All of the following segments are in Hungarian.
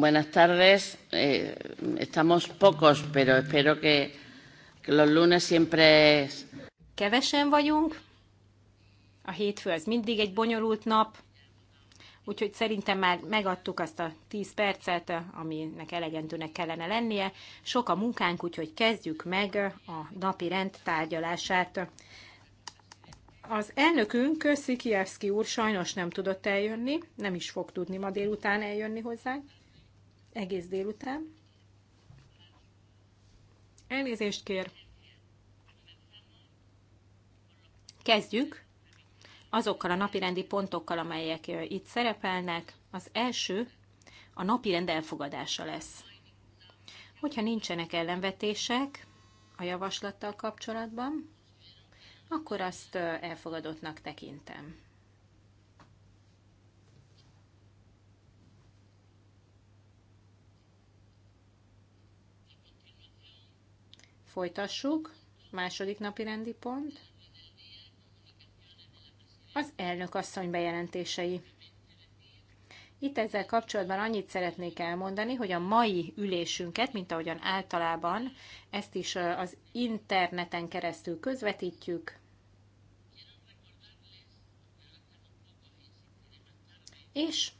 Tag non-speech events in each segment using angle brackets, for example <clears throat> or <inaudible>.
Buenas tardes. Eh, estamos pocos, pero espero que, que los lunes siempre... Es... Kevesen vagyunk. A hétfő az mindig egy bonyolult nap. Úgyhogy szerintem már megadtuk azt a 10 percet, aminek elegendőnek kellene lennie. Sok a munkánk, úgyhogy kezdjük meg a napi rend tárgyalását. Az elnökünk, Szikijevszki úr sajnos nem tudott eljönni, nem is fog tudni ma délután eljönni hozzá egész délután. Elnézést kér. Kezdjük azokkal a napirendi pontokkal, amelyek itt szerepelnek. Az első a napirend elfogadása lesz. Hogyha nincsenek ellenvetések a javaslattal kapcsolatban, akkor azt elfogadottnak tekintem. Folytassuk. Második napi rendi pont. Az elnök asszony bejelentései. Itt ezzel kapcsolatban annyit szeretnék elmondani, hogy a mai ülésünket, mint ahogyan általában, ezt is az interneten keresztül közvetítjük. És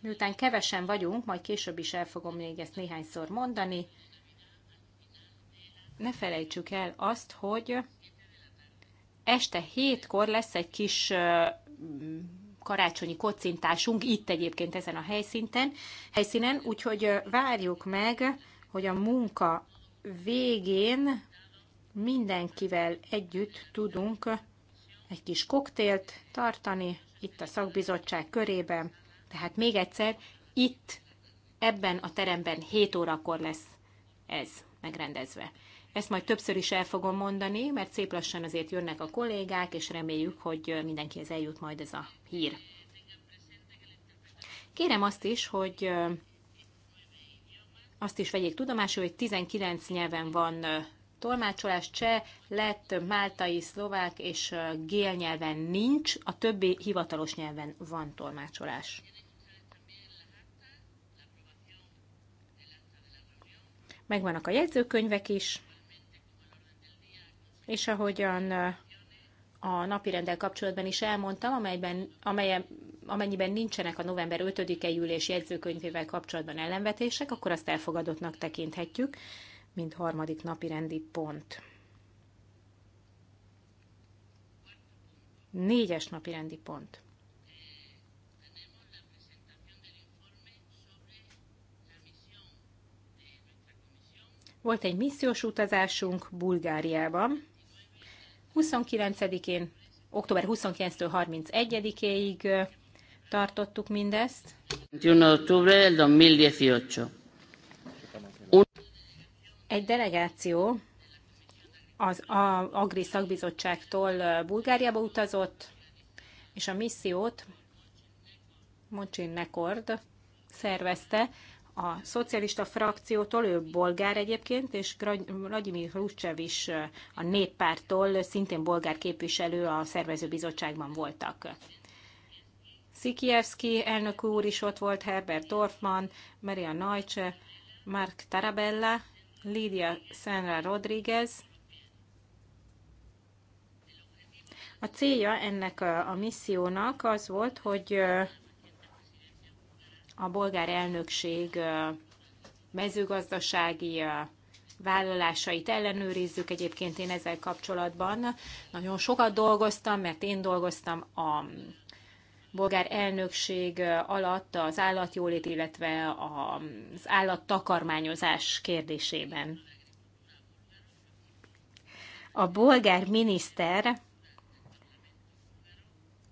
miután kevesen vagyunk, majd később is el fogom még ezt néhányszor mondani, ne felejtsük el azt, hogy este hétkor lesz egy kis karácsonyi kocintásunk itt egyébként ezen a helyszínen. helyszínen, úgyhogy várjuk meg, hogy a munka végén mindenkivel együtt tudunk egy kis koktélt tartani itt a szakbizottság körében. Tehát még egyszer, itt ebben a teremben 7 órakor lesz ez megrendezve. Ezt majd többször is el fogom mondani, mert szép lassan azért jönnek a kollégák, és reméljük, hogy mindenkihez eljut majd ez a hír. Kérem azt is, hogy azt is vegyék tudomásul, hogy 19 nyelven van tolmácsolás cseh, lett, máltai, szlovák és gél nyelven nincs, a többi hivatalos nyelven van tolmácsolás. Megvannak a jegyzőkönyvek is és ahogyan a napirendel kapcsolatban is elmondtam, amelyben, amelyen, amennyiben nincsenek a november 5 e ülés jegyzőkönyvével kapcsolatban ellenvetések, akkor azt elfogadottnak tekinthetjük, mint harmadik napirendi pont. Négyes napirendi pont. Volt egy missziós utazásunk Bulgáriában, 29-én, október 29-től 31 ig tartottuk mindezt. 21. október 2018. Egy delegáció az a Agri szakbizottságtól Bulgáriába utazott, és a missziót Mocsin Nekord szervezte, a szocialista frakciótól, ő bolgár egyébként, és Vladimir Hruscsev is a néppártól, szintén bolgár képviselő a szervezőbizottságban voltak. Szikievski elnök úr is ott volt, Herbert Dorfman, Maria Neutsche, Mark Tarabella, Lídia Senra Rodriguez. A célja ennek a, a missziónak az volt, hogy a bolgár elnökség mezőgazdasági vállalásait ellenőrizzük. Egyébként én ezzel kapcsolatban nagyon sokat dolgoztam, mert én dolgoztam a bolgár elnökség alatt az állatjólét, illetve az állattakarmányozás kérdésében. A bolgár miniszter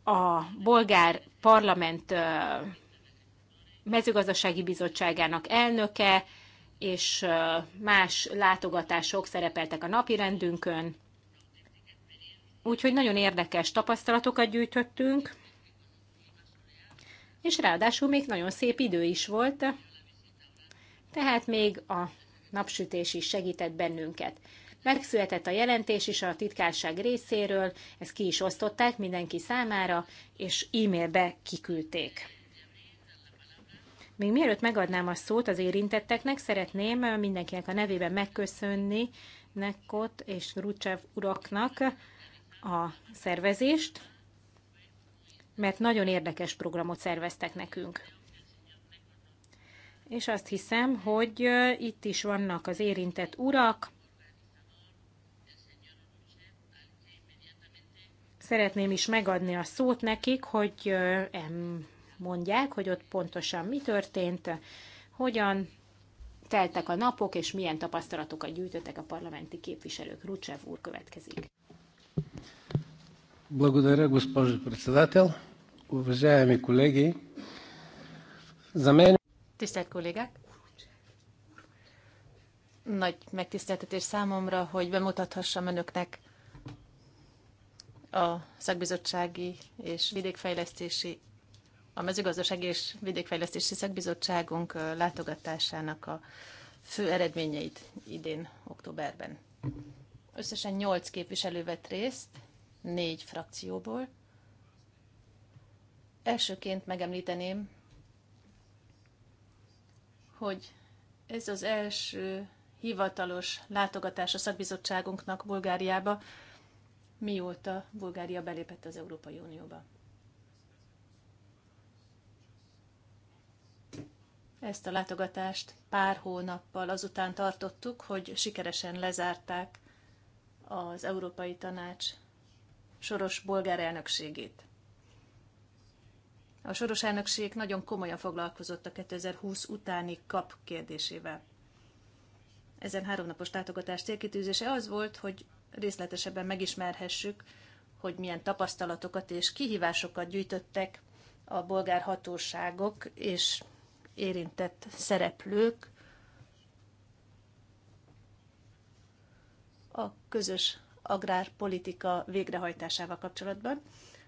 a bolgár parlament mezőgazdasági bizottságának elnöke, és más látogatások szerepeltek a napirendünkön. Úgyhogy nagyon érdekes tapasztalatokat gyűjtöttünk, és ráadásul még nagyon szép idő is volt, tehát még a napsütés is segített bennünket. Megszületett a jelentés is a titkárság részéről, ezt ki is osztották mindenki számára, és e-mailbe kiküldték. Még mielőtt megadnám a szót az érintetteknek, szeretném mindenkinek a nevében megköszönni Nekot és Rucsev uraknak a szervezést, mert nagyon érdekes programot szerveztek nekünk. És azt hiszem, hogy itt is vannak az érintett urak. Szeretném is megadni a szót nekik, hogy mondják, hogy ott pontosan mi történt, hogyan teltek a napok, és milyen tapasztalatokat gyűjtöttek a parlamenti képviselők. Rucsev úr következik. Благодаря, госпожо председател. Уважаеми колеги, за мен... Tisztelt kollégák! Nagy megtiszteltetés számomra, hogy bemutathassam önöknek a szakbizottsági és vidékfejlesztési a mezőgazdaság és vidékfejlesztési szakbizottságunk látogatásának a fő eredményeit idén októberben. Összesen 8 képviselő vett részt, négy frakcióból. Elsőként megemlíteném, hogy ez az első hivatalos látogatás a szakbizottságunknak Bulgáriába, mióta Bulgária belépett az Európai Unióba. Ezt a látogatást pár hónappal azután tartottuk, hogy sikeresen lezárták az Európai Tanács soros bolgár elnökségét. A soros elnökség nagyon komolyan foglalkozott a 2020 utáni kap kérdésével. Ezen háromnapos látogatás célkitűzése az volt, hogy részletesebben megismerhessük, hogy milyen tapasztalatokat és kihívásokat gyűjtöttek a bolgár hatóságok és érintett szereplők a közös agrárpolitika végrehajtásával kapcsolatban,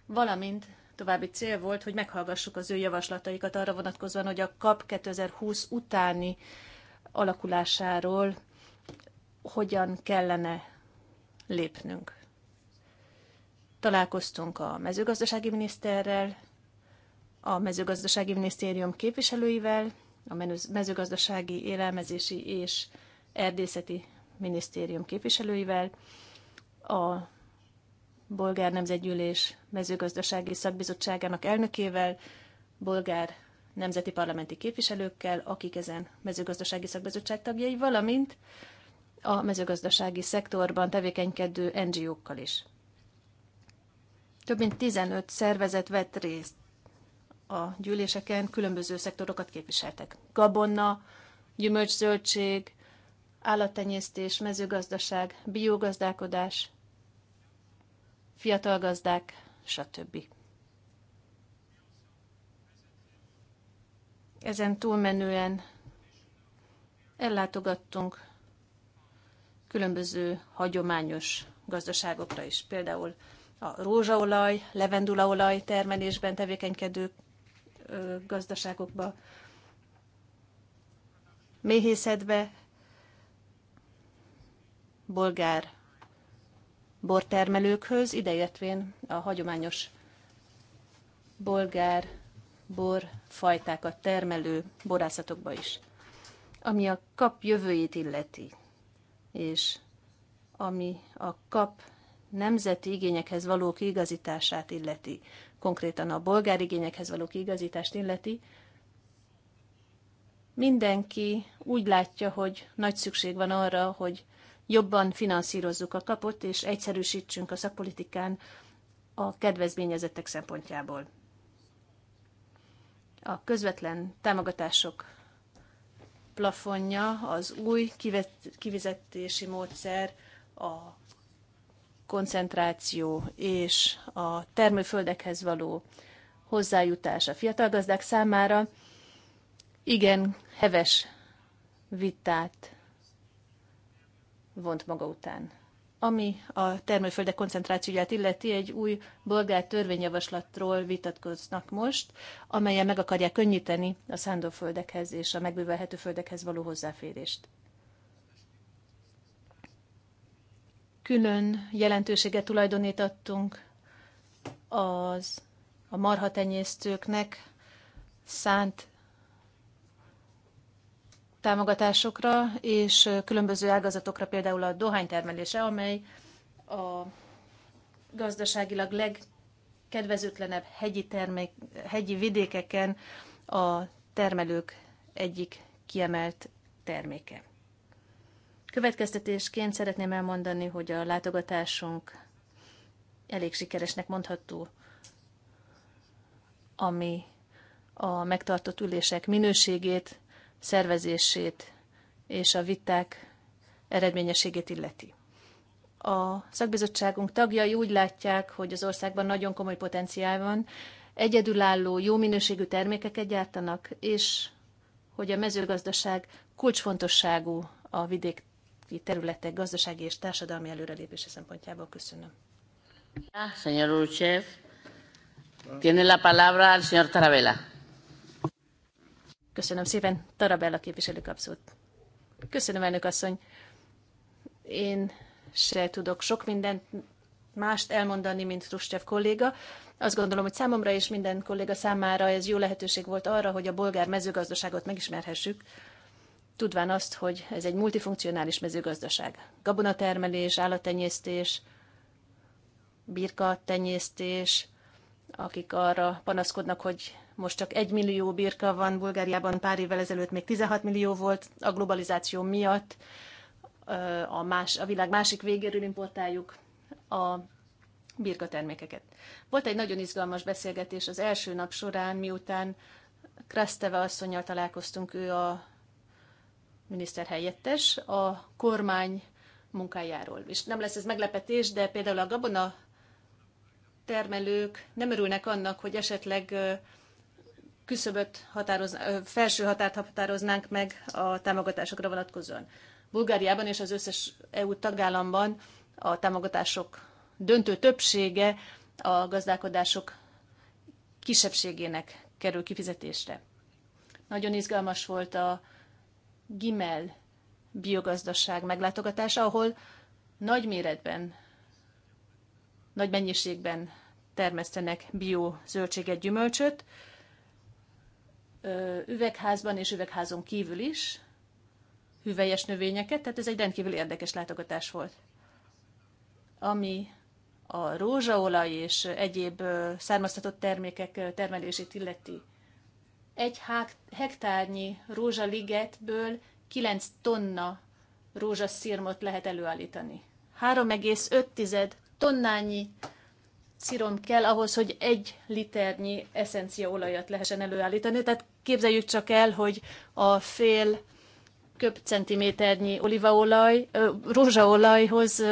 valamint további cél volt, hogy meghallgassuk az ő javaslataikat arra vonatkozóan, hogy a KAP 2020 utáni alakulásáról hogyan kellene lépnünk. Találkoztunk a mezőgazdasági miniszterrel, a mezőgazdasági minisztérium képviselőivel, a mezőgazdasági élelmezési és erdészeti minisztérium képviselőivel, a Bolgár Nemzetgyűlés mezőgazdasági szakbizottságának elnökével, bolgár nemzeti parlamenti képviselőkkel, akik ezen mezőgazdasági szakbizottság tagjai, valamint a mezőgazdasági szektorban tevékenykedő NGO-kkal is. Több mint 15 szervezet vett részt a gyűléseken különböző szektorokat képviseltek. Gabonna, gyümölcszöldség, állattenyésztés, mezőgazdaság, biogazdálkodás, fiatal gazdák, stb. Ezen túlmenően ellátogattunk különböző hagyományos gazdaságokra is, például a rózsaolaj, levendulaolaj termelésben tevékenykedők gazdaságokba, méhészetbe, bolgár bortermelőkhöz, ideértvén a hagyományos bolgár borfajtákat termelő borászatokba is. Ami a kap jövőjét illeti, és ami a kap nemzeti igényekhez való kiigazítását illeti konkrétan a bolgári igényekhez való kiigazítást illeti, mindenki úgy látja, hogy nagy szükség van arra, hogy jobban finanszírozzuk a kapot, és egyszerűsítsünk a szakpolitikán a kedvezményezettek szempontjából. A közvetlen támogatások plafonja, az új kivezetési módszer, a koncentráció és a termőföldekhez való hozzájutás a fiatal gazdák számára igen heves vitát vont maga után. Ami a termőföldek koncentrációját illeti, egy új bolgár törvényjavaslatról vitatkoznak most, amelyen meg akarják könnyíteni a szándóföldekhez és a megbővelhető földekhez való hozzáférést. külön jelentőséget tulajdonítottunk az a marhatenyésztőknek szánt támogatásokra és különböző ágazatokra, például a dohánytermelése, amely a gazdaságilag legkedvezőtlenebb hegyi, termék, hegyi vidékeken a termelők egyik kiemelt terméke. Következtetésként szeretném elmondani, hogy a látogatásunk elég sikeresnek mondható, ami a megtartott ülések minőségét, szervezését és a viták eredményességét illeti. A szakbizottságunk tagjai úgy látják, hogy az országban nagyon komoly potenciál van, egyedülálló, jó minőségű termékeket gyártanak, és hogy a mezőgazdaság kulcsfontosságú a vidék mindennapi területek gazdasági és társadalmi előrelépése szempontjából. Köszönöm. Ah, señor Urchev, tiene la palabra señor Tarabella. Köszönöm szépen, Tarabella képviselő kapszót. Köszönöm, elnök asszony. Én se tudok sok mindent mást elmondani, mint Ruscsev kolléga. Azt gondolom, hogy számomra és minden kolléga számára ez jó lehetőség volt arra, hogy a bolgár mezőgazdaságot megismerhessük, tudván azt, hogy ez egy multifunkcionális mezőgazdaság. Gabonatermelés, állattenyésztés, birka tenyésztés, akik arra panaszkodnak, hogy most csak egy millió birka van Bulgáriában, pár évvel ezelőtt még 16 millió volt a globalizáció miatt, a, más, a világ másik végéről importáljuk a birka termékeket. Volt egy nagyon izgalmas beszélgetés az első nap során, miután Kraszteve asszonynal találkoztunk, ő a miniszter helyettes a kormány munkájáról. És nem lesz ez meglepetés, de például a gabona termelők nem örülnek annak, hogy esetleg küszöböt határoz, felső határt határoznánk meg a támogatásokra vonatkozóan. Bulgáriában és az összes EU tagállamban a támogatások döntő többsége a gazdálkodások kisebbségének kerül kifizetésre. Nagyon izgalmas volt a Gimel biogazdaság meglátogatása, ahol nagy méretben, nagy mennyiségben termesztenek bio zöldséget, gyümölcsöt, üvegházban és üvegházon kívül is, hüvelyes növényeket, tehát ez egy rendkívül érdekes látogatás volt. Ami a rózsaolaj és egyéb származtatott termékek termelését illeti, egy hektárnyi rózsaligetből 9 tonna rózsaszirmot lehet előállítani. 3,5 tonnányi szirom kell ahhoz, hogy egy liternyi eszenciaolajat lehessen előállítani. Tehát képzeljük csak el, hogy a fél köbcentiméternyi olívaolaj, rózsaolajhoz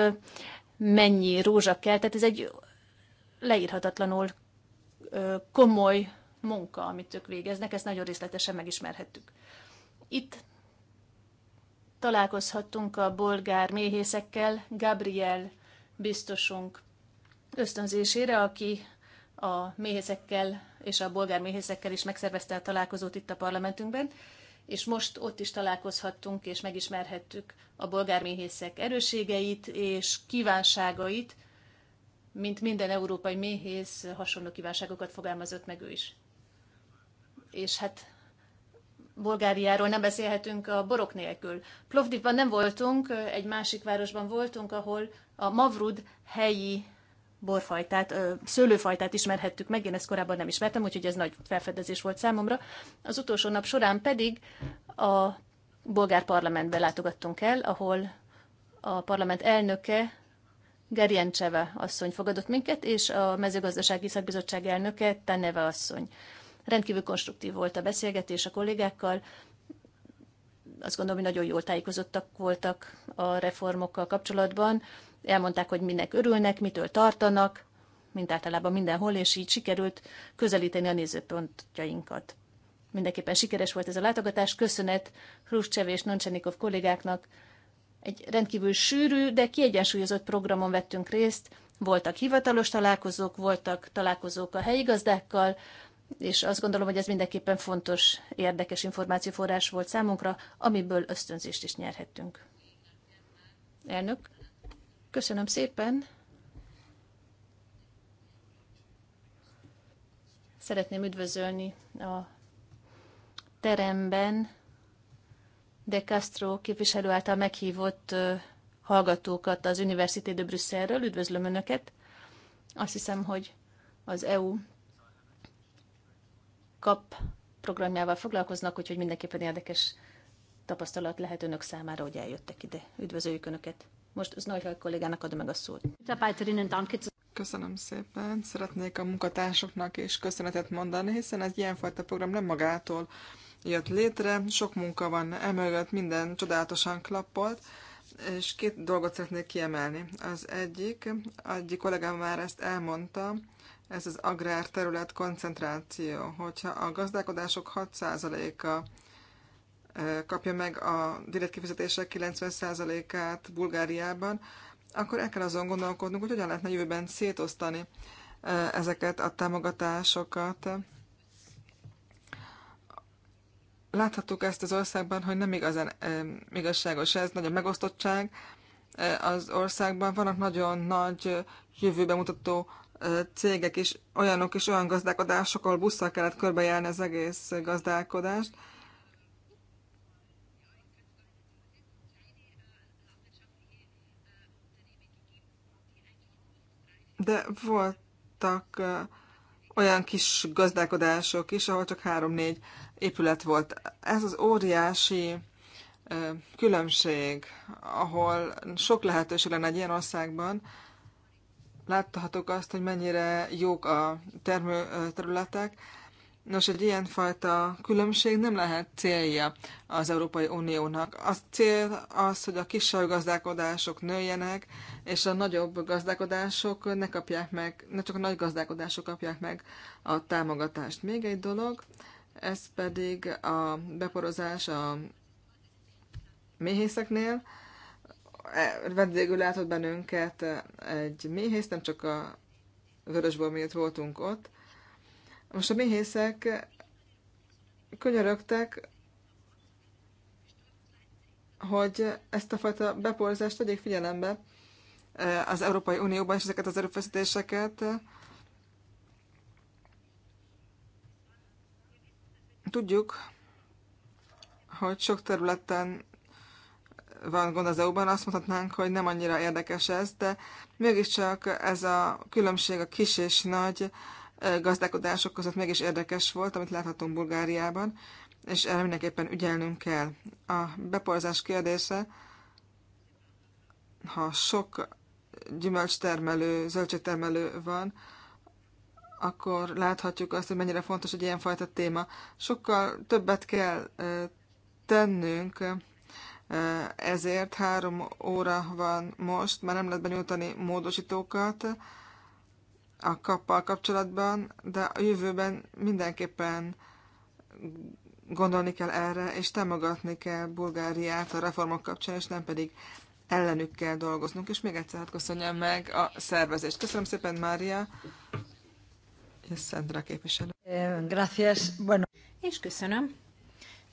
mennyi rózsa kell. Tehát ez egy leírhatatlanul komoly munka, amit ők végeznek, ezt nagyon részletesen megismerhettük. Itt találkozhattunk a bolgár méhészekkel, Gabriel biztosunk ösztönzésére, aki a méhészekkel és a bolgár méhészekkel is megszervezte a találkozót itt a parlamentünkben, és most ott is találkozhattunk és megismerhettük a bolgár méhészek erőségeit és kívánságait, mint minden európai méhész hasonló kívánságokat fogalmazott meg ő is és hát Bulgáriáról nem beszélhetünk a borok nélkül. Plovdivban nem voltunk, egy másik városban voltunk, ahol a Mavrud helyi borfajtát, szőlőfajtát ismerhettük meg, én ezt korábban nem ismertem, úgyhogy ez nagy felfedezés volt számomra. Az utolsó nap során pedig a bolgár parlamentbe látogattunk el, ahol a parlament elnöke Cseve asszony fogadott minket, és a mezőgazdasági szakbizottság elnöke Taneve asszony. Rendkívül konstruktív volt a beszélgetés a kollégákkal, azt gondolom, hogy nagyon jól tájékozottak voltak a reformokkal kapcsolatban. Elmondták, hogy minek örülnek, mitől tartanak, mint általában mindenhol, és így sikerült közelíteni a nézőpontjainkat. Mindenképpen sikeres volt ez a látogatás. Köszönet Hruscsev és Noncsenikov kollégáknak. Egy rendkívül sűrű, de kiegyensúlyozott programon vettünk részt. Voltak hivatalos találkozók, voltak találkozók a helyi gazdákkal és azt gondolom, hogy ez mindenképpen fontos, érdekes információforrás volt számunkra, amiből ösztönzést is nyerhettünk. Elnök, köszönöm szépen! Szeretném üdvözölni a teremben de Castro képviselő által meghívott hallgatókat az Université de Brüsszelről. Üdvözlöm Önöket! Azt hiszem, hogy az EU kap programjával foglalkoznak, úgyhogy mindenképpen érdekes tapasztalat lehet önök számára, hogy eljöttek ide. Üdvözöljük önöket! Most az nagy kollégának adom meg a szót. Köszönöm szépen. Szeretnék a munkatársoknak is köszönetet mondani, hiszen egy ilyenfajta program nem magától jött létre. Sok munka van emögött, minden csodálatosan klappolt, és két dolgot szeretnék kiemelni. Az egyik, egyik kollégám már ezt elmondta, ez az agrárterület koncentráció. Hogyha a gazdálkodások 6%-a kapja meg a direkt kifizetések 90%-át Bulgáriában, akkor el kell azon gondolkodnunk, hogy hogyan lehetne jövőben szétosztani ezeket a támogatásokat. Láthattuk ezt az országban, hogy nem igazán igazságos ez, nagy a megosztottság az országban. Vannak nagyon nagy jövőbe mutató cégek is, olyanok is olyan gazdálkodások, ahol busszal kellett körbejárni az egész gazdálkodást. De voltak olyan kis gazdálkodások is, ahol csak három-négy épület volt. Ez az óriási különbség, ahol sok lehetőség lenne egy ilyen országban, láthatók azt, hogy mennyire jók a termőterületek. Nos, egy ilyenfajta különbség nem lehet célja az Európai Uniónak. A cél az, hogy a kisebb gazdálkodások nőjenek, és a nagyobb gazdálkodások ne kapják meg, ne csak a nagy gazdálkodások kapják meg a támogatást. Még egy dolog, ez pedig a beporozás a méhészeknél. E, vendégül látott bennünket e, egy méhész, nem csak a vörösból miért voltunk ott. Most a méhészek könyörögtek, hogy ezt a fajta beporzást vegyék figyelembe e, az Európai Unióban is ezeket az erőfeszítéseket. Tudjuk, hogy sok területen van gond az EU-ban, azt mondhatnánk, hogy nem annyira érdekes ez, de mégiscsak ez a különbség a kis és nagy gazdálkodások között mégis érdekes volt, amit láthatunk Bulgáriában, és erre mindenképpen ügyelnünk kell. A beporzás kérdése, ha sok gyümölcstermelő, zöldségtermelő van, akkor láthatjuk azt, hogy mennyire fontos egy ilyenfajta téma. Sokkal többet kell tennünk ezért három óra van most, már nem lehet benyújtani módosítókat a kappal kapcsolatban, de a jövőben mindenképpen gondolni kell erre, és támogatni kell Bulgáriát a reformok kapcsán, és nem pedig ellenük kell dolgoznunk. És még egyszer hát köszönjem meg a szervezést. Köszönöm szépen, Mária. És Szendra képviselő. Gracias. Bueno. És köszönöm.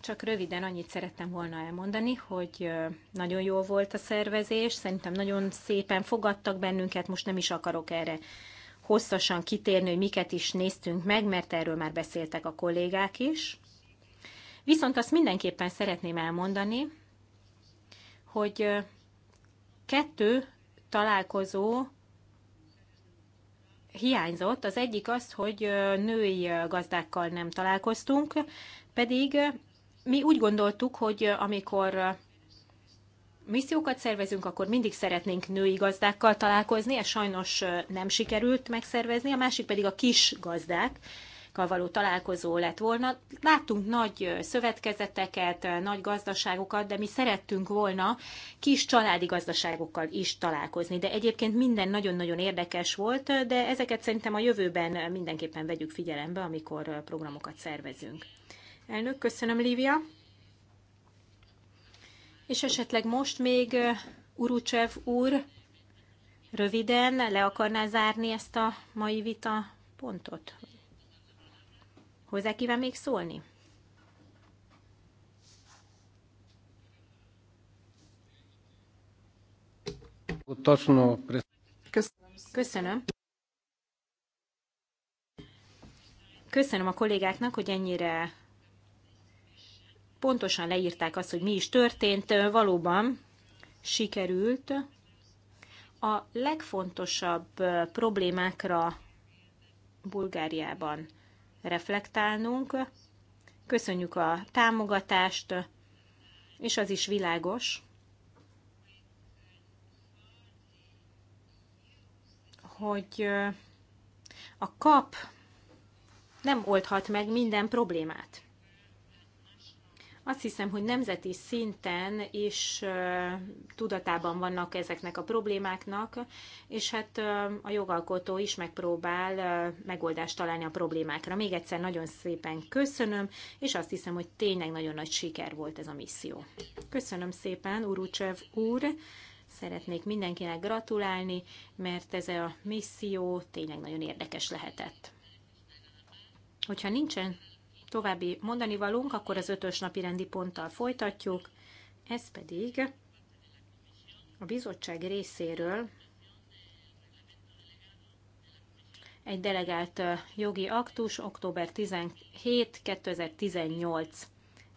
Csak röviden annyit szerettem volna elmondani, hogy nagyon jó volt a szervezés, szerintem nagyon szépen fogadtak bennünket, most nem is akarok erre hosszasan kitérni, hogy miket is néztünk meg, mert erről már beszéltek a kollégák is. Viszont azt mindenképpen szeretném elmondani, hogy kettő találkozó hiányzott. Az egyik az, hogy női gazdákkal nem találkoztunk, pedig mi úgy gondoltuk, hogy amikor missziókat szervezünk, akkor mindig szeretnénk női gazdákkal találkozni, ez sajnos nem sikerült megszervezni, a másik pedig a kis gazdák, való találkozó lett volna. Láttunk nagy szövetkezeteket, nagy gazdaságokat, de mi szerettünk volna kis családi gazdaságokkal is találkozni. De egyébként minden nagyon-nagyon érdekes volt, de ezeket szerintem a jövőben mindenképpen vegyük figyelembe, amikor programokat szervezünk. Elnök, köszönöm, Lívia. És esetleg most még Urucsev úr röviden le akarná zárni ezt a mai vita pontot? Hozzá kíván még szólni? Köszönöm. Köszönöm a kollégáknak, hogy ennyire pontosan leírták azt, hogy mi is történt, valóban sikerült a legfontosabb problémákra Bulgáriában reflektálnunk. Köszönjük a támogatást, és az is világos, hogy a kap nem oldhat meg minden problémát. Azt hiszem, hogy nemzeti szinten is tudatában vannak ezeknek a problémáknak, és hát a jogalkotó is megpróbál megoldást találni a problémákra. Még egyszer nagyon szépen köszönöm, és azt hiszem, hogy tényleg nagyon nagy siker volt ez a misszió. Köszönöm szépen, Urucsev úr! Szeretnék mindenkinek gratulálni, mert ez a misszió tényleg nagyon érdekes lehetett. Hogyha nincsen további mondani valunk, akkor az ötös napi rendi ponttal folytatjuk. Ez pedig a bizottság részéről egy delegált jogi aktus, október 17, 2018.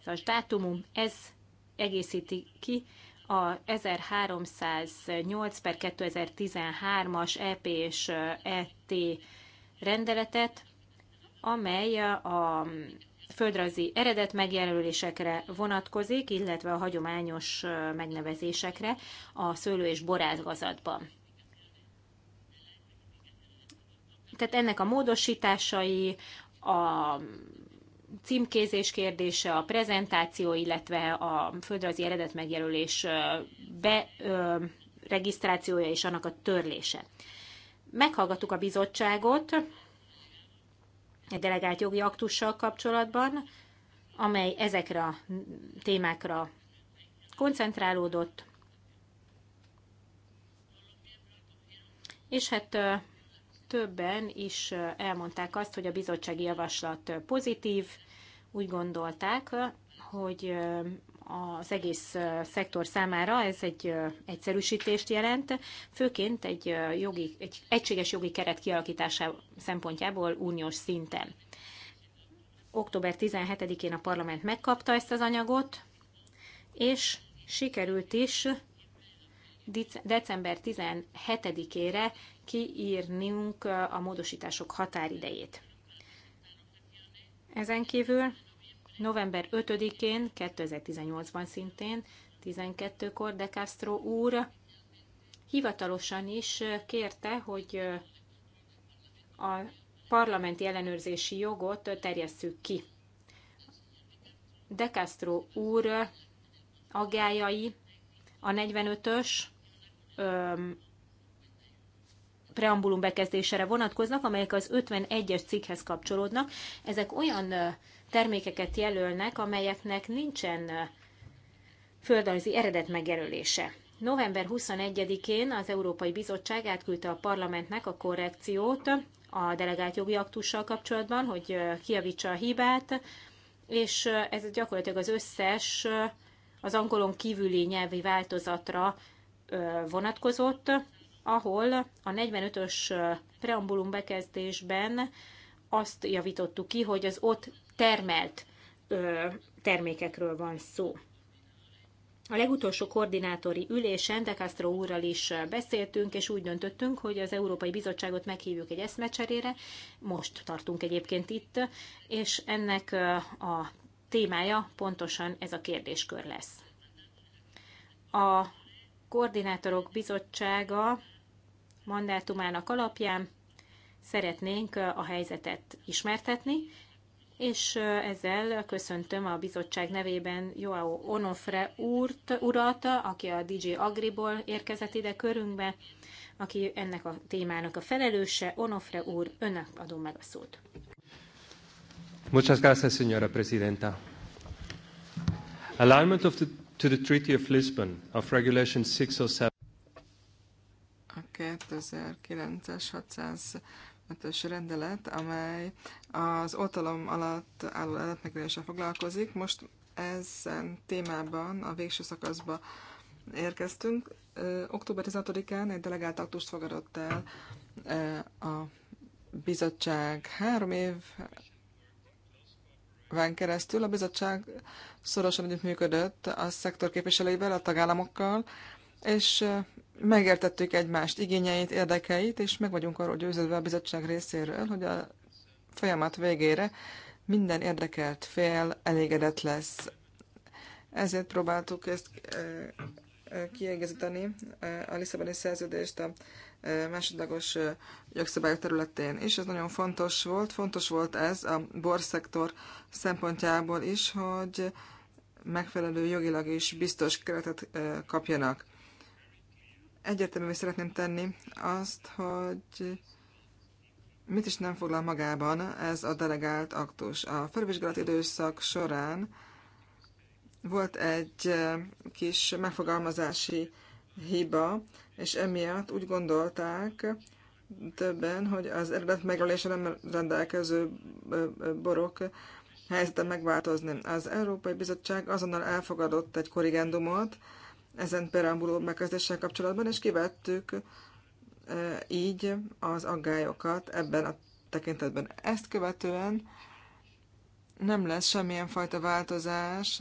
Ez a dátumum, ez egészíti ki a 1308 per 2013-as EP és ET rendeletet, amely a földrajzi eredet megjelölésekre vonatkozik, illetve a hagyományos megnevezésekre a szőlő- és borázgazatban. Tehát ennek a módosításai, a címkézés kérdése, a prezentáció, illetve a földrajzi eredet megjelölés be, regisztrációja és annak a törlése. Meghallgattuk a bizottságot, delegált jogi aktussal kapcsolatban, amely ezekre a témákra koncentrálódott. És hát többen is elmondták azt, hogy a bizottsági javaslat pozitív, úgy gondolták, hogy az egész szektor számára ez egy egyszerűsítést jelent, főként egy, jogi, egy egységes jogi keret kialakítása szempontjából uniós szinten. Október 17-én a parlament megkapta ezt az anyagot, és sikerült is december 17-ére kiírnunk a módosítások határidejét. Ezen kívül november 5-én, 2018-ban szintén, 12-kor De Castro úr hivatalosan is kérte, hogy a parlamenti ellenőrzési jogot terjesszük ki. De Castro úr agályai a 45-ös preambulum bekezdésére vonatkoznak, amelyek az 51-es cikkhez kapcsolódnak. Ezek olyan termékeket jelölnek, amelyeknek nincsen földrajzi eredet megjelölése. November 21-én az Európai Bizottság átküldte a parlamentnek a korrekciót a delegált jogi aktussal kapcsolatban, hogy kiavítsa a hibát, és ez gyakorlatilag az összes az angolon kívüli nyelvi változatra vonatkozott, ahol a 45-ös preambulum bekezdésben azt javítottuk ki, hogy az ott termelt termékekről van szó. A legutolsó koordinátori ülésen De Castro úrral is beszéltünk, és úgy döntöttünk, hogy az Európai Bizottságot meghívjuk egy eszmecserére, most tartunk egyébként itt, és ennek a témája pontosan ez a kérdéskör lesz. A koordinátorok bizottsága mandátumának alapján szeretnénk a helyzetet ismertetni, és ezzel köszöntöm a bizottság nevében Joao Onofre úrt, urat, aki a DJ Agriból érkezett ide körünkbe, aki ennek a témának a felelőse. Onofre úr, önnek adom meg a szót. Muchas gracias, señora presidenta. Alignment of the, to the Treaty of Lisbon of Regulation 607 a 2009-es ös rendelet, amely az oltalom alatt álló állatmegöléssel foglalkozik. Most ezen témában a végső szakaszba érkeztünk. Október 16-án egy delegált aktust fogadott el a bizottság három év Ván keresztül a bizottság szorosan együttműködött a szektor képviselőivel, a tagállamokkal, és megértettük egymást igényeit, érdekeit, és meg vagyunk arról győződve a bizottság részéről, hogy a folyamat végére minden érdekelt fél elégedett lesz. Ezért próbáltuk ezt kiegészíteni a Lisszaboni szerződést a másodlagos jogszabályok területén is. Ez nagyon fontos volt. Fontos volt ez a borszektor szempontjából is, hogy megfelelő jogilag is biztos keretet kapjanak egyértelművé szeretném tenni azt, hogy mit is nem foglal magában ez a delegált aktus. A felvizsgálati időszak során volt egy eh, kis megfogalmazási hiba, és emiatt úgy gondolták többen, hogy az eredet megölése nem rendelkező eh, eh, borok helyzete megváltozni. Az Európai Bizottság azonnal elfogadott egy korrigendumot, ezen perambuló megkezdéssel kapcsolatban, és kivettük e, így az aggályokat ebben a tekintetben. Ezt követően nem lesz semmilyen fajta változás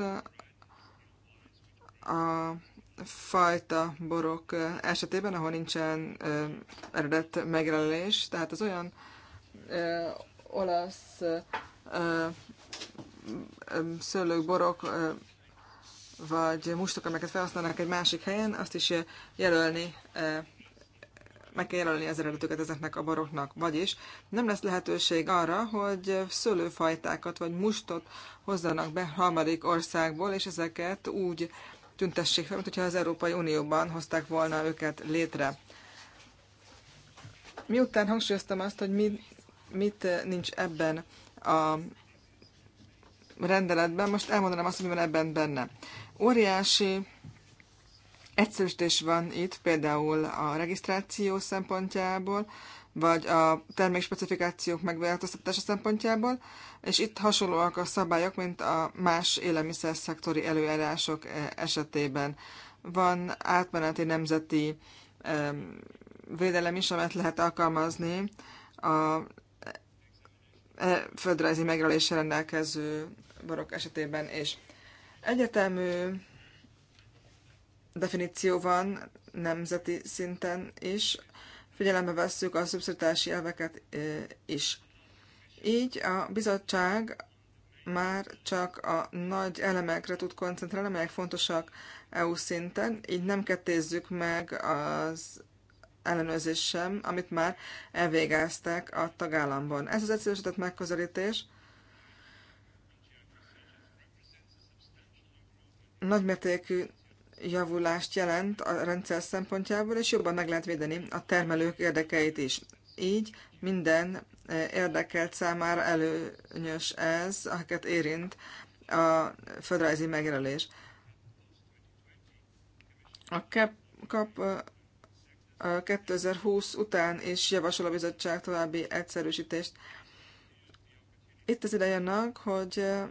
a fajta borok esetében, ahol nincsen e, eredet megrelés tehát az olyan ö, e, olasz ö, ö, szőlők, borok, vagy mustok, amelyeket felhasználnak egy másik helyen, azt is jelölni, eh, meg kell jelölni az eredetüket ezeknek a baroknak. Vagyis nem lesz lehetőség arra, hogy szőlőfajtákat vagy mustot hozzanak be harmadik országból, és ezeket úgy tüntessék fel, mintha az Európai Unióban hozták volna őket létre. Miután hangsúlyoztam azt, hogy mit, mit nincs ebben a rendeletben, most elmondanám azt, hogy mi van ebben benne. Óriási egyszerűsítés van itt, például a regisztráció szempontjából, vagy a termékspecifikációk megváltoztatása szempontjából, és itt hasonlóak a szabályok, mint a más élelmiszer-szektori előírások eh, esetében. Van átmeneti nemzeti védelem is, amit lehet alkalmazni a eh, földrajzi megrelésre rendelkező borok esetében, és Egyetemű definíció van nemzeti szinten is, figyelembe vesszük a szubszidiási elveket is. Így a bizottság már csak a nagy elemekre tud koncentrálni, amelyek fontosak EU szinten, így nem kettézzük meg az ellenőrzés sem, amit már elvégeztek a tagállamban. Ez az egyszerűsített megközelítés nagymértékű javulást jelent a rendszer szempontjából, és jobban meg lehet védeni a termelők érdekeit is. Így minden e, érdekelt számára előnyös ez, akiket érint a földrajzi megjelölés. A KEP, KAP 2020 után is javasol a bizottság további egyszerűsítést. Itt az ideje annak, hogy e,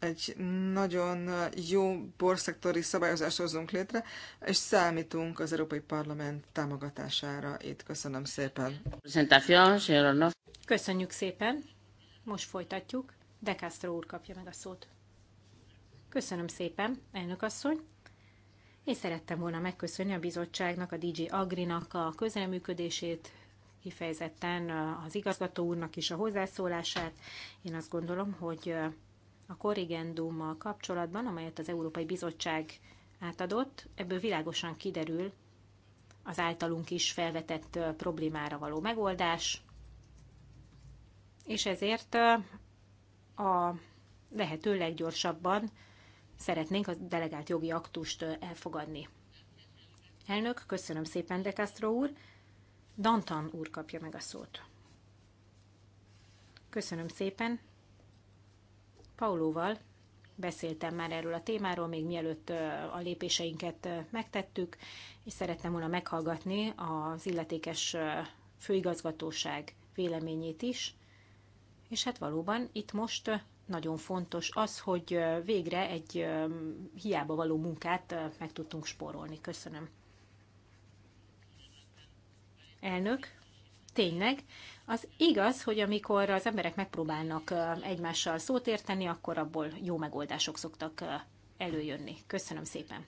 egy nagyon jó borszektori szabályozást hozzunk létre, és számítunk az Európai Parlament támogatására. Itt köszönöm szépen. Köszönjük szépen. Most folytatjuk. De Castro úr kapja meg a szót. Köszönöm szépen, elnök asszony. Én szerettem volna megköszönni a bizottságnak, a DJ Agrinak a közelműködését, kifejezetten az igazgató úrnak is a hozzászólását. Én azt gondolom, hogy a korrigendummal kapcsolatban, amelyet az Európai Bizottság átadott, ebből világosan kiderül az általunk is felvetett problémára való megoldás, és ezért a lehető leggyorsabban szeretnénk a delegált jogi aktust elfogadni. Elnök, köszönöm szépen, De Castro úr. Dantan úr kapja meg a szót. Köszönöm szépen. Paulóval beszéltem már erről a témáról, még mielőtt a lépéseinket megtettük, és szerettem volna meghallgatni az illetékes főigazgatóság véleményét is. És hát valóban itt most nagyon fontos az, hogy végre egy hiába való munkát meg tudtunk spórolni. Köszönöm. Elnök, tényleg, az igaz, hogy amikor az emberek megpróbálnak egymással szót érteni, akkor abból jó megoldások szoktak előjönni. Köszönöm szépen!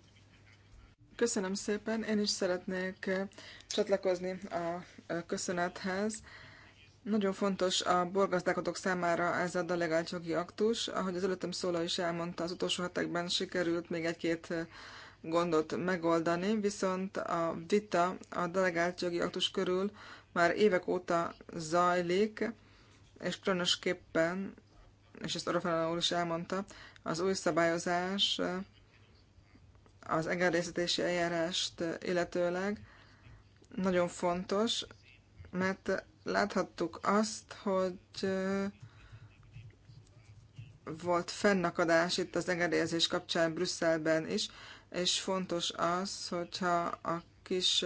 Köszönöm szépen, én is szeretnék csatlakozni a köszönethez. Nagyon fontos a borgazdálkodók számára ez a delegált jogi aktus. Ahogy az előttem szóla is elmondta, az utolsó hetekben sikerült még egy-két gondot megoldani, viszont a vita a delegált jogi aktus körül már évek óta zajlik, és különösképpen, és ezt Orofana úr is elmondta, az új szabályozás az engedélyeztetési eljárást illetőleg nagyon fontos, mert láthattuk azt, hogy volt fennakadás itt az engedélyezés kapcsán Brüsszelben is, és fontos az, hogyha a kis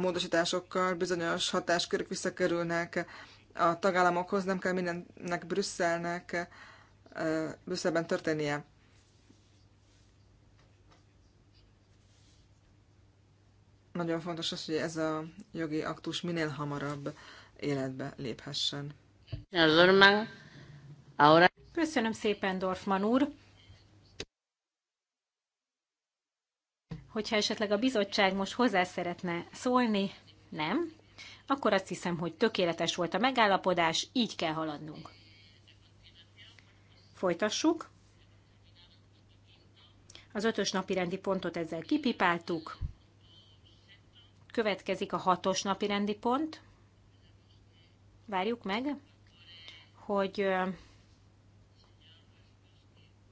módosításokkal bizonyos hatáskörök visszakerülnek a tagállamokhoz, nem kell mindennek Brüsszelnek, Brüsszelben történnie. Nagyon fontos az, hogy ez a jogi aktus minél hamarabb életbe léphessen. Köszönöm szépen, Dorfman úr. hogyha esetleg a bizottság most hozzá szeretne szólni, nem, akkor azt hiszem, hogy tökéletes volt a megállapodás, így kell haladnunk. Folytassuk. Az ötös napi rendi pontot ezzel kipipáltuk. Következik a hatos napi rendi pont. Várjuk meg, hogy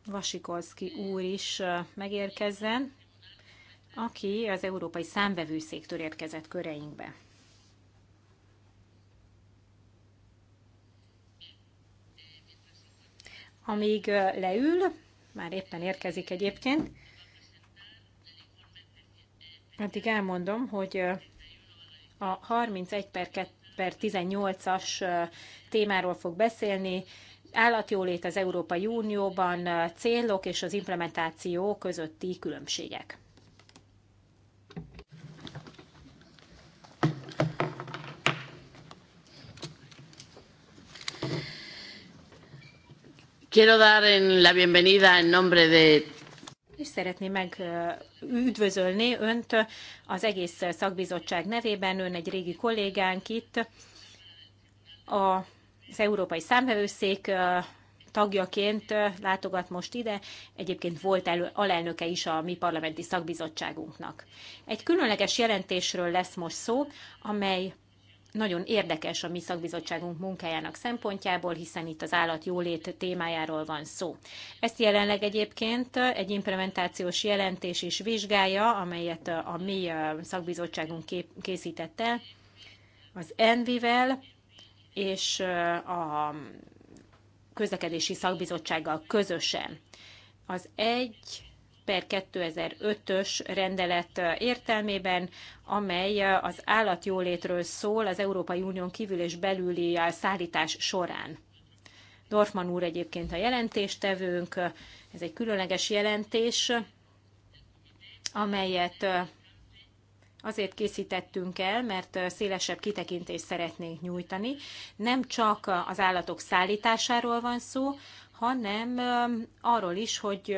Vasikolszki úr is megérkezzen aki az Európai Számvevőszéktől érkezett köreinkbe. Amíg leül, már éppen érkezik egyébként, addig elmondom, hogy a 31 per 2 per 18-as témáról fog beszélni, állatjólét az Európai Unióban, célok és az implementáció közötti különbségek. Quiero dar en la bienvenida en nombre de és szeretné meg üdvözölni önt az egész szakbizottság nevében, ön egy régi kollégánk itt, az Európai Számvevőszék tagjaként látogat most ide, egyébként volt elő, alelnöke is a mi parlamenti szakbizottságunknak. Egy különleges jelentésről lesz most szó, amely nagyon érdekes a mi szakbizottságunk munkájának szempontjából, hiszen itt az állat jólét témájáról van szó. Ezt jelenleg egyébként egy implementációs jelentés is vizsgálja, amelyet a mi szakbizottságunk készítette, az Envivel és a közlekedési szakbizottsággal közösen. Az egy per 2005-ös rendelet értelmében, amely az állatjólétről szól az Európai Unión kívül és belüli szállítás során. Dorfman úr egyébként a jelentéstevőnk, ez egy különleges jelentés, amelyet azért készítettünk el, mert szélesebb kitekintést szeretnénk nyújtani. Nem csak az állatok szállításáról van szó, hanem arról is, hogy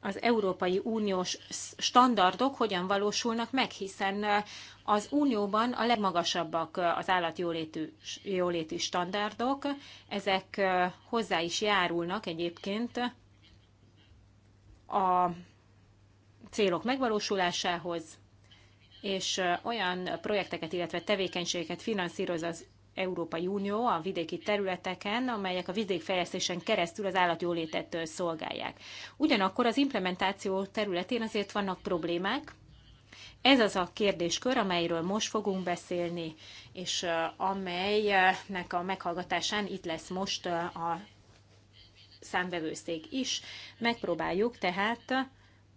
az Európai Uniós standardok hogyan valósulnak meg, hiszen az Unióban a legmagasabbak az állatjóléti standardok, ezek hozzá is járulnak egyébként a célok megvalósulásához, és olyan projekteket, illetve tevékenységeket finanszíroz az Európai Unió a vidéki területeken, amelyek a vidékfejlesztésen keresztül az állatjólétet szolgálják. Ugyanakkor az implementáció területén azért vannak problémák, ez az a kérdéskör, amelyről most fogunk beszélni, és amelynek a meghallgatásán itt lesz most a számvevőszék is. Megpróbáljuk tehát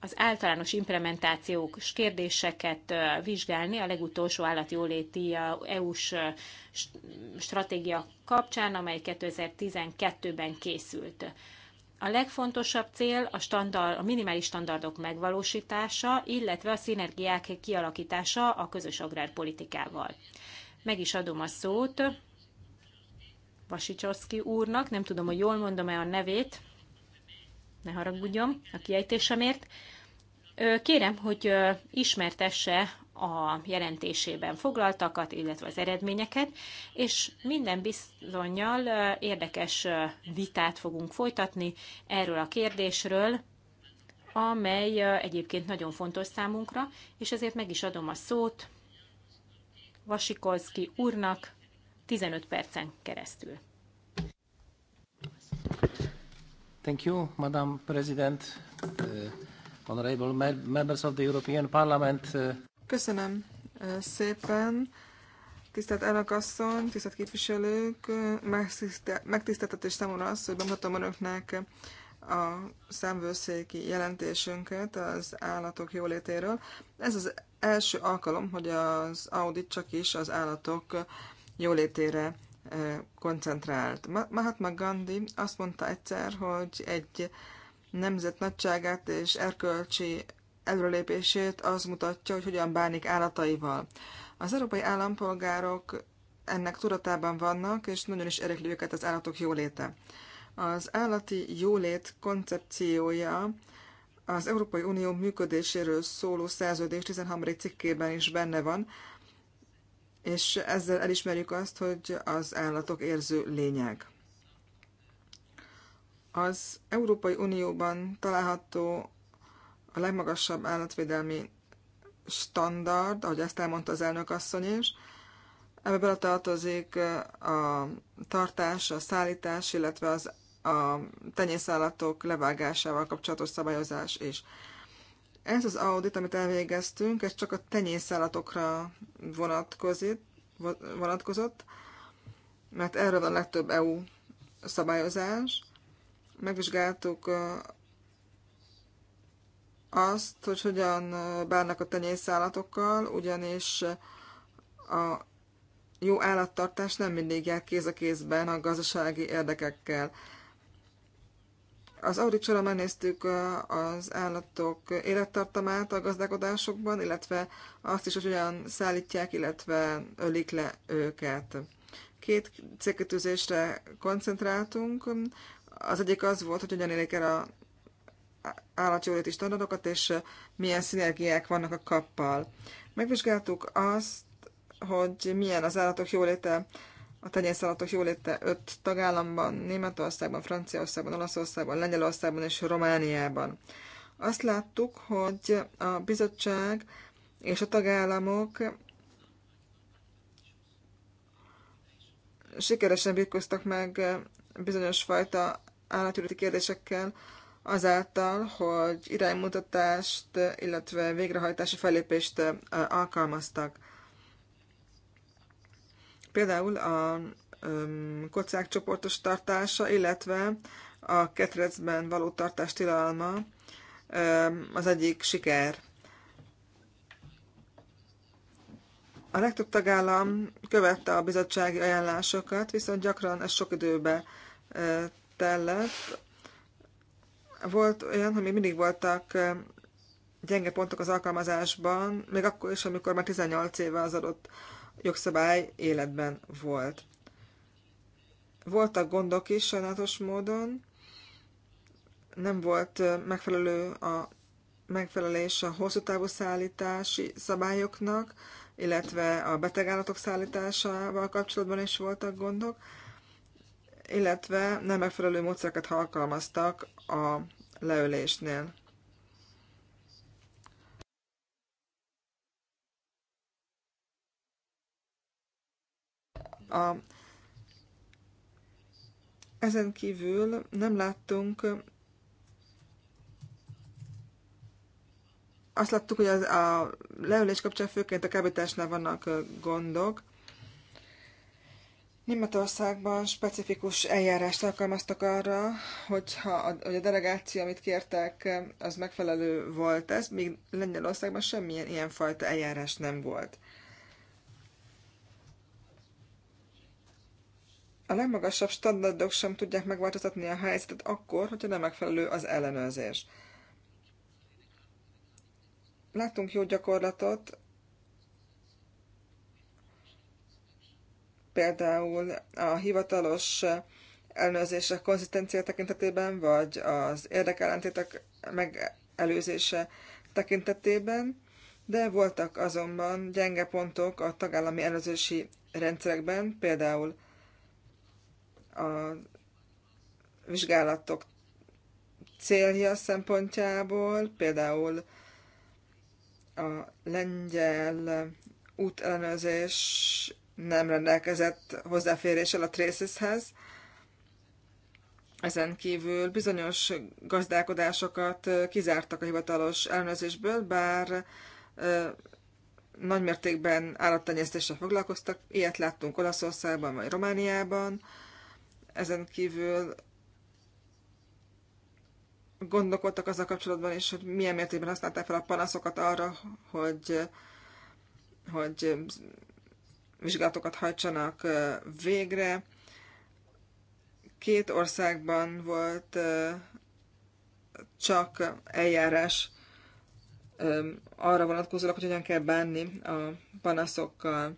az általános implementációs kérdéseket vizsgálni a legutolsó állatjóléti EU-s stratégia kapcsán, amely 2012-ben készült. A legfontosabb cél a, standard, a minimális standardok megvalósítása, illetve a szinergiák kialakítása a közös agrárpolitikával. Meg is adom a szót Vasicsorszki úrnak, nem tudom, hogy jól mondom-e a nevét ne haragudjon a kiejtésemért. Kérem, hogy ismertesse a jelentésében foglaltakat, illetve az eredményeket, és minden bizonyal érdekes vitát fogunk folytatni erről a kérdésről, amely egyébként nagyon fontos számunkra, és ezért meg is adom a szót Vasikolszki úrnak 15 percen keresztül. Thank you, Madam President, uh, honorable members of the European Parliament. Uh... Köszönöm uh, szépen. Tisztelt elnökasszony, tisztelt képviselők, uh, megtiszteltet és számomra az, hogy bemutatom önöknek a számvőszéki jelentésünket az állatok jólétéről. Ez az első alkalom, hogy az audit csak is az állatok jólétére koncentrált. Mahatma Gandhi azt mondta egyszer, hogy egy nemzet nagyságát és erkölcsi előrelépését az mutatja, hogy hogyan bánik állataival. Az európai állampolgárok ennek tudatában vannak, és nagyon is érdekli őket az állatok jóléte. Az állati jólét koncepciója az Európai Unió működéséről szóló szerződés 13. cikkében is benne van, és ezzel elismerjük azt, hogy az állatok érző lények. Az Európai Unióban található a legmagasabb állatvédelmi standard, ahogy ezt elmondta az elnök asszony is, ebbe beletartozik a tartás, a szállítás, illetve az a tenyészállatok levágásával kapcsolatos szabályozás is. Ez az audit, amit elvégeztünk, ez csak a tenyészállatokra vonatkozik, vonatkozott, mert erre van a legtöbb EU szabályozás. Megvizsgáltuk azt, hogy hogyan bánnak a tenyészállatokkal, ugyanis a jó állattartás nem mindig jár kéz a kézben a gazdasági érdekekkel. Az auricsora megnéztük az állatok élettartamát a gazdálkodásokban, illetve azt is, hogy hogyan szállítják, illetve ölik le őket. Két célkötőzésre koncentráltunk. Az egyik az volt, hogy hogyan élik el a állatjóléti standardokat, és milyen szinergiák vannak a kappal. Megvizsgáltuk azt, hogy milyen az állatok jóléte a tenyészállatok jóléte öt tagállamban, Németországban, Franciaországban, Olaszországban, Lengyelországban és Romániában. Azt láttuk, hogy a bizottság és a tagállamok sikeresen bírkoztak meg bizonyos fajta állatjóléti kérdésekkel, azáltal, hogy iránymutatást, illetve végrehajtási fellépést alkalmaztak. Például a kocák csoportos tartása, illetve a ketrecben való tartás tilalma az egyik siker. A legtöbb tagállam követte a bizottsági ajánlásokat, viszont gyakran ez sok időbe tellett. Volt olyan, hogy még mindig voltak gyenge pontok az alkalmazásban, még akkor is, amikor már 18 éve az adott jogszabály életben volt. Voltak gondok is sajnálatos módon, nem volt megfelelő a megfelelés a hosszú távú szállítási szabályoknak, illetve a betegállatok szállításával kapcsolatban is voltak gondok, illetve nem megfelelő módszereket alkalmaztak a leölésnél. A, ezen kívül nem láttunk azt láttuk, hogy az, a leülés kapcsán főként a kábításnál vannak gondok. Németországban specifikus eljárást alkalmaztak arra, hogyha a, hogy a delegáció, amit kértek, az megfelelő volt ez, míg Lengyelországban semmilyen ilyenfajta eljárás nem volt. A legmagasabb standardok sem tudják megváltoztatni a helyzetet akkor, hogyha nem megfelelő az ellenőrzés. Láttunk jó gyakorlatot, például a hivatalos ellenőrzések konzisztencia tekintetében, vagy az érdekellentétek megelőzése tekintetében, de voltak azonban gyenge pontok a tagállami ellenőrzési rendszerekben, például a vizsgálatok célja szempontjából, például a lengyel útellenőrzés nem rendelkezett hozzáféréssel a Traceshez. Ezen kívül bizonyos gazdálkodásokat kizártak a hivatalos ellenőrzésből, bár nagymértékben állattenyésztéssel foglalkoztak. Ilyet láttunk Olaszországban vagy Romániában. Ezen kívül gondolkodtak a kapcsolatban is, hogy milyen mértékben használták fel a panaszokat arra, hogy, hogy vizsgálatokat hajtsanak végre. Két országban volt csak eljárás arra vonatkozólag, hogy hogyan kell bánni a panaszokkal.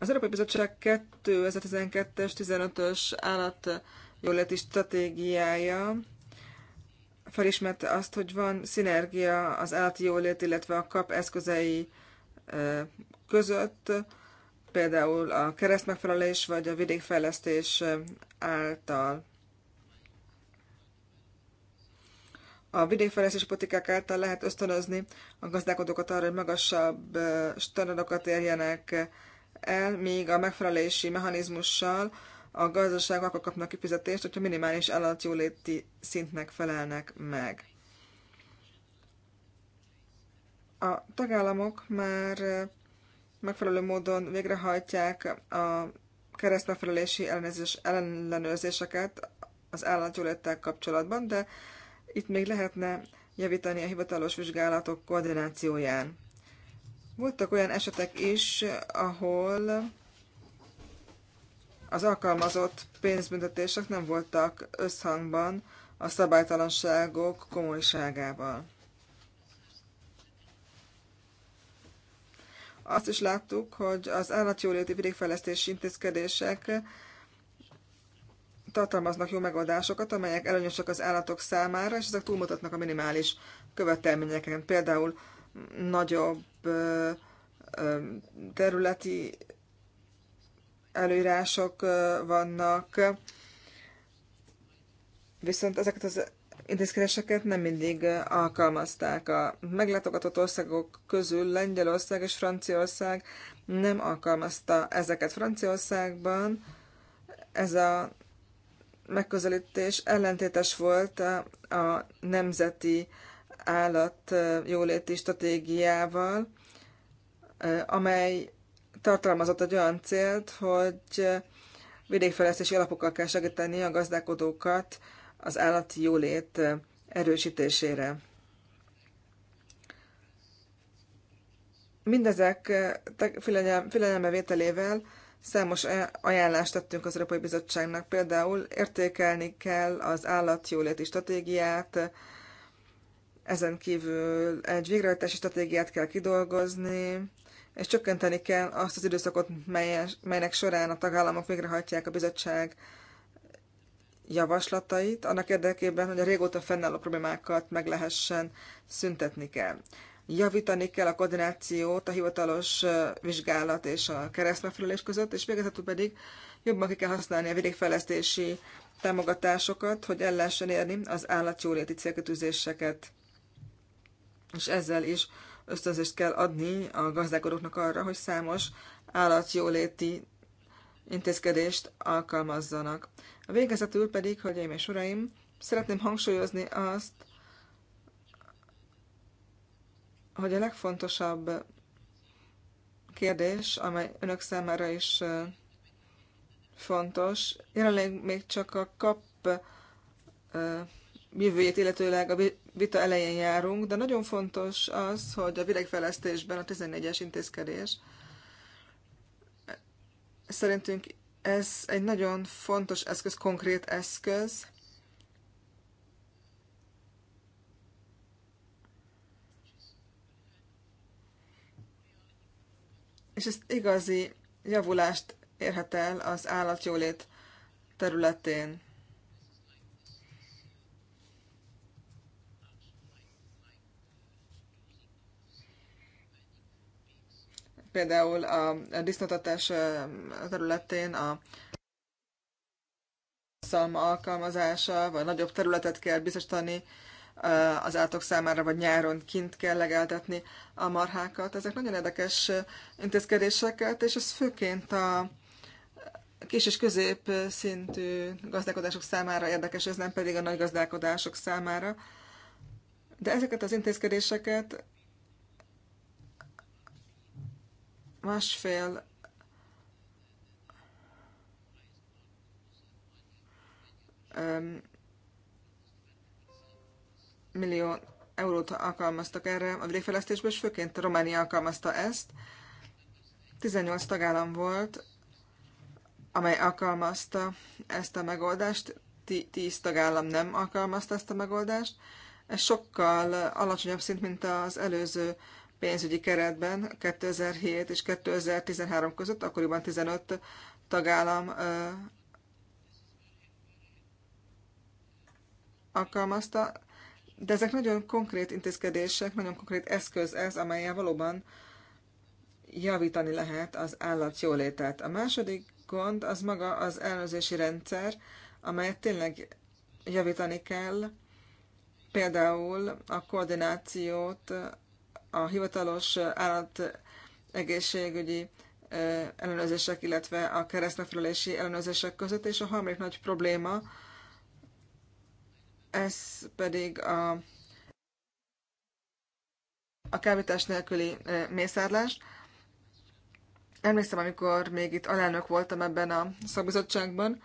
Az Európai Bizottság 2012-es 15-ös állatjóléti stratégiája felismerte azt, hogy van szinergia az állati jólét, illetve a kap eszközei között, például a keresztmegfelelés vagy a vidékfejlesztés által. A vidékfejlesztés politikák által lehet ösztönözni a gazdálkodókat arra, hogy magasabb standardokat érjenek el még a megfelelési mechanizmussal a gazdaság akkor kapnak kifizetést, hogyha minimális állatjóléti szintnek felelnek meg. A tagállamok már megfelelő módon végrehajtják a keresztmegfelelési ellenőrzéseket az állatjóléttel kapcsolatban, de itt még lehetne javítani a hivatalos vizsgálatok koordinációján. Voltak olyan esetek is, ahol az alkalmazott pénzbüntetések nem voltak összhangban a szabálytalanságok komolyságával. Azt is láttuk, hogy az állatjóléti vidékfejlesztési intézkedések tartalmaznak jó megoldásokat, amelyek előnyösek az állatok számára, és ezek túlmutatnak a minimális követelményeken. Például nagyobb területi előírások vannak, viszont ezeket az intézkedéseket nem mindig alkalmazták. A meglátogatott országok közül Lengyelország és Franciaország nem alkalmazta ezeket. Franciaországban ez a megközelítés ellentétes volt a nemzeti állat jóléti stratégiával, amely tartalmazott egy olyan célt, hogy vidékfejlesztési alapokkal kell segíteni a gazdálkodókat az állati jólét erősítésére. Mindezek figyelembe vételével számos ajánlást tettünk az Európai Bizottságnak, például értékelni kell az állatjóléti stratégiát, ezen kívül egy végrehajtási stratégiát kell kidolgozni, és csökkenteni kell azt az időszakot, melynek során a tagállamok végrehajtják a bizottság javaslatait, annak érdekében, hogy a régóta fennálló problémákat meg lehessen szüntetni kell. Javítani kell a koordinációt a hivatalos vizsgálat és a keresztmegfelelés között, és végezetül pedig jobban ki kell használni a vidékfejlesztési támogatásokat, hogy el lehessen érni az állatjóléti célkötőzéseket és ezzel is ösztönzést kell adni a gazdálkodóknak arra, hogy számos állatjóléti intézkedést alkalmazzanak. A végezetül pedig, hölgyeim és uraim, szeretném hangsúlyozni azt, hogy a legfontosabb kérdés, amely önök számára is fontos, jelenleg még csak a kap jövőjét, illetőleg a vita elején járunk, de nagyon fontos az, hogy a világfejlesztésben a 14-es intézkedés szerintünk ez egy nagyon fontos eszköz, konkrét eszköz, és ez igazi javulást érhet el az állatjólét területén. például a, a területén a szalma alkalmazása, vagy nagyobb területet kell biztosítani az állatok számára, vagy nyáron kint kell legeltetni a marhákat. Ezek nagyon érdekes intézkedéseket, és ez főként a kis és közép szintű gazdálkodások számára érdekes, ez nem pedig a nagy gazdálkodások számára. De ezeket az intézkedéseket másfél millió eurót alkalmaztak erre a vidékfejlesztésben, és főként Románia alkalmazta ezt. 18 tagállam volt, amely alkalmazta ezt a megoldást, 10 tagállam nem alkalmazta ezt a megoldást. Ez sokkal alacsonyabb szint, mint az előző pénzügyi keretben 2007 és 2013 között, akkoriban 15 tagállam alkalmazta, de ezek nagyon konkrét intézkedések, nagyon konkrét eszköz ez, amelyel valóban javítani lehet az állat jólétet. A második gond az maga az ellenőrzési rendszer, amelyet tényleg javítani kell, például a koordinációt a hivatalos állat egészségügyi ellenőrzések, illetve a keresztnefelelési ellenőrzések között, és a harmadik nagy probléma, ez pedig a, a kábítás nélküli mészárlás. Emlékszem, amikor még itt alelnök voltam ebben a szakbizottságban,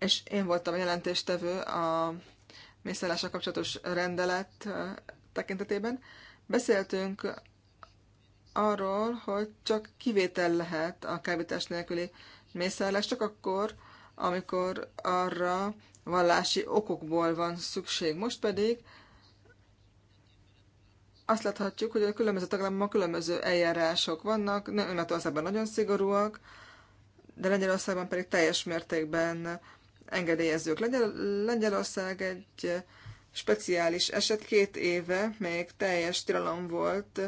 és én voltam a jelentéstevő a mészállással kapcsolatos rendelet tekintetében. Beszéltünk arról, hogy csak kivétel lehet a kábítás nélküli mészállás, csak akkor, amikor arra vallási okokból van szükség. Most pedig azt láthatjuk, hogy a különböző tagállamokban különböző eljárások vannak, Németországban nagyon szigorúak, de Lengyelországban pedig teljes mértékben engedélyezők. Lengyel, Lengyelország egy speciális eset, két éve még teljes tilalom volt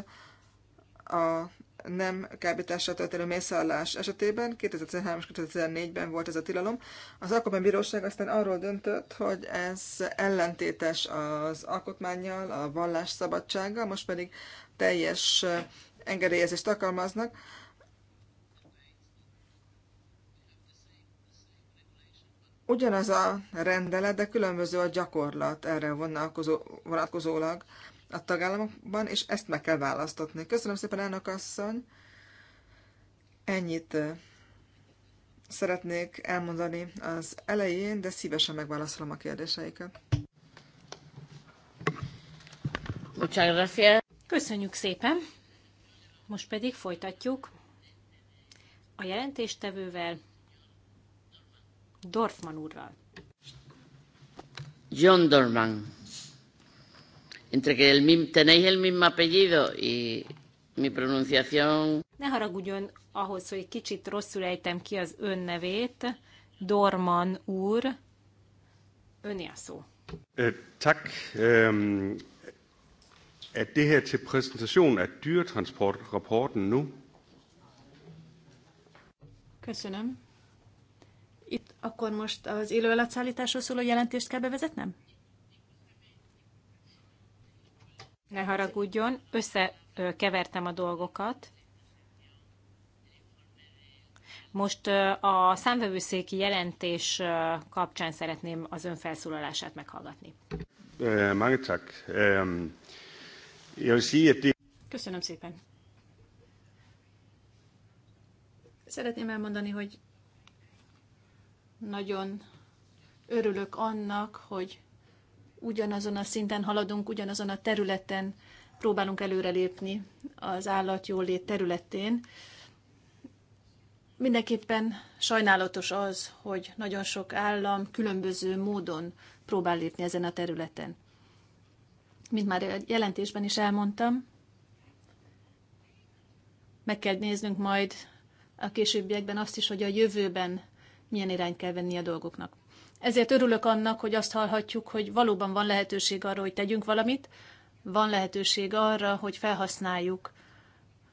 a nem kábítással történő mészállás esetében, 2013 2014 2004-ben volt ez a tilalom. Az Alkotmánybíróság aztán arról döntött, hogy ez ellentétes az alkotmányjal, a vallás szabadsággal, most pedig teljes engedélyezést alkalmaznak. ugyanaz a rendelet, de különböző a gyakorlat erre vonatkozólag a tagállamokban, és ezt meg kell választatni. Köszönöm szépen, elnök asszony! Ennyit szeretnék elmondani az elején, de szívesen megválaszolom a kérdéseiket. Köszönjük szépen! Most pedig folytatjuk a jelentéstevővel, Dorfman úrral. John Dorman. Entre que el mim, tenéis el mismo apellido y mi pronunciación... Ne haragudjon ahhoz, hogy kicsit rosszul ejtem ki az ön nevét. Dorman úr, öné a szó. Eh, tak. Øhm, er det her til præsentation af dyretransportrapporten nu? Köszönöm. Itt akkor most az élőállatszállításról szóló jelentést kell bevezetnem? Ne haragudjon, összekevertem a dolgokat. Most a számvevőszéki jelentés kapcsán szeretném az ön felszólalását meghallgatni. Köszönöm szépen. Szeretném elmondani, hogy nagyon örülök annak, hogy ugyanazon a szinten haladunk, ugyanazon a területen próbálunk előrelépni az állatjólét területén. Mindenképpen sajnálatos az, hogy nagyon sok állam különböző módon próbál lépni ezen a területen. Mint már a jelentésben is elmondtam, meg kell néznünk majd a későbbiekben azt is, hogy a jövőben milyen irányt kell venni a dolgoknak. Ezért örülök annak, hogy azt hallhatjuk, hogy valóban van lehetőség arra, hogy tegyünk valamit, van lehetőség arra, hogy felhasználjuk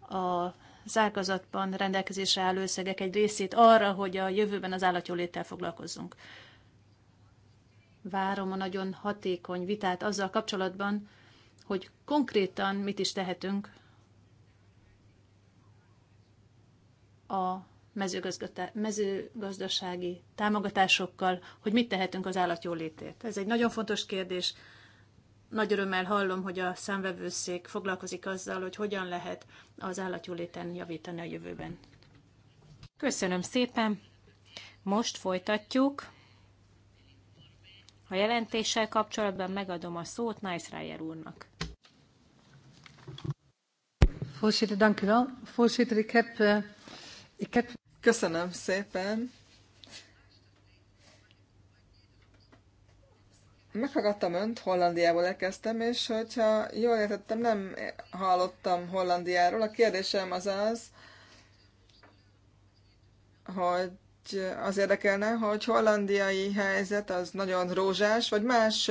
a zárkazatban rendelkezésre álló összegek egy részét arra, hogy a jövőben az állatjóléttel foglalkozzunk. Várom a nagyon hatékony vitát azzal kapcsolatban, hogy konkrétan mit is tehetünk a mezőgazdasági támogatásokkal, hogy mit tehetünk az állatjólétét. Ez egy nagyon fontos kérdés. Nagy örömmel hallom, hogy a számvevőszék foglalkozik azzal, hogy hogyan lehet az állatjóléten javítani a jövőben. Köszönöm szépen! Most folytatjuk. A jelentéssel kapcsolatban megadom a szót Nice úrnak. Voorzitter, dank u wel. Voorzitter, ik heb, eh, ik heb... Köszönöm szépen. Meghallgattam önt, Hollandiából elkezdtem, és hogyha jól értettem, nem hallottam Hollandiáról. A kérdésem az az, hogy az érdekelne, hogy hollandiai helyzet az nagyon rózsás, vagy más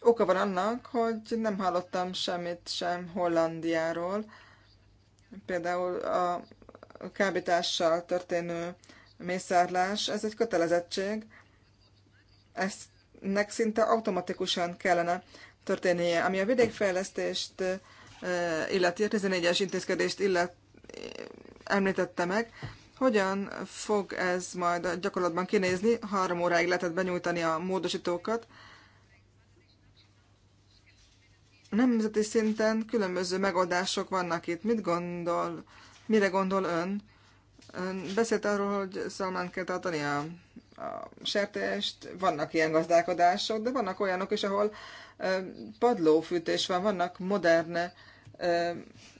oka van annak, hogy nem hallottam semmit sem Hollandiáról. Például a kábítással történő mészárlás, ez egy kötelezettség, eznek szinte automatikusan kellene történnie. Ami a vidékfejlesztést eh, illeti, a 14-es intézkedést illet, eh, említette meg, hogyan fog ez majd a gyakorlatban kinézni? Három óráig lehetett benyújtani a módosítókat. Nemzeti szinten különböző megoldások vannak itt. Mit gondol Mire gondol ön? Ön beszélt arról, hogy szalmán kell tartani a, a sertést, vannak ilyen gazdálkodások, de vannak olyanok is, ahol padlófűtés van, vannak modern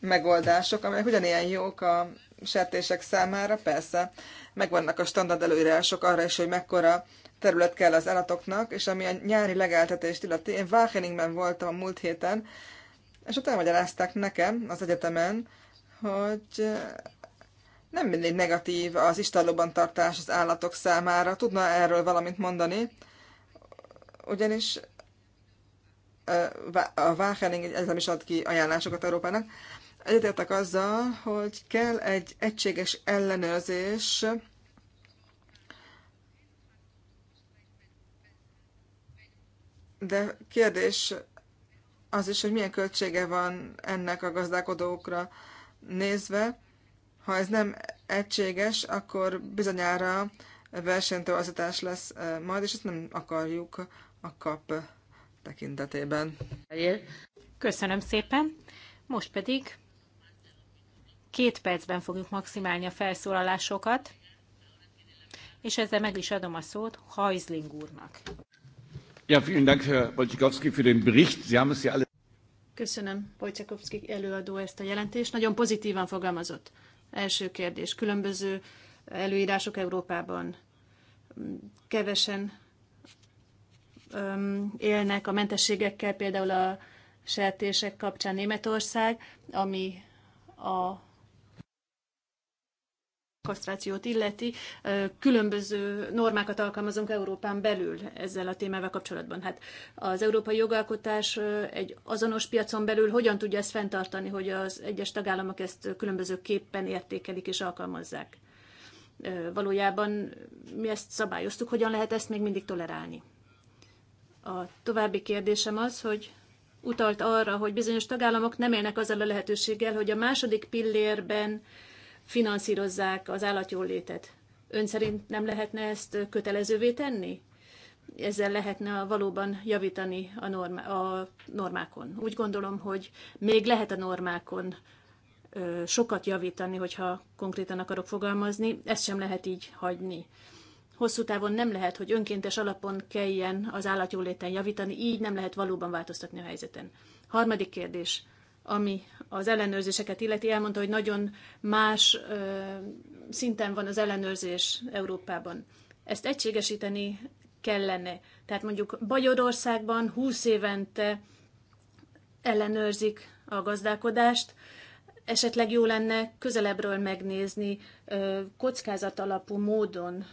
megoldások, amelyek ugyanilyen jók a sertések számára, persze megvannak a standard előírások arra is, hogy mekkora terület kell az állatoknak, és ami a nyári legeltetést illeti, én Wageningben voltam a múlt héten, és ott elmagyarázták nekem az egyetemen, hogy eh, nem mindig negatív az istállóban tartás az állatok számára. Tudna erről valamit mondani? Ugyanis eh, a Wagening egyetem is ad ki ajánlásokat Európának. Egyetértek azzal, hogy kell egy egységes ellenőrzés de kérdés az is, hogy milyen költsége van ennek a gazdálkodókra, nézve, ha ez nem egységes, akkor bizonyára versenytorzítás lesz majd, és ezt nem akarjuk a kap tekintetében. Köszönöm szépen. Most pedig két percben fogjuk maximálni a felszólalásokat, és ezzel meg is adom a szót Hajzling úrnak. Ja, vielen Dank, Herr Wojcikowski, für den Bericht. Sie haben es ja alle... Köszönöm Wojciechowski előadó ezt a jelentést. Nagyon pozitívan fogalmazott. Első kérdés. Különböző előírások Európában. Mm, kevesen mm, élnek a mentességekkel, például a sertések kapcsán Németország, ami a kasztrációt illeti, különböző normákat alkalmazunk Európán belül ezzel a témával kapcsolatban. Hát az európai jogalkotás egy azonos piacon belül hogyan tudja ezt fenntartani, hogy az egyes tagállamok ezt különbözőképpen értékelik és alkalmazzák? Valójában mi ezt szabályoztuk, hogyan lehet ezt még mindig tolerálni? A további kérdésem az, hogy utalt arra, hogy bizonyos tagállamok nem élnek azzal a lehetőséggel, hogy a második pillérben finanszírozzák az állatjólétet. Ön szerint nem lehetne ezt kötelezővé tenni? Ezzel lehetne valóban javítani a, norma, a normákon. Úgy gondolom, hogy még lehet a normákon sokat javítani, hogyha konkrétan akarok fogalmazni, ezt sem lehet így hagyni. Hosszú távon nem lehet, hogy önkéntes alapon kelljen az állatjóléten javítani, így nem lehet valóban változtatni a helyzeten. Harmadik kérdés ami az ellenőrzéseket illeti, elmondta, hogy nagyon más ö, szinten van az ellenőrzés Európában. Ezt egységesíteni kellene. Tehát mondjuk Bajorországban 20 évente ellenőrzik a gazdálkodást, esetleg jó lenne közelebbről megnézni kockázat alapú módon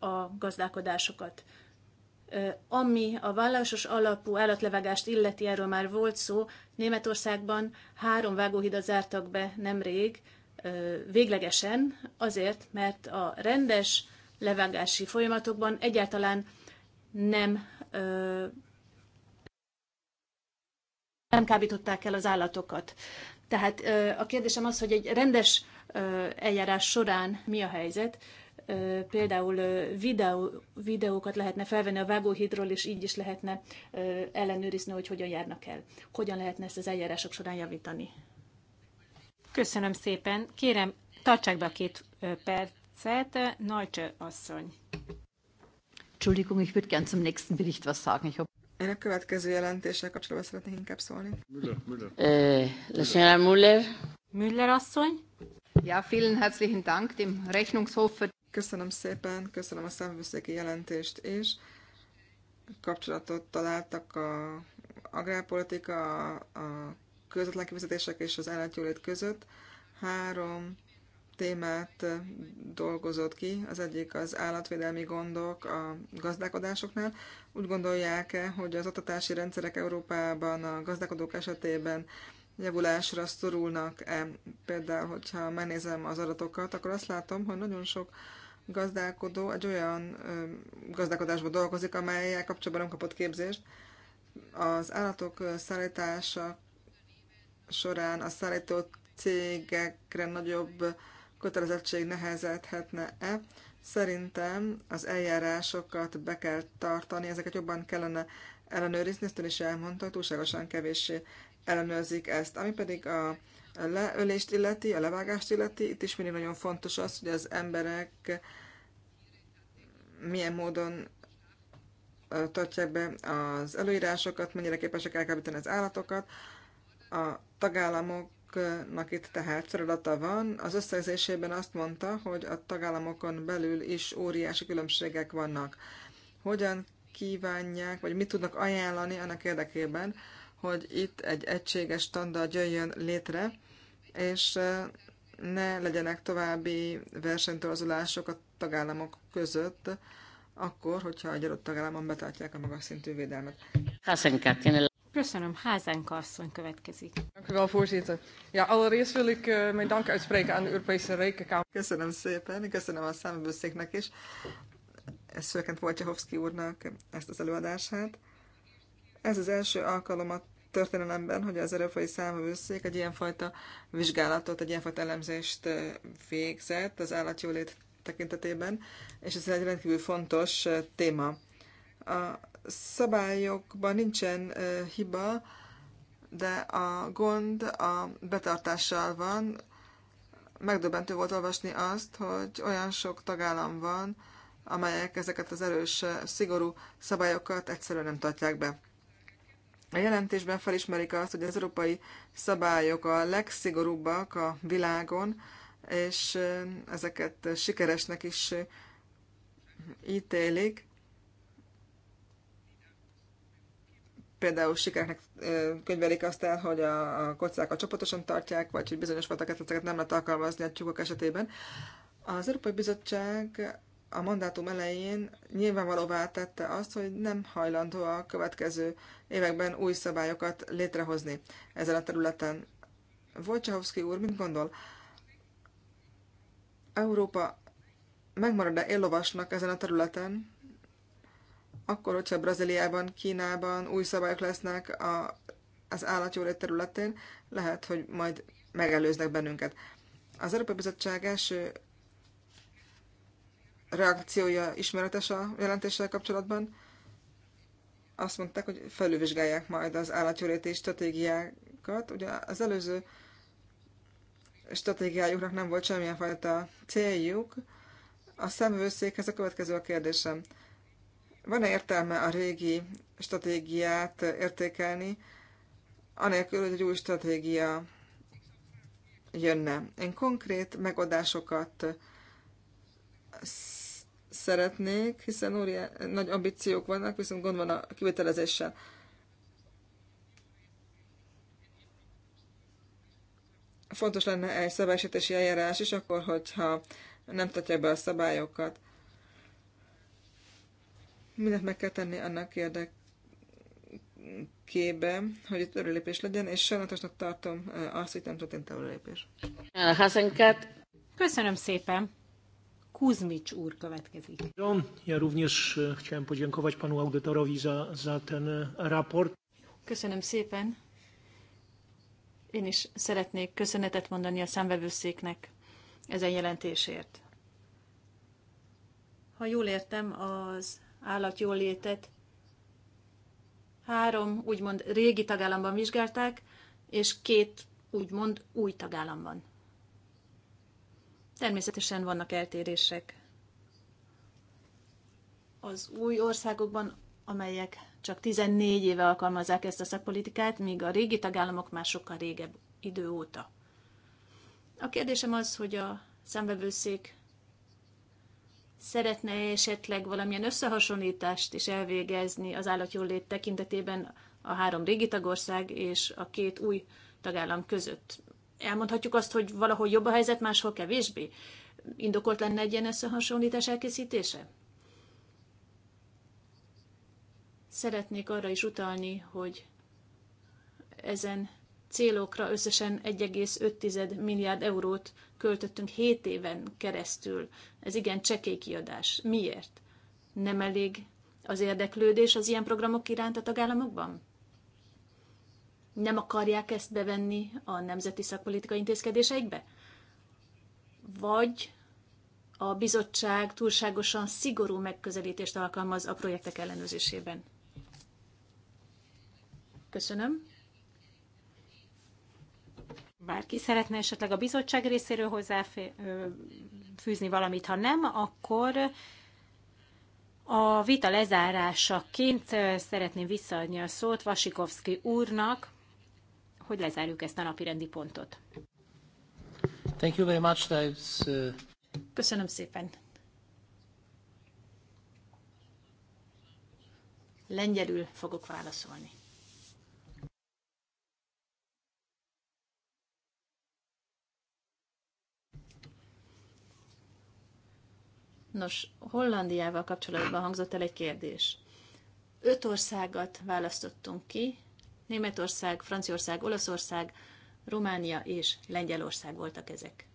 a gazdálkodásokat. Ami a vallásos alapú állatlevágást illeti, erről már volt szó, Németországban három vágóhidat zártak be nemrég, véglegesen, azért, mert a rendes levágási folyamatokban egyáltalán nem nem kábították el az állatokat. Tehát a kérdésem az, hogy egy rendes eljárás során mi a helyzet például videó, videókat lehetne felvenni a vágóhídról, és így is lehetne ellenőrizni, hogy hogyan járnak el. Hogyan lehetne ezt az eljárások során javítani? Köszönöm szépen. Kérem, tartsák be a két percet. Neutsche asszony. Entschuldigung, ich würde gern zum nächsten Bericht was sagen. Ich hab... Én a következő jelentéssel kapcsolatban szeretnék inkább szólni. Müller, Müller. Eh, la Müller. Müller asszony. Ja, vielen herzlichen Dank dem Rechnungshof für Köszönöm szépen, köszönöm a számvőszéki jelentést és Kapcsolatot találtak a agrárpolitika, a közvetlen kivizetések és az állatjólét között. Három témát dolgozott ki. Az egyik az állatvédelmi gondok a gazdálkodásoknál. Úgy gondolják-e, hogy az oktatási rendszerek Európában a gazdálkodók esetében javulásra szorulnak-e. Például, hogyha megnézem az adatokat, akkor azt látom, hogy nagyon sok gazdálkodó egy olyan ö, gazdálkodásban dolgozik, amelyel kapcsolatban nem kapott képzést. Az állatok szállítása során a szállító cégekre nagyobb kötelezettség nehezethetne e Szerintem az eljárásokat be kell tartani, ezeket jobban kellene ellenőrizni, ezt is elmondta, túlságosan kevéssé ellenőrzik ezt. Ami pedig a leölést illeti, a levágást illeti, itt is mindig nagyon fontos az, hogy az emberek milyen módon tartják be az előírásokat, mennyire képesek elkábítani az állatokat. A tagállamoknak itt tehát feladata van. Az összegzésében azt mondta, hogy a tagállamokon belül is óriási különbségek vannak. Hogyan kívánják, vagy mit tudnak ajánlani annak érdekében, hogy itt egy egységes standard jöjjön létre, és ne legyenek további versenytorzulások a tagállamok között, akkor, hogyha egy adott tagállamon betartják a magas szintű védelmet. Köszönöm, házánk asszony következik. Köszönöm szépen, köszönöm a számbőszéknek is. Ez főként Wojciechowski úrnak ezt az előadását. Ez az első alkalom a történelemben, hogy az Európai Számvevőszék egy ilyenfajta vizsgálatot, egy ilyenfajta elemzést végzett az állatjólét tekintetében, és ez egy rendkívül fontos téma. A szabályokban nincsen hiba, de a gond a betartással van. Megdöbbentő volt olvasni azt, hogy olyan sok tagállam van, amelyek ezeket az erős, szigorú szabályokat egyszerűen nem tartják be. A jelentésben felismerik azt, hogy az európai szabályok a legszigorúbbak a világon, és ezeket sikeresnek is ítélik. Például sikereknek könyvelik azt el, hogy a kockákat csapatosan tartják, vagy hogy bizonyos fatakat nem lehet alkalmazni a tyúkok esetében. Az Európai Bizottság a mandátum elején nyilvánvalóvá tette azt, hogy nem hajlandó a következő években új szabályokat létrehozni ezen a területen. Wojciechowski úr, mit gondol? Európa megmarad-e éllovasnak ezen a területen, akkor, hogyha Brazíliában, Kínában új szabályok lesznek a, az állatjólét területén, lehet, hogy majd megelőznek bennünket. Az Európai Bizottság első reakciója ismeretes a jelentéssel kapcsolatban. Azt mondták, hogy felülvizsgálják majd az állatjóléti stratégiákat. Ugye az előző stratégiájuknak nem volt semmilyen fajta céljuk. A szemvőszékhez a következő a kérdésem. Van-e értelme a régi stratégiát értékelni, anélkül, hogy egy új stratégia jönne? Én konkrét megoldásokat szeretnék, hiszen óriá, nagy ambíciók vannak, viszont gond van a kivitelezéssel. Fontos lenne egy szabálysítési eljárás is, akkor, hogyha nem tartják be a szabályokat. Mindent meg kell tenni annak érdekében, hogy itt előlépés legyen, és sajnálatosnak tartom eh, azt, hogy nem történt előlépés. Köszönöm szépen! Kuzmics úr következik. Ja również e, chciałem podziękować panu audytorowi za, za ten e, raport. Köszönöm szépen. Én is szeretnék köszönetet mondani a számvevőszéknek ezen jelentésért. Ha jól értem, az állatjólétet három úgymond régi tagállamban vizsgálták, és két úgymond új tagállamban. Természetesen vannak eltérések az új országokban, amelyek csak 14 éve alkalmazzák ezt a szakpolitikát, míg a régi tagállamok már sokkal régebb idő óta. A kérdésem az, hogy a számbevőszék szeretne -e esetleg valamilyen összehasonlítást is elvégezni az állatjólét tekintetében a három régi tagország és a két új tagállam között elmondhatjuk azt, hogy valahol jobb a helyzet, máshol kevésbé? Indokolt lenne egy ilyen összehasonlítás elkészítése? Szeretnék arra is utalni, hogy ezen célokra összesen 1,5 milliárd eurót költöttünk 7 éven keresztül. Ez igen csekély kiadás. Miért? Nem elég az érdeklődés az ilyen programok iránt a tagállamokban? nem akarják ezt bevenni a nemzeti szakpolitikai intézkedéseikbe? Vagy a bizottság túlságosan szigorú megközelítést alkalmaz a projektek ellenőrzésében? Köszönöm. Bárki szeretne esetleg a bizottság részéről hozzáfűzni valamit, ha nem, akkor a vita lezárásaként szeretném visszaadni a szót Vasikovszki úrnak, hogy lezárjuk ezt a napi rendi pontot. Thank you very much. That's, uh... Köszönöm szépen. Lengyelül fogok válaszolni. Nos, Hollandiával kapcsolatban hangzott el egy kérdés. Öt országot választottunk ki, Németország, Franciaország, Olaszország, Románia és Lengyelország voltak ezek.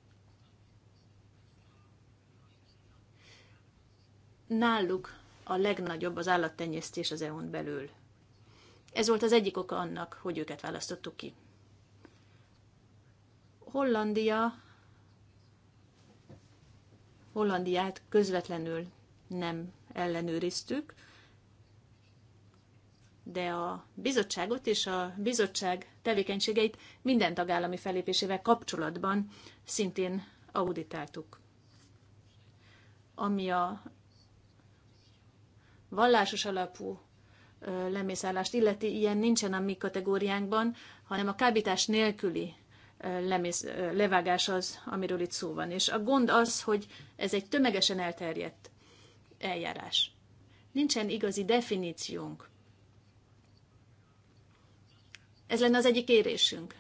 Náluk a legnagyobb az állattenyésztés az EU-n belül. Ez volt az egyik oka annak, hogy őket választottuk ki. Hollandia, Hollandiát közvetlenül nem ellenőriztük, de a bizottságot és a bizottság tevékenységeit minden tagállami felépésével kapcsolatban szintén auditáltuk. Ami a vallásos alapú lemészállást illeti, ilyen nincsen a mi kategóriánkban, hanem a kábítás nélküli lemész, levágás az, amiről itt szó van. És a gond az, hogy ez egy tömegesen elterjedt eljárás. Nincsen igazi definíciónk ez lenne az egyik kérésünk.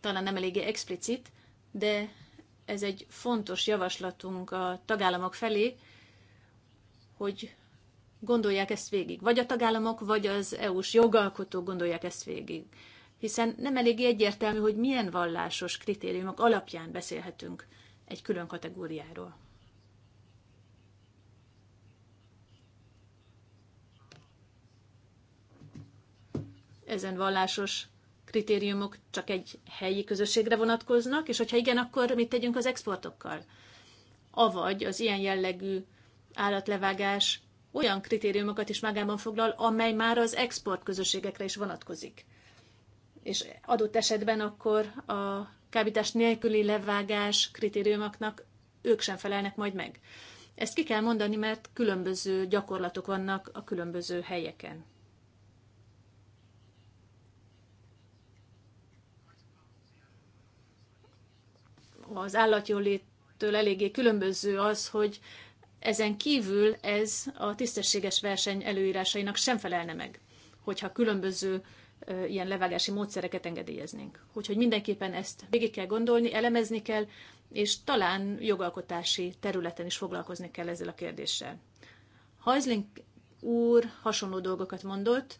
Talán nem eléggé explicit, de ez egy fontos javaslatunk a tagállamok felé, hogy gondolják ezt végig. Vagy a tagállamok, vagy az EU-s jogalkotók gondolják ezt végig. Hiszen nem eléggé egyértelmű, hogy milyen vallásos kritériumok alapján beszélhetünk egy külön kategóriáról. Ezen vallásos kritériumok csak egy helyi közösségre vonatkoznak, és hogyha igen, akkor mit tegyünk az exportokkal? Avagy az ilyen jellegű állatlevágás olyan kritériumokat is magában foglal, amely már az export közösségekre is vonatkozik. És adott esetben akkor a kábítás nélküli levágás kritériumoknak ők sem felelnek majd meg. Ezt ki kell mondani, mert különböző gyakorlatok vannak a különböző helyeken. az állatjólétől eléggé különböző az, hogy ezen kívül ez a tisztességes verseny előírásainak sem felelne meg, hogyha különböző ilyen levágási módszereket engedélyeznénk. Úgyhogy mindenképpen ezt végig kell gondolni, elemezni kell, és talán jogalkotási területen is foglalkozni kell ezzel a kérdéssel. Hajzling úr hasonló dolgokat mondott,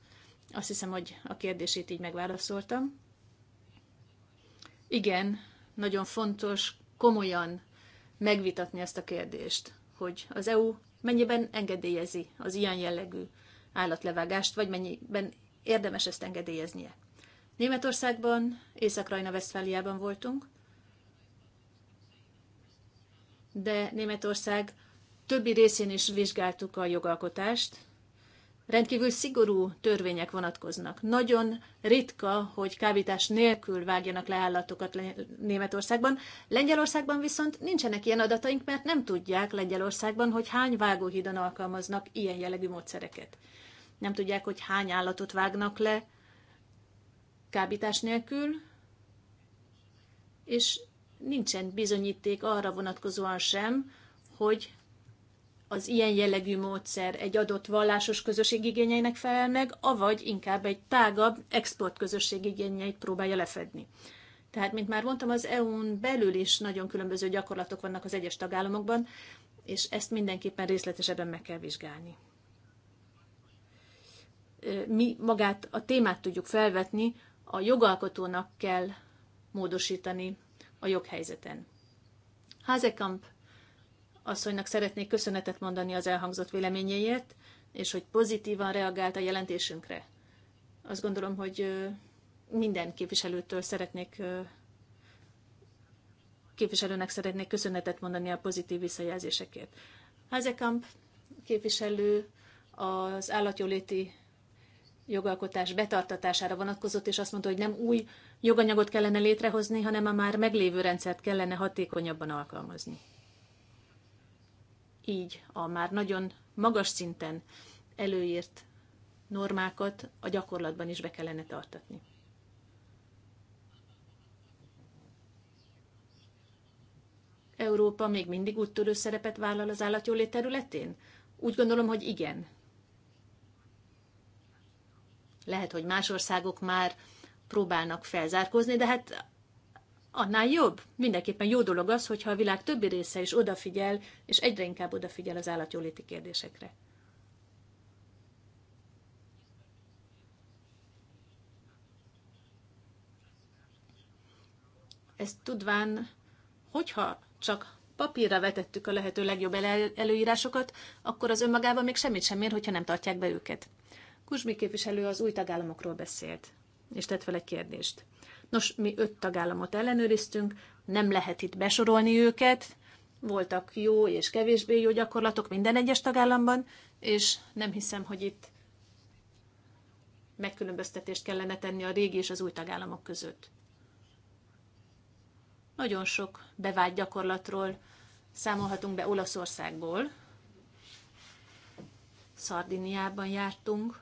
azt hiszem, hogy a kérdését így megválaszoltam. Igen, nagyon fontos komolyan megvitatni ezt a kérdést, hogy az EU mennyiben engedélyezi az ilyen jellegű állatlevágást, vagy mennyiben érdemes ezt engedélyeznie. Németországban, Észak-Rajna-Vesztfáliában voltunk, de Németország többi részén is vizsgáltuk a jogalkotást, rendkívül szigorú törvények vonatkoznak. Nagyon ritka, hogy kábítás nélkül vágjanak le állatokat Németországban. Lengyelországban viszont nincsenek ilyen adataink, mert nem tudják Lengyelországban, hogy hány vágóhídon alkalmaznak ilyen jellegű módszereket. Nem tudják, hogy hány állatot vágnak le kábítás nélkül, és nincsen bizonyíték arra vonatkozóan sem, hogy az ilyen jellegű módszer egy adott vallásos közösség igényeinek felel meg, avagy inkább egy tágabb közösség igényeit próbálja lefedni. Tehát, mint már mondtam, az EU-n belül is nagyon különböző gyakorlatok vannak az egyes tagállamokban, és ezt mindenképpen részletesebben meg kell vizsgálni. Mi magát a témát tudjuk felvetni, a jogalkotónak kell módosítani a joghelyzeten. Házekamp asszonynak szeretnék köszönetet mondani az elhangzott véleményéért, és hogy pozitívan reagált a jelentésünkre. Azt gondolom, hogy minden képviselőtől szeretnék képviselőnek szeretnék köszönetet mondani a pozitív visszajelzésekért. Házekamp képviselő az állatjóléti jogalkotás betartatására vonatkozott, és azt mondta, hogy nem új joganyagot kellene létrehozni, hanem a már meglévő rendszert kellene hatékonyabban alkalmazni így a már nagyon magas szinten előírt normákat a gyakorlatban is be kellene tartatni. Európa még mindig úttörő szerepet vállal az állatjólét területén? Úgy gondolom, hogy igen. Lehet, hogy más országok már próbálnak felzárkózni, de hát annál jobb. Mindenképpen jó dolog az, hogyha a világ többi része is odafigyel, és egyre inkább odafigyel az állatjóléti kérdésekre. Ezt tudván, hogyha csak papírra vetettük a lehető legjobb előírásokat, akkor az önmagában még semmit sem ér, hogyha nem tartják be őket. Kuzsmi képviselő az új tagállamokról beszélt, és tett fel egy kérdést. Nos, mi öt tagállamot ellenőriztünk, nem lehet itt besorolni őket, voltak jó és kevésbé jó gyakorlatok minden egyes tagállamban, és nem hiszem, hogy itt megkülönböztetést kellene tenni a régi és az új tagállamok között. Nagyon sok bevált gyakorlatról számolhatunk be Olaszországból. Szardiniában jártunk,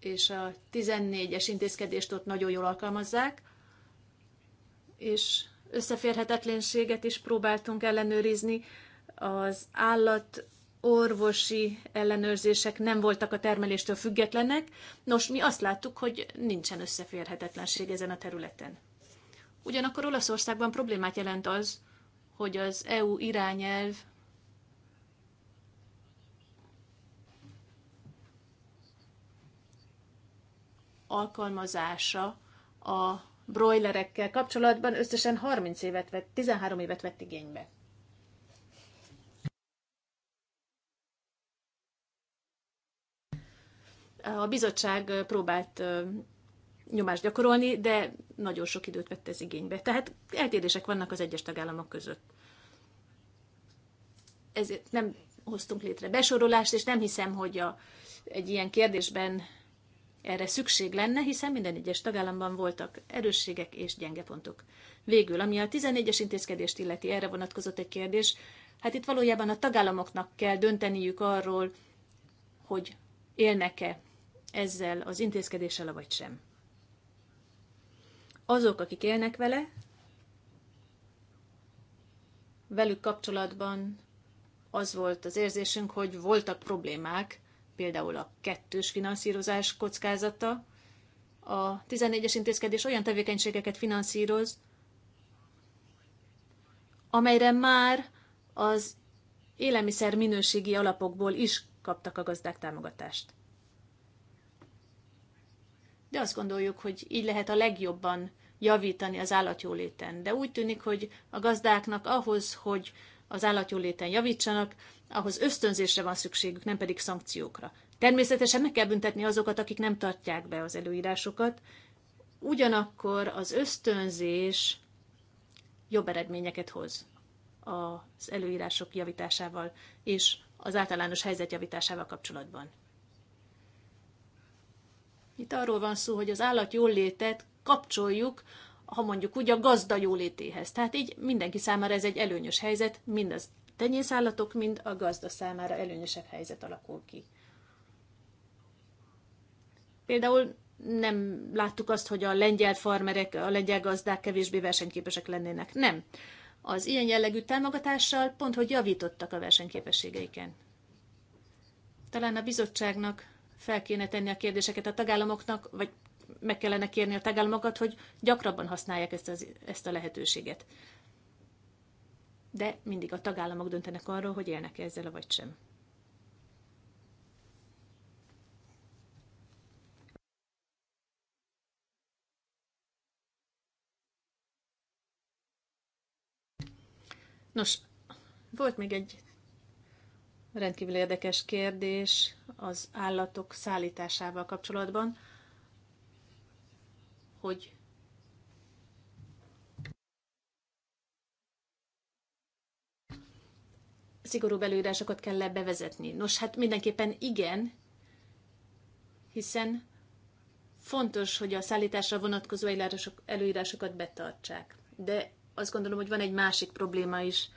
és a 14-es intézkedést ott nagyon jól alkalmazzák, és összeférhetetlenséget is próbáltunk ellenőrizni. Az állat orvosi ellenőrzések nem voltak a termeléstől függetlenek. Nos, mi azt láttuk, hogy nincsen összeférhetetlenség ezen a területen. Ugyanakkor Olaszországban problémát jelent az, hogy az EU irányelv alkalmazása a broilerekkel kapcsolatban összesen 30 évet vett, 13 évet vett igénybe. A bizottság próbált nyomást gyakorolni, de nagyon sok időt vett ez igénybe. Tehát eltérések vannak az egyes tagállamok között. Ezért nem hoztunk létre besorolást, és nem hiszem, hogy a, egy ilyen kérdésben erre szükség lenne, hiszen minden egyes tagállamban voltak erősségek és gyenge pontok. Végül, ami a 14-es intézkedést illeti, erre vonatkozott egy kérdés, hát itt valójában a tagállamoknak kell dönteniük arról, hogy élnek-e ezzel az intézkedéssel, vagy sem. Azok, akik élnek vele, velük kapcsolatban az volt az érzésünk, hogy voltak problémák, például a kettős finanszírozás kockázata. A 14-es intézkedés olyan tevékenységeket finanszíroz, amelyre már az élelmiszer minőségi alapokból is kaptak a gazdák támogatást. De azt gondoljuk, hogy így lehet a legjobban javítani az állatjóléten. De úgy tűnik, hogy a gazdáknak ahhoz, hogy az állatjóléten javítsanak, ahhoz ösztönzésre van szükségük, nem pedig szankciókra. Természetesen meg kell büntetni azokat, akik nem tartják be az előírásokat, ugyanakkor az ösztönzés jobb eredményeket hoz az előírások javításával és az általános helyzet javításával kapcsolatban. Itt arról van szó, hogy az állat jól létet kapcsoljuk ha mondjuk úgy, a gazda jólétéhez. Tehát így mindenki számára ez egy előnyös helyzet, mind az tenyészállatok, mind a gazda számára előnyösebb helyzet alakul ki. Például nem láttuk azt, hogy a lengyel farmerek, a lengyel gazdák kevésbé versenyképesek lennének. Nem. Az ilyen jellegű támogatással pont, hogy javítottak a versenyképességeiken. Talán a bizottságnak fel kéne tenni a kérdéseket a tagállamoknak, vagy meg kellene kérni a tagállamokat, hogy gyakrabban használják ezt, az, ezt a lehetőséget. De mindig a tagállamok döntenek arról, hogy élnek -e ezzel, vagy sem. Nos, volt még egy rendkívül érdekes kérdés az állatok szállításával kapcsolatban hogy szigorú előírásokat kell bevezetni. Nos, hát mindenképpen igen, hiszen fontos, hogy a szállításra vonatkozó előírásokat betartsák. De azt gondolom, hogy van egy másik probléma is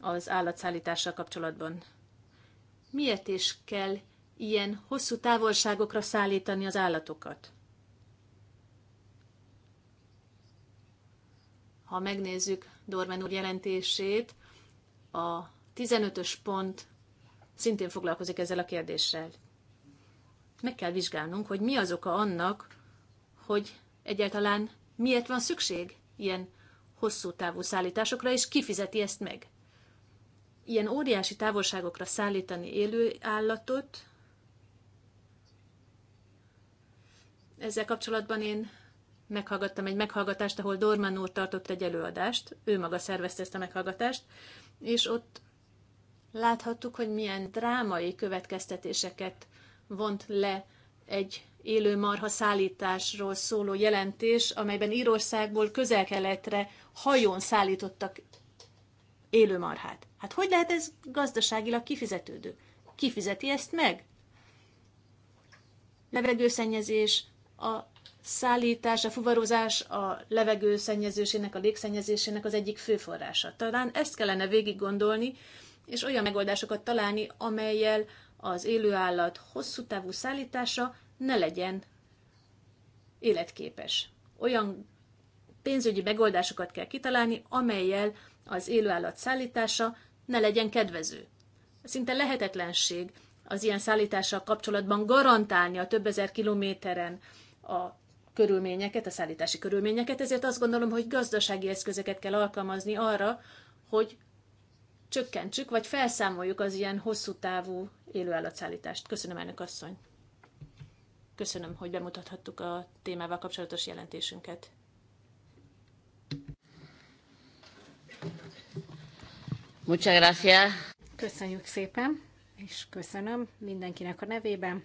az állatszállítással kapcsolatban. Miért is kell ilyen hosszú távolságokra szállítani az állatokat? Ha megnézzük Dormen úr jelentését, a 15-ös pont szintén foglalkozik ezzel a kérdéssel. Meg kell vizsgálnunk, hogy mi az oka annak, hogy egyáltalán miért van szükség ilyen hosszú távú szállításokra, és kifizeti ezt meg. Ilyen óriási távolságokra szállítani élő állatot, ezzel kapcsolatban én meghallgattam egy meghallgatást, ahol Dorman úr tartott egy előadást, ő maga szervezte ezt a meghallgatást, és ott láthattuk, hogy milyen drámai következtetéseket vont le egy élő marha szállításról szóló jelentés, amelyben Írországból közel-keletre hajón szállítottak élő marhát. Hát hogy lehet ez gazdaságilag kifizetődő? Ki fizeti ezt meg? Levegőszennyezés, a szállítás, a fuvarozás a levegő szennyezésének, a légszennyezésének az egyik fő forrása. Talán ezt kellene végig gondolni, és olyan megoldásokat találni, amelyel az élőállat hosszú távú szállítása ne legyen életképes. Olyan pénzügyi megoldásokat kell kitalálni, amelyel az élőállat szállítása ne legyen kedvező. Szinte lehetetlenség az ilyen szállítással kapcsolatban garantálni a több ezer kilométeren a körülményeket, a szállítási körülményeket, ezért azt gondolom, hogy gazdasági eszközöket kell alkalmazni arra, hogy csökkentsük, vagy felszámoljuk az ilyen hosszú távú élőállatszállítást. Köszönöm, elnök asszony. Köszönöm, hogy bemutathattuk a témával kapcsolatos jelentésünket. Muchas gracias. Köszönjük szépen, és köszönöm mindenkinek a nevében.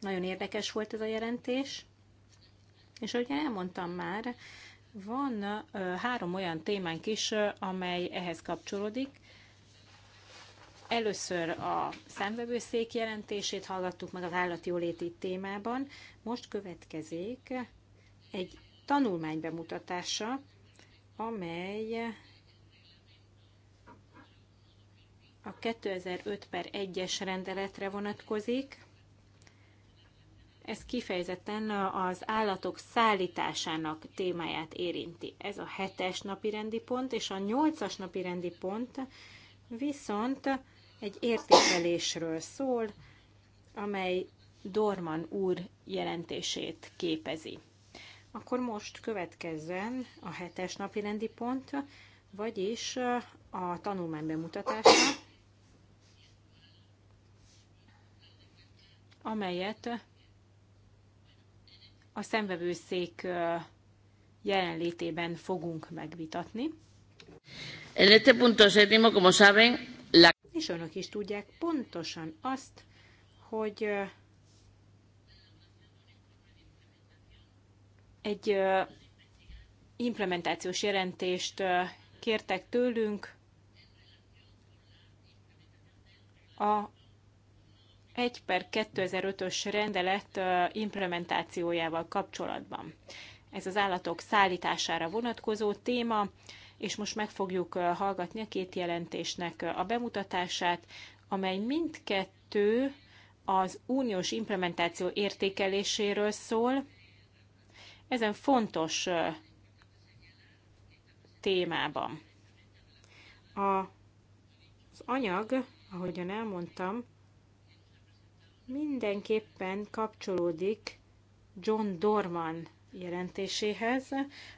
Nagyon érdekes volt ez a jelentés, és ahogy elmondtam már, van három olyan témánk is, amely ehhez kapcsolódik. Először a szemvevőszék jelentését hallgattuk meg az állatjóléti témában, most következik egy tanulmány bemutatása, amely a 2005 per 1-es rendeletre vonatkozik, ez kifejezetten az állatok szállításának témáját érinti. Ez a hetes napi rendi pont, és a nyolcas napi rendi pont viszont egy értékelésről szól, amely Dorman úr jelentését képezi. Akkor most következzen a hetes napi rendi pont, vagyis a tanulmány bemutatása, amelyet a szemvevőszék jelenlétében fogunk megvitatni. En este punto séptimo, como saben, la... És önök is tudják pontosan azt, hogy egy implementációs jelentést kértek tőlünk a 1 per 2005-ös rendelet implementációjával kapcsolatban. Ez az állatok szállítására vonatkozó téma, és most meg fogjuk hallgatni a két jelentésnek a bemutatását, amely mindkettő az uniós implementáció értékeléséről szól. Ezen fontos témában. A, az anyag, ahogyan elmondtam, mindenképpen kapcsolódik John Dorman jelentéséhez,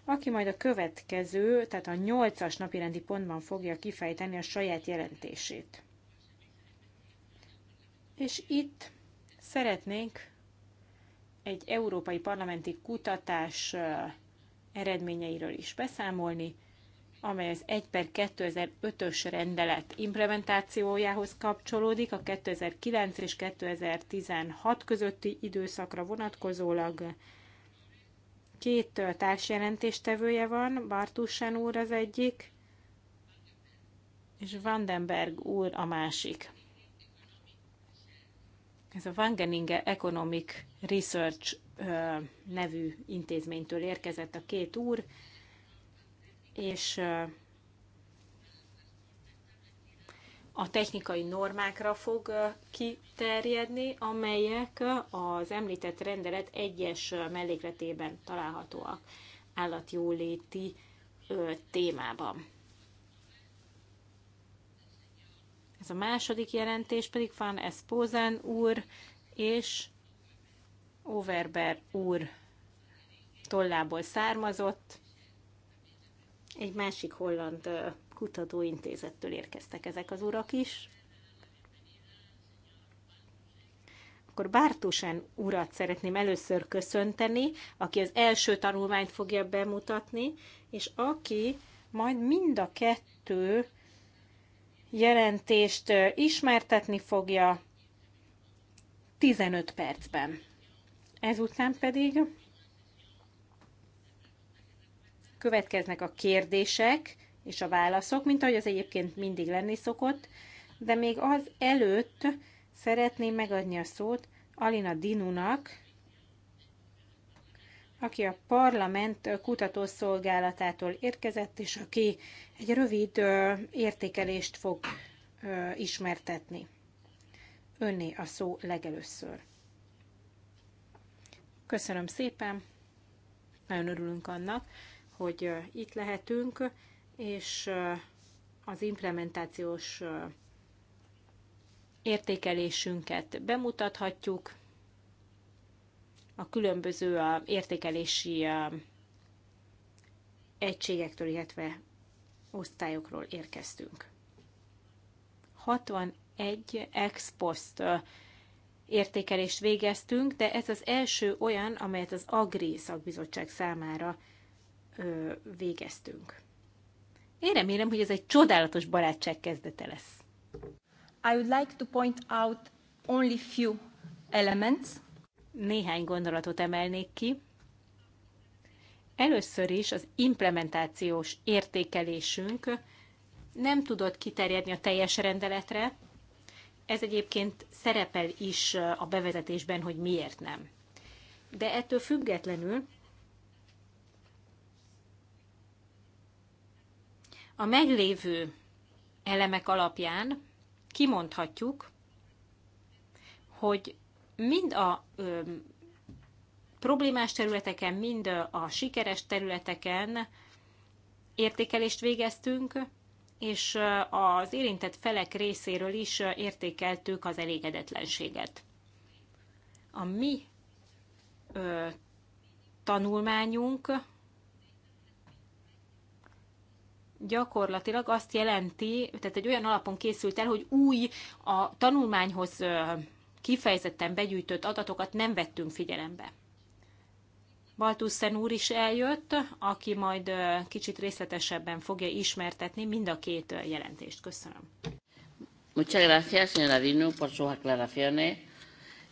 aki majd a következő, tehát a nyolcas napirendi pontban fogja kifejteni a saját jelentését. És itt szeretnénk egy európai parlamenti kutatás eredményeiről is beszámolni, amely az 1 per 2005-ös rendelet implementációjához kapcsolódik, a 2009 és 2016 közötti időszakra vonatkozólag két társjelentéstevője van, Bartusen úr az egyik, és Vandenberg úr a másik. Ez a Wangeninge Economic Research nevű intézménytől érkezett a két úr, és a technikai normákra fog kiterjedni, amelyek az említett rendelet egyes mellékletében találhatóak állatjóléti témában. Ez a második jelentés pedig Van Esposen úr és Overber úr tollából származott. Egy másik holland kutatóintézettől érkeztek ezek az urak is. Akkor bártusen urat szeretném először köszönteni, aki az első tanulmányt fogja bemutatni, és aki majd mind a kettő jelentést ismertetni fogja 15 percben. Ezután pedig következnek a kérdések és a válaszok, mint ahogy az egyébként mindig lenni szokott, de még az előtt szeretném megadni a szót Alina Dinunak, aki a parlament kutatószolgálatától érkezett, és aki egy rövid értékelést fog ismertetni. Önné a szó legelőször. Köszönöm szépen, nagyon örülünk annak, hogy itt lehetünk, és az implementációs értékelésünket bemutathatjuk, a különböző értékelési egységektől, illetve osztályokról érkeztünk. 61 ex post értékelést végeztünk, de ez az első olyan, amelyet az Agri szakbizottság számára ö, végeztünk. Én remélem, hogy ez egy csodálatos barátság kezdete lesz. I would like to point out only few elements. Néhány gondolatot emelnék ki. Először is az implementációs értékelésünk nem tudott kiterjedni a teljes rendeletre. Ez egyébként szerepel is a bevezetésben, hogy miért nem. De ettől függetlenül A meglévő elemek alapján kimondhatjuk, hogy mind a ö, problémás területeken, mind a sikeres területeken értékelést végeztünk, és az érintett felek részéről is értékeltük az elégedetlenséget. A mi ö, tanulmányunk gyakorlatilag azt jelenti, tehát egy olyan alapon készült el, hogy új a tanulmányhoz kifejezetten begyűjtött adatokat nem vettünk figyelembe. Baltuszen úr is eljött, aki majd kicsit részletesebben fogja ismertetni mind a két jelentést. Köszönöm. Muchas gracias, señora Dino por sus aclaraciones.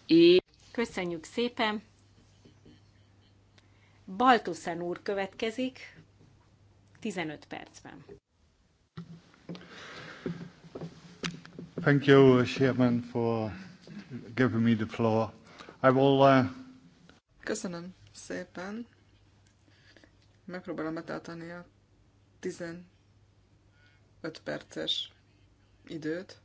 Y... Köszönjük szépen. Baltuszen úr következik. 15 percben. Thank you, Chairman, for giving me the floor. I will, uh... Köszönöm szépen. Megpróbálom betartani a 15 perces időt.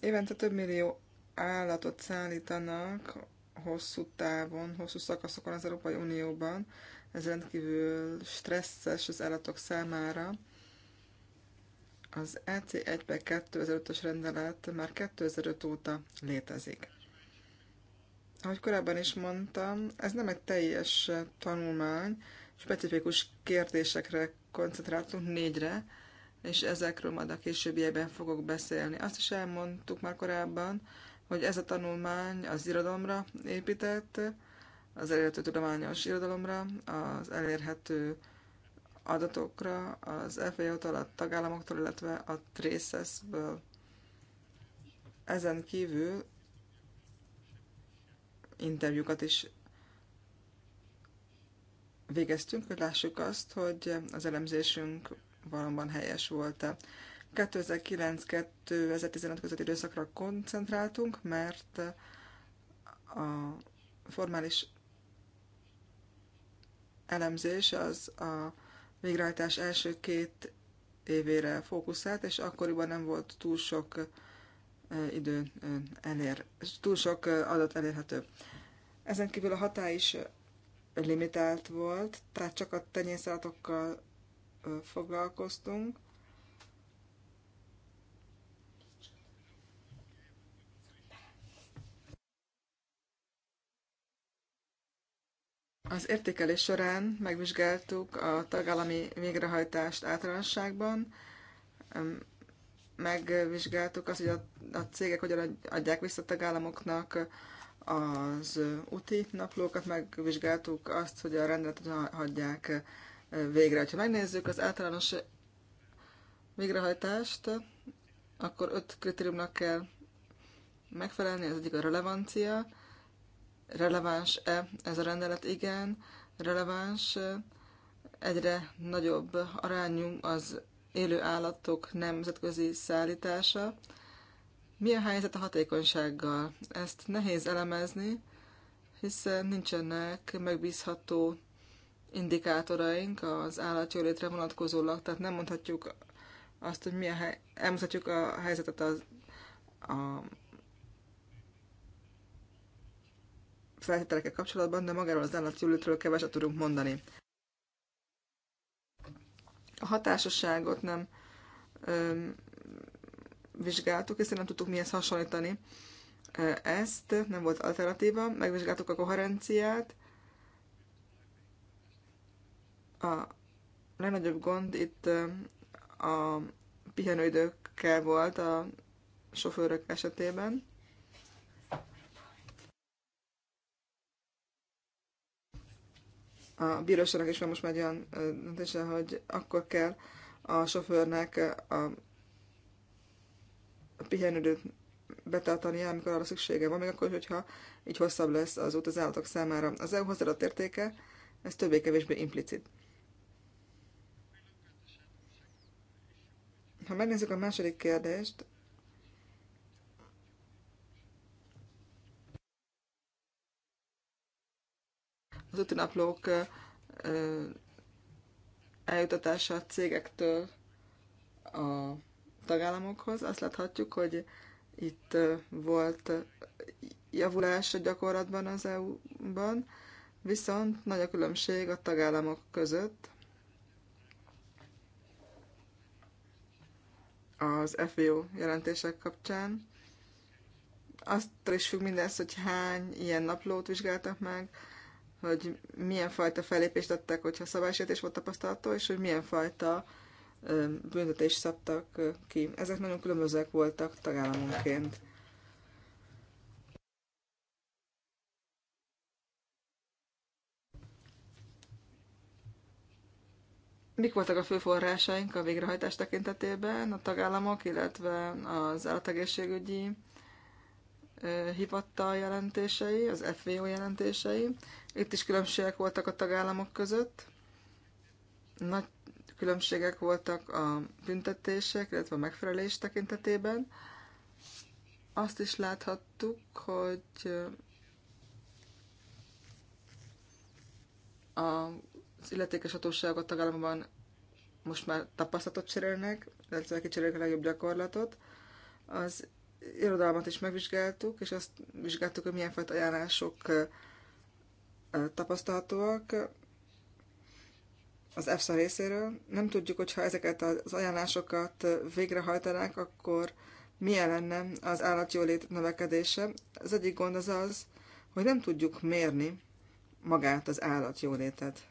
Évente több millió állatot szállítanak hosszú távon, hosszú szakaszokon az Európai Unióban, ez rendkívül stresszes az állatok számára. Az EC 1 per 2005-ös rendelet már 2005 óta létezik. Ahogy korábban is mondtam, ez nem egy teljes tanulmány, specifikus kérdésekre koncentráltunk négyre, és ezekről majd a későbbiekben fogok beszélni. Azt is elmondtuk már korábban, hogy ez a tanulmány az irodalomra épített, az elérhető tudományos irodalomra, az elérhető adatokra, az FAO-tól, a tagállamoktól, illetve a Traces-ből. Ezen kívül interjúkat is végeztünk, hogy lássuk azt, hogy az elemzésünk valóban helyes volt-e. 2009-2015 közötti időszakra koncentráltunk, mert a formális elemzés az a végrehajtás első két évére fókuszált, és akkoriban nem volt túl sok idő elér, túl sok adat elérhető. Ezen kívül a hatály is limitált volt, tehát csak a tenyészállatokkal foglalkoztunk, Az értékelés során megvizsgáltuk a tagállami végrehajtást általánosságban, megvizsgáltuk azt, hogy a, a cégek hogyan adják vissza a tagállamoknak az úti naplókat, megvizsgáltuk azt, hogy a rendet hagyják végre. Ha megnézzük az általános végrehajtást, akkor öt kritériumnak kell megfelelni, az egyik a relevancia, Releváns-e ez a rendelet? Igen, releváns. Egyre nagyobb arányú az élő állatok nemzetközi szállítása. Mi a helyzet a hatékonysággal? Ezt nehéz elemezni, hiszen nincsenek megbízható indikátoraink az állatjólétre vonatkozólag, tehát nem mondhatjuk azt, hogy milyen hely, elmondhatjuk a helyzetet az, a feltételekkel kapcsolatban, de magáról az állatjólőtről keveset tudunk mondani. A hatásosságot nem öm, vizsgáltuk, hiszen nem tudtuk mihez hasonlítani ezt, nem volt alternatíva. Megvizsgáltuk a koherenciát. A legnagyobb gond itt a pihenőidőkkel volt a sofőrök esetében. a bíróságnak is van most már egy olyan döntése, hogy akkor kell a sofőrnek a pihenőt betartania, amikor arra szüksége van, még akkor, hogyha így hosszabb lesz az út az állatok számára. Az EU hozzáadott értéke, ez többé-kevésbé implicit. Ha megnézzük a második kérdést, az útinaplók eljutatása a cégektől a tagállamokhoz. Azt láthatjuk, hogy itt volt javulás a gyakorlatban az EU-ban, viszont nagy a különbség a tagállamok között. az FBO jelentések kapcsán. Azt is függ mindez, hogy hány ilyen naplót vizsgáltak meg, hogy milyen fajta fellépést adtak, hogyha szabálysértés volt tapasztalható, és hogy milyen fajta büntetést szabtak ki. Ezek nagyon különbözőek voltak tagállamonként. Mik voltak a fő forrásaink a végrehajtás tekintetében? A tagállamok, illetve az állategészségügyi hivatal jelentései, az FVO jelentései, itt is különbségek voltak a tagállamok között. Nagy különbségek voltak a büntetések, illetve a megfelelés tekintetében. Azt is láthattuk, hogy az illetékes hatóságok a tagállamban most már tapasztalatot cserélnek, illetve kicserélik a legjobb gyakorlatot. Az irodalmat is megvizsgáltuk, és azt vizsgáltuk, hogy milyen fajta ajánlások tapasztalhatóak az EFSA részéről. Nem tudjuk, hogyha ezeket az ajánlásokat végrehajtanák, akkor milyen lenne az állatjólét növekedése. Az egyik gond az az, hogy nem tudjuk mérni magát az állatjólétet,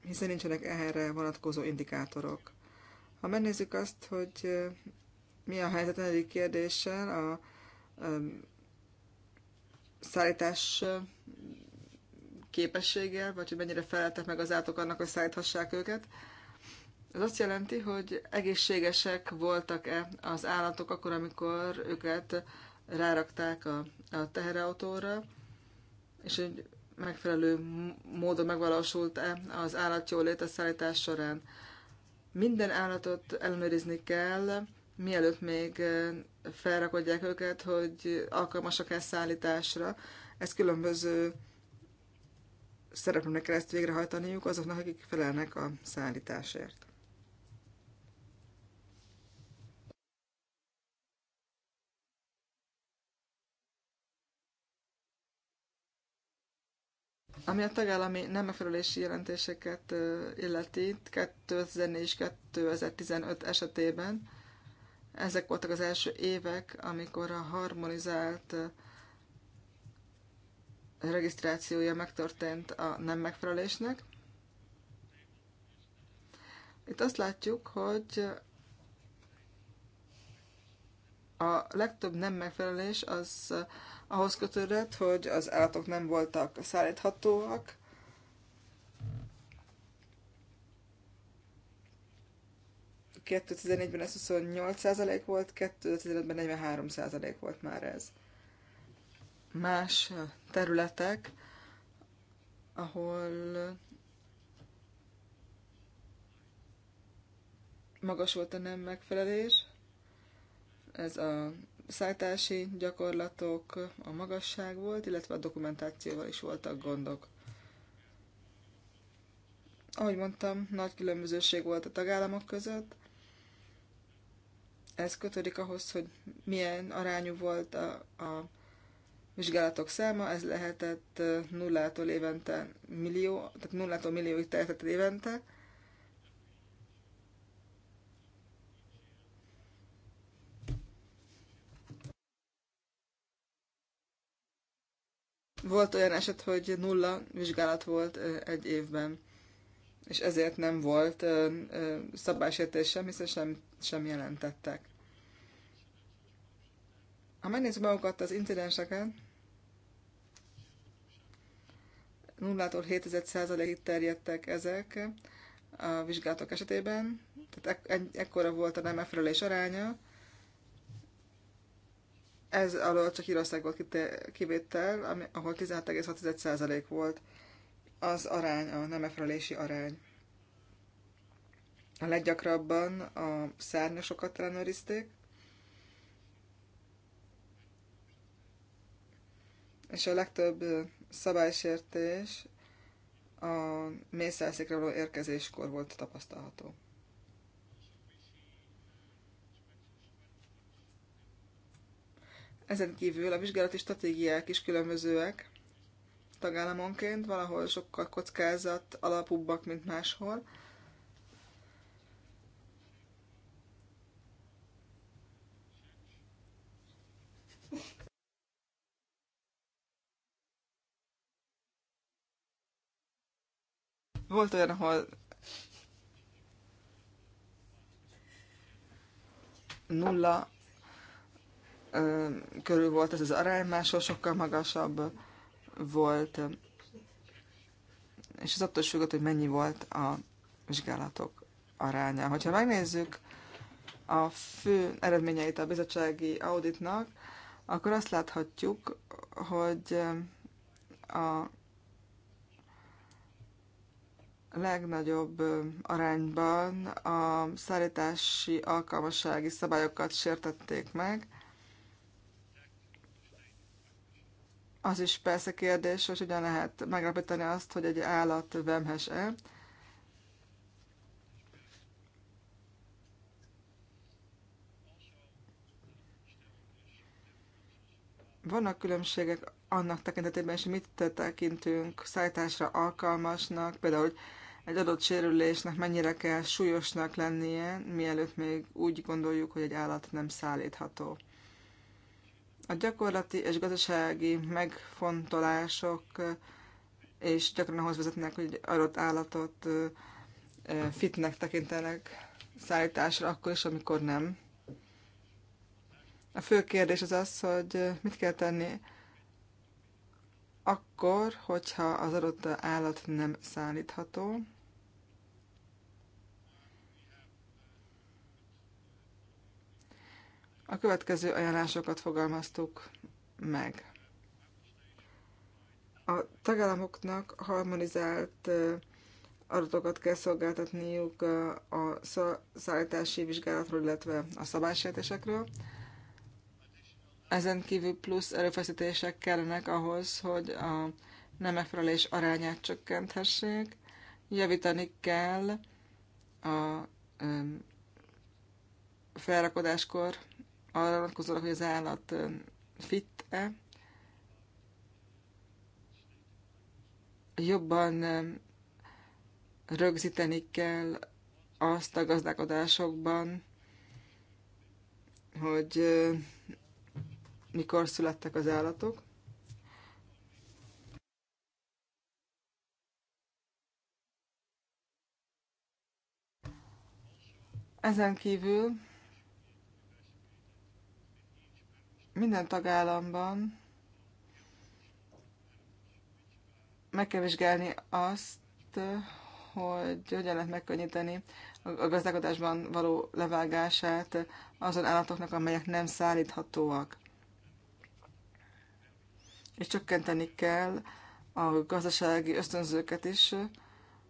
hiszen nincsenek erre vonatkozó indikátorok. Ha megnézzük azt, hogy mi a helyzet negyedik kérdéssel, a szállítás képességgel, vagy hogy mennyire feleltek meg az átok annak, hogy szállíthassák őket. Ez azt jelenti, hogy egészségesek voltak-e az állatok akkor, amikor őket rárakták a, a teherautóra, és hogy megfelelő módon megvalósult-e az jól a szállítás során. Minden állatot ellenőrizni kell, mielőtt még felrakodják őket, hogy alkalmasak-e szállításra. Ezt különböző szereplőnek kell ezt végrehajtaniuk azoknak, akik felelnek a szállításért. Ami a tagállami nem megfelelési jelentéseket illeti, 2004 és 2015 esetében ezek voltak az első évek, amikor a harmonizált regisztrációja megtörtént a nem megfelelésnek. Itt azt látjuk, hogy a legtöbb nem megfelelés az ahhoz kötődött, hogy az állatok nem voltak szállíthatóak, 2011 ben ez 28% volt, 2015-ben 43% volt már ez. Más területek, ahol magas volt a nem megfelelés, ez a szájtási gyakorlatok, a magasság volt, illetve a dokumentációval is voltak gondok. Ahogy mondtam, nagy különbözőség volt a tagállamok között, ez kötődik ahhoz, hogy milyen arányú volt a, a vizsgálatok száma, ez lehetett nullától évente millió, tehát nullától millióig tehetett évente. Volt olyan eset, hogy nulla vizsgálat volt egy évben és ezért nem volt szabálysértés sem, hiszen sem, sem jelentettek. Ha megnézzük magukat az incidenseket, 0-tól 7%-ig terjedtek ezek a vizsgálatok esetében, tehát ek- ekkora volt a nem megfelelés aránya. Ez alól csak Írország volt kivétel, ami, ahol 16,6% volt az arány, a nemefelelési arány. A leggyakrabban a szárnyasokat ellenőrizték, és a legtöbb szabálysértés a mészelszékre való érkezéskor volt tapasztalható. Ezen kívül a vizsgálati stratégiák is különbözőek tagállamonként, valahol sokkal kockázat alapúbbak, mint máshol. Volt olyan, ahol nulla körül volt ez az arány, máshol sokkal magasabb volt, és ez attól függött, hogy mennyi volt a vizsgálatok aránya. Hogyha megnézzük a fő eredményeit a bizottsági auditnak, akkor azt láthatjuk, hogy a legnagyobb arányban a szállítási alkalmassági szabályokat sértették meg, Az is persze kérdés, hogy hogyan lehet megállapítani azt, hogy egy állat vemhes-e. Vannak különbségek annak tekintetében és mit tekintünk szállításra alkalmasnak, például, hogy egy adott sérülésnek mennyire kell súlyosnak lennie, mielőtt még úgy gondoljuk, hogy egy állat nem szállítható. A gyakorlati és gazdasági megfontolások és gyakran ahhoz vezetnek, hogy adott állatot fitnek tekintenek szállításra, akkor is, amikor nem. A fő kérdés az az, hogy mit kell tenni akkor, hogyha az adott állat nem szállítható, a következő ajánlásokat fogalmaztuk meg. A tagállamoknak harmonizált adatokat kell szolgáltatniuk a szállítási vizsgálatról, illetve a szabálysértésekről. Ezen kívül plusz erőfeszítések kellenek ahhoz, hogy a nem megfelelés arányát csökkenthessék. Javítani kell a felrakodáskor arra vonatkozólag, hogy az állat fit-e, jobban rögzíteni kell azt a gazdálkodásokban, hogy mikor születtek az állatok. Ezen kívül minden tagállamban meg kell vizsgálni azt, hogy hogyan lehet megkönnyíteni a gazdálkodásban való levágását azon állatoknak, amelyek nem szállíthatóak. És csökkenteni kell a gazdasági ösztönzőket is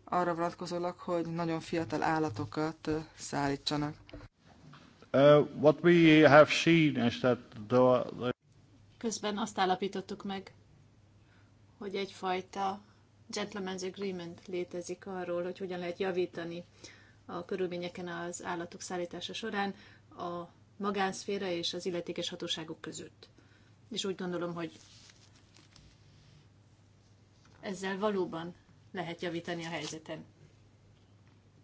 arra vonatkozólag, hogy nagyon fiatal állatokat szállítsanak. Uh, what we have seen is that the... Közben azt állapítottuk meg, hogy egyfajta gentleman's agreement létezik arról, hogy hogyan lehet javítani a körülményeken az állatok szállítása során a magánszféra és az illetékes hatóságok között. És úgy gondolom, hogy ezzel valóban lehet javítani a helyzeten.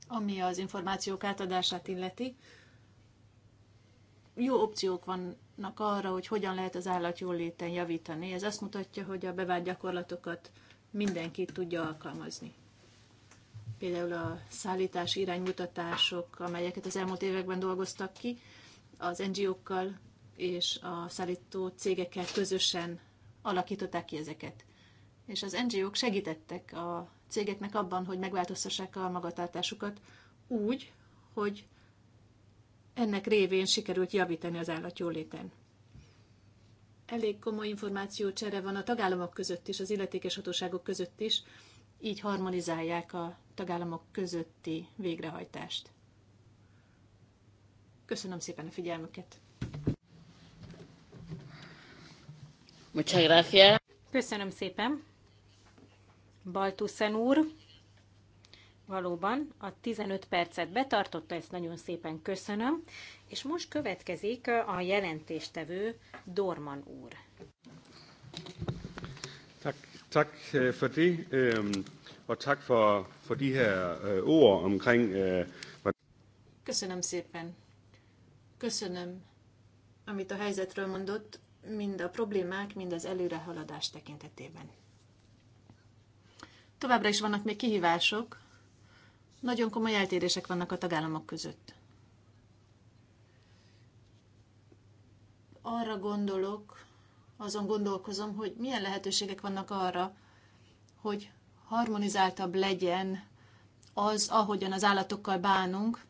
Ami az információk átadását illeti, jó opciók vannak arra, hogy hogyan lehet az állat jóléten javítani. Ez azt mutatja, hogy a bevált gyakorlatokat mindenki tudja alkalmazni. Például a szállítási iránymutatások, amelyeket az elmúlt években dolgoztak ki, az NGO-kkal és a szállító cégekkel közösen alakították ki ezeket. És az NGO-k segítettek a cégeknek abban, hogy megváltoztassák a magatartásukat úgy, hogy ennek révén sikerült javítani az állat jóléten. Elég komoly információcsere van a tagállamok között is, az illetékes hatóságok között is, így harmonizálják a tagállamok közötti végrehajtást. Köszönöm szépen a figyelmüket! Muchas gracias. Köszönöm szépen. Baltuszen úr, valóban a 15 percet betartotta, ezt nagyon szépen köszönöm. És most következik a jelentéstevő Dorman úr. Tak, tak øh, for det, og tak for, for de her øh, ord omkring... Øh, köszönöm szépen. Köszönöm, amit a helyzetről mondott, mind a problémák, mind az előrehaladás tekintetében. Továbbra is vannak még kihívások, nagyon komoly eltérések vannak a tagállamok között. Arra gondolok, azon gondolkozom, hogy milyen lehetőségek vannak arra, hogy harmonizáltabb legyen az, ahogyan az állatokkal bánunk,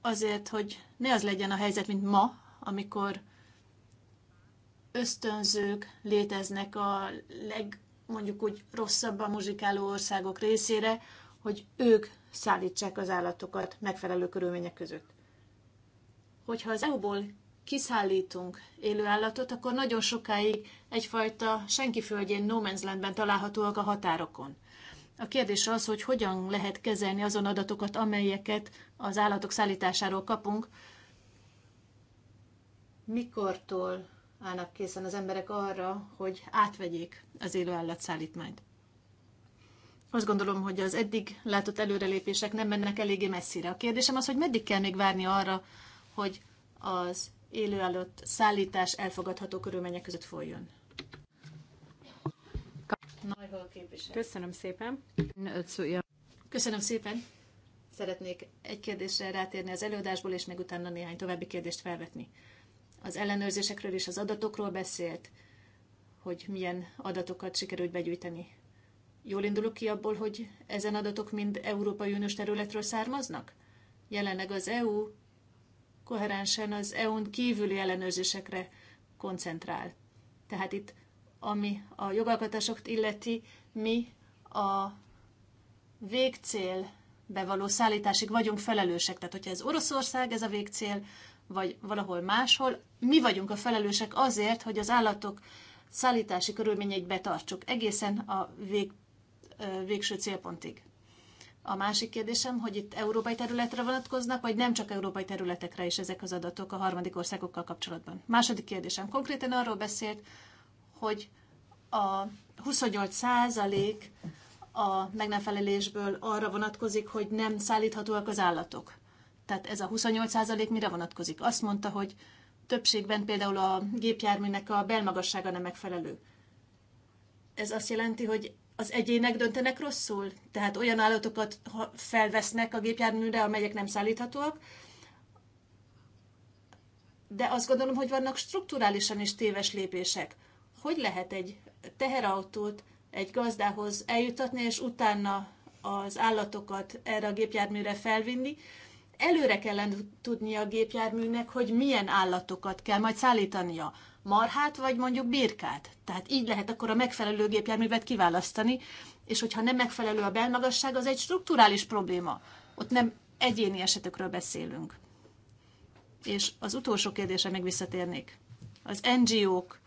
azért, hogy ne az legyen a helyzet, mint ma, amikor ösztönzők léteznek a leg, mondjuk úgy rosszabb a muzsikáló országok részére, hogy ők szállítsák az állatokat megfelelő körülmények között. Hogyha az EU-ból kiszállítunk élő állatot, akkor nagyon sokáig egyfajta senki földjén, no man's landben találhatóak a határokon. A kérdés az, hogy hogyan lehet kezelni azon adatokat, amelyeket az állatok szállításáról kapunk, mikortól állnak készen az emberek arra, hogy átvegyék az élő állatszállítmányt azt gondolom, hogy az eddig látott előrelépések nem mennek eléggé messzire. A kérdésem az, hogy meddig kell még várni arra, hogy az élő előtt szállítás elfogadható körülmények között folyjon. Köszönöm szépen. Köszönöm szépen. Szeretnék egy kérdésre rátérni az előadásból, és még utána néhány további kérdést felvetni. Az ellenőrzésekről és az adatokról beszélt, hogy milyen adatokat sikerült begyűjteni Jól indulok ki abból, hogy ezen adatok mind Európai Uniós területről származnak? Jelenleg az EU koherensen az EU-n kívüli ellenőrzésekre koncentrál. Tehát itt, ami a jogalkotásokat illeti, mi a végcél bevaló szállításig vagyunk felelősek. Tehát, hogyha ez Oroszország, ez a végcél, vagy valahol máshol, mi vagyunk a felelősek azért, hogy az állatok szállítási körülményeit betartsuk, egészen a vég végső célpontig. A másik kérdésem, hogy itt európai területre vonatkoznak, vagy nem csak európai területekre is ezek az adatok a harmadik országokkal kapcsolatban. Második kérdésem konkrétan arról beszélt, hogy a 28 százalék a megnefelelésből arra vonatkozik, hogy nem szállíthatóak az állatok. Tehát ez a 28% százalék mire vonatkozik? Azt mondta, hogy többségben például a gépjárműnek a belmagassága nem megfelelő. Ez azt jelenti, hogy az egyének döntenek rosszul. Tehát olyan állatokat felvesznek a gépjárműre, amelyek nem szállíthatóak, de azt gondolom, hogy vannak strukturálisan is téves lépések. Hogy lehet egy teherautót egy gazdához eljutatni, és utána az állatokat erre a gépjárműre felvinni? Előre kellene tudnia a gépjárműnek, hogy milyen állatokat kell majd szállítania marhát, vagy mondjuk birkát. Tehát így lehet akkor a megfelelő gépjárművet kiválasztani, és hogyha nem megfelelő a belmagasság, az egy strukturális probléma. Ott nem egyéni esetekről beszélünk. És az utolsó kérdésre meg visszatérnék. Az NGO-k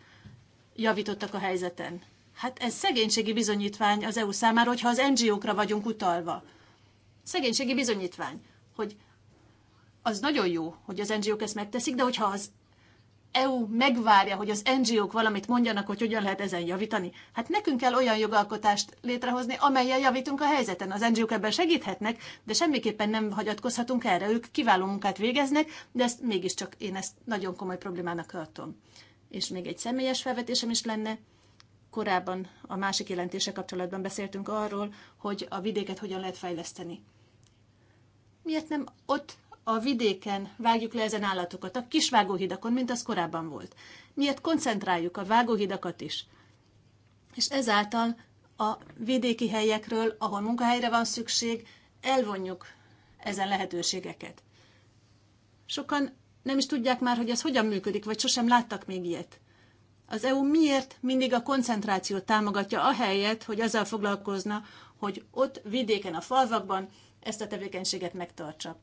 javítottak a helyzeten. Hát ez szegénységi bizonyítvány az EU számára, hogyha az NGO-kra vagyunk utalva. Szegénységi bizonyítvány, hogy az nagyon jó, hogy az NGO-k ezt megteszik, de hogyha az EU megvárja, hogy az NGO-k valamit mondjanak, hogy hogyan lehet ezen javítani. Hát nekünk kell olyan jogalkotást létrehozni, amelyel javítunk a helyzeten. Az NGO-k ebben segíthetnek, de semmiképpen nem hagyatkozhatunk erre. Ők kiváló munkát végeznek, de ezt mégiscsak én ezt nagyon komoly problémának tartom. És még egy személyes felvetésem is lenne. Korábban a másik jelentése kapcsolatban beszéltünk arról, hogy a vidéket hogyan lehet fejleszteni. Miért nem ott a vidéken vágjuk le ezen állatokat, a kis vágóhidakon, mint az korábban volt. Miért koncentráljuk a vágóhidakat is? És ezáltal a vidéki helyekről, ahol munkahelyre van szükség, elvonjuk ezen lehetőségeket. Sokan nem is tudják már, hogy ez hogyan működik, vagy sosem láttak még ilyet. Az EU miért mindig a koncentrációt támogatja, a helyet, hogy azzal foglalkozna, hogy ott vidéken, a falvakban ezt a tevékenységet megtartsa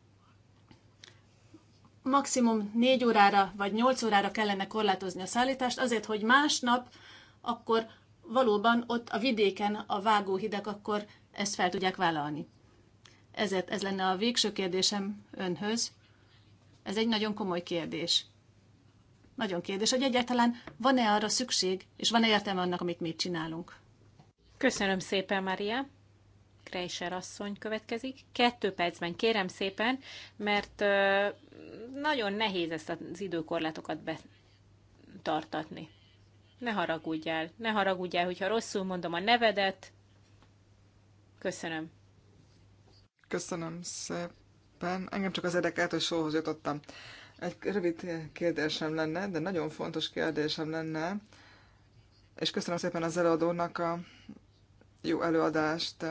maximum 4 órára vagy 8 órára kellene korlátozni a szállítást, azért, hogy másnap akkor valóban ott a vidéken a vágóhidek akkor ezt fel tudják vállalni. Ezért ez lenne a végső kérdésem önhöz. Ez egy nagyon komoly kérdés. Nagyon kérdés, hogy egyáltalán van-e arra szükség, és van-e értelme annak, amit mi csinálunk. Köszönöm szépen, Mária. Kreiser asszony következik. Kettő percben kérem szépen, mert nagyon nehéz ezt az időkorlátokat betartatni. Ne haragudjál, ne haragudjál, hogyha rosszul mondom a nevedet. Köszönöm. Köszönöm szépen. Engem csak az érdekelt, hogy sohoz jutottam. Egy rövid kérdésem lenne, de nagyon fontos kérdésem lenne, és köszönöm szépen az előadónak a jó előadást.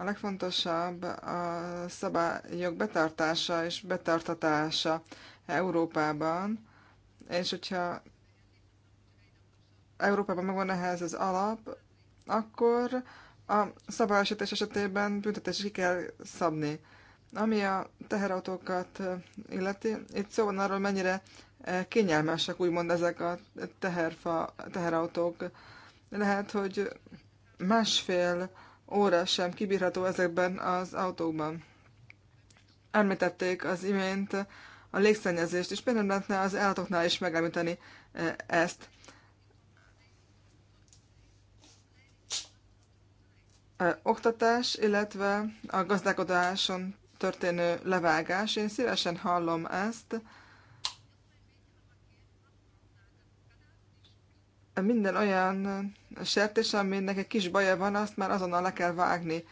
A legfontosabb a szabályok betartása és betartatása Európában, és hogyha Európában megvan ehhez az alap, akkor a szabályosítás esetében büntetés ki kell szabni. Ami a teherautókat illeti, itt szó van arról, mennyire kényelmesek úgymond ezek a teherfa, teherautók. Lehet, hogy másfél óra sem kibírható ezekben az autókban. Említették az imént a légszennyezést, és például lehetne az állatoknál is megemlíteni e, ezt. E, oktatás, illetve a gazdálkodáson történő levágás. Én szívesen hallom ezt. Minden olyan sertés, aminek egy kis baja van, azt már azonnal le kell vágni.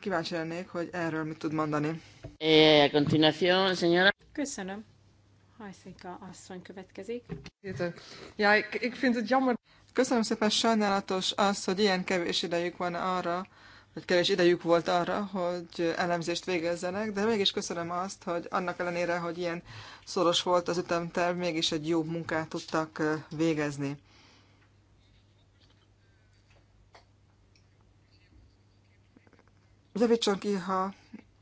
Kíváncsi lennék, hogy erről mit tud mondani. Eh, a continuación, señora. Köszönöm. Hajszika asszony következik. Ja, ik, ik vind het jammer. Köszönöm szépen, sajnálatos az, hogy ilyen kevés idejük van arra, hogy kevés idejük volt arra, hogy elemzést végezzenek, de mégis köszönöm azt, hogy annak ellenére, hogy ilyen szoros volt az ütemterv, mégis egy jó munkát tudtak végezni. Javítson ki, ha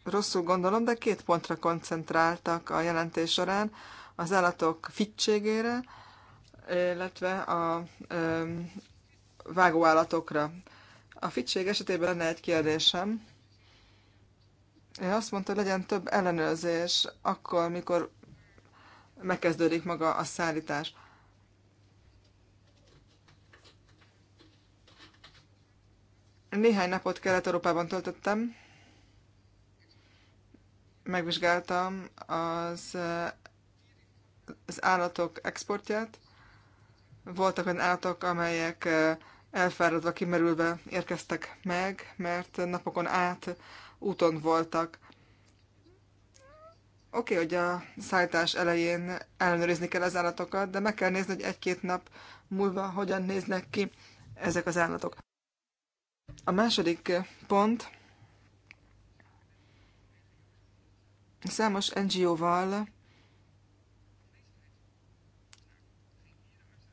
rosszul gondolom, de két pontra koncentráltak a jelentés során, az állatok fittségére, illetve a vágóállatokra. A ficség esetében lenne egy kérdésem. Én azt mondta, hogy legyen több ellenőrzés akkor, mikor megkezdődik maga a szállítás. Néhány napot Kelet-Európában töltöttem, megvizsgáltam az, az állatok exportját. Voltak olyan állatok, amelyek elfáradva, kimerülve érkeztek meg, mert napokon át úton voltak. Oké, okay, hogy a szállítás elején ellenőrizni kell az állatokat, de meg kell nézni, hogy egy-két nap múlva hogyan néznek ki ezek az állatok. A második pont, számos NGO-val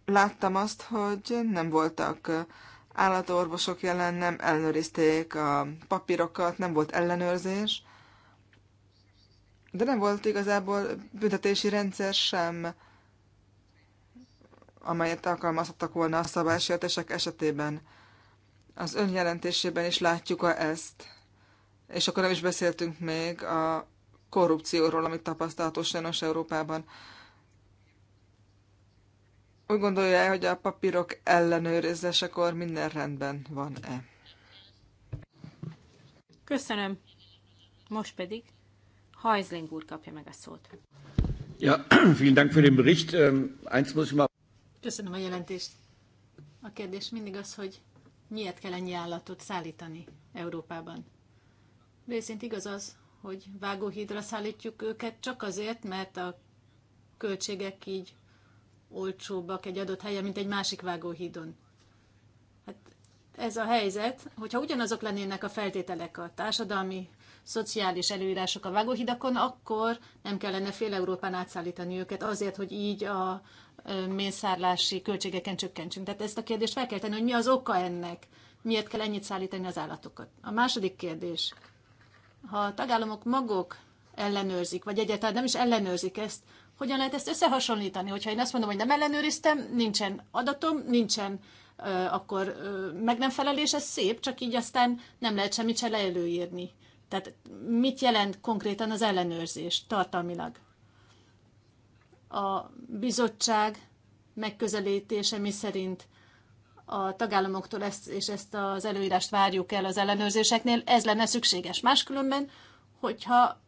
láttam azt, hogy nem voltak állatorvosok jelen, nem ellenőrizték a papírokat, nem volt ellenőrzés, de nem volt igazából büntetési rendszer sem, amelyet alkalmazhattak volna a szabálysértések esetében. Az önjelentésében is látjuk -e ezt, és akkor nem is beszéltünk még a korrupcióról, amit tapasztalatos sajnos Európában. Úgy gondolja hogy a papírok ellenőrzésekor minden rendben van-e? Köszönöm. Most pedig Hajzling úr kapja meg a szót. Ja, <clears throat> vielen Dank für den Bericht. Ähm, eins muss ich mal... Köszönöm a jelentést. A kérdés mindig az, hogy miért kell ennyi állatot szállítani Európában. Részint igaz az, hogy vágóhídra szállítjuk őket csak azért, mert a költségek így olcsóbbak egy adott helyen, mint egy másik vágóhídon. Hát ez a helyzet, hogyha ugyanazok lennének a feltételek a társadalmi, szociális előírások a vágóhidakon, akkor nem kellene fél Európán átszállítani őket azért, hogy így a mészárlási költségeken csökkentsünk. Tehát ezt a kérdést fel kell tenni, hogy mi az oka ennek, miért kell ennyit szállítani az állatokat. A második kérdés, ha a tagállamok maguk ellenőrzik, vagy egyáltalán nem is ellenőrzik ezt, hogyan lehet ezt összehasonlítani? Hogyha én azt mondom, hogy nem ellenőriztem, nincsen adatom, nincsen akkor meg nem felelés, ez szép, csak így aztán nem lehet semmit se leelőírni. Tehát mit jelent konkrétan az ellenőrzés tartalmilag? A bizottság megközelítése mi szerint a tagállamoktól ezt és ezt az előírást várjuk el az ellenőrzéseknél, ez lenne szükséges. Máskülönben, hogyha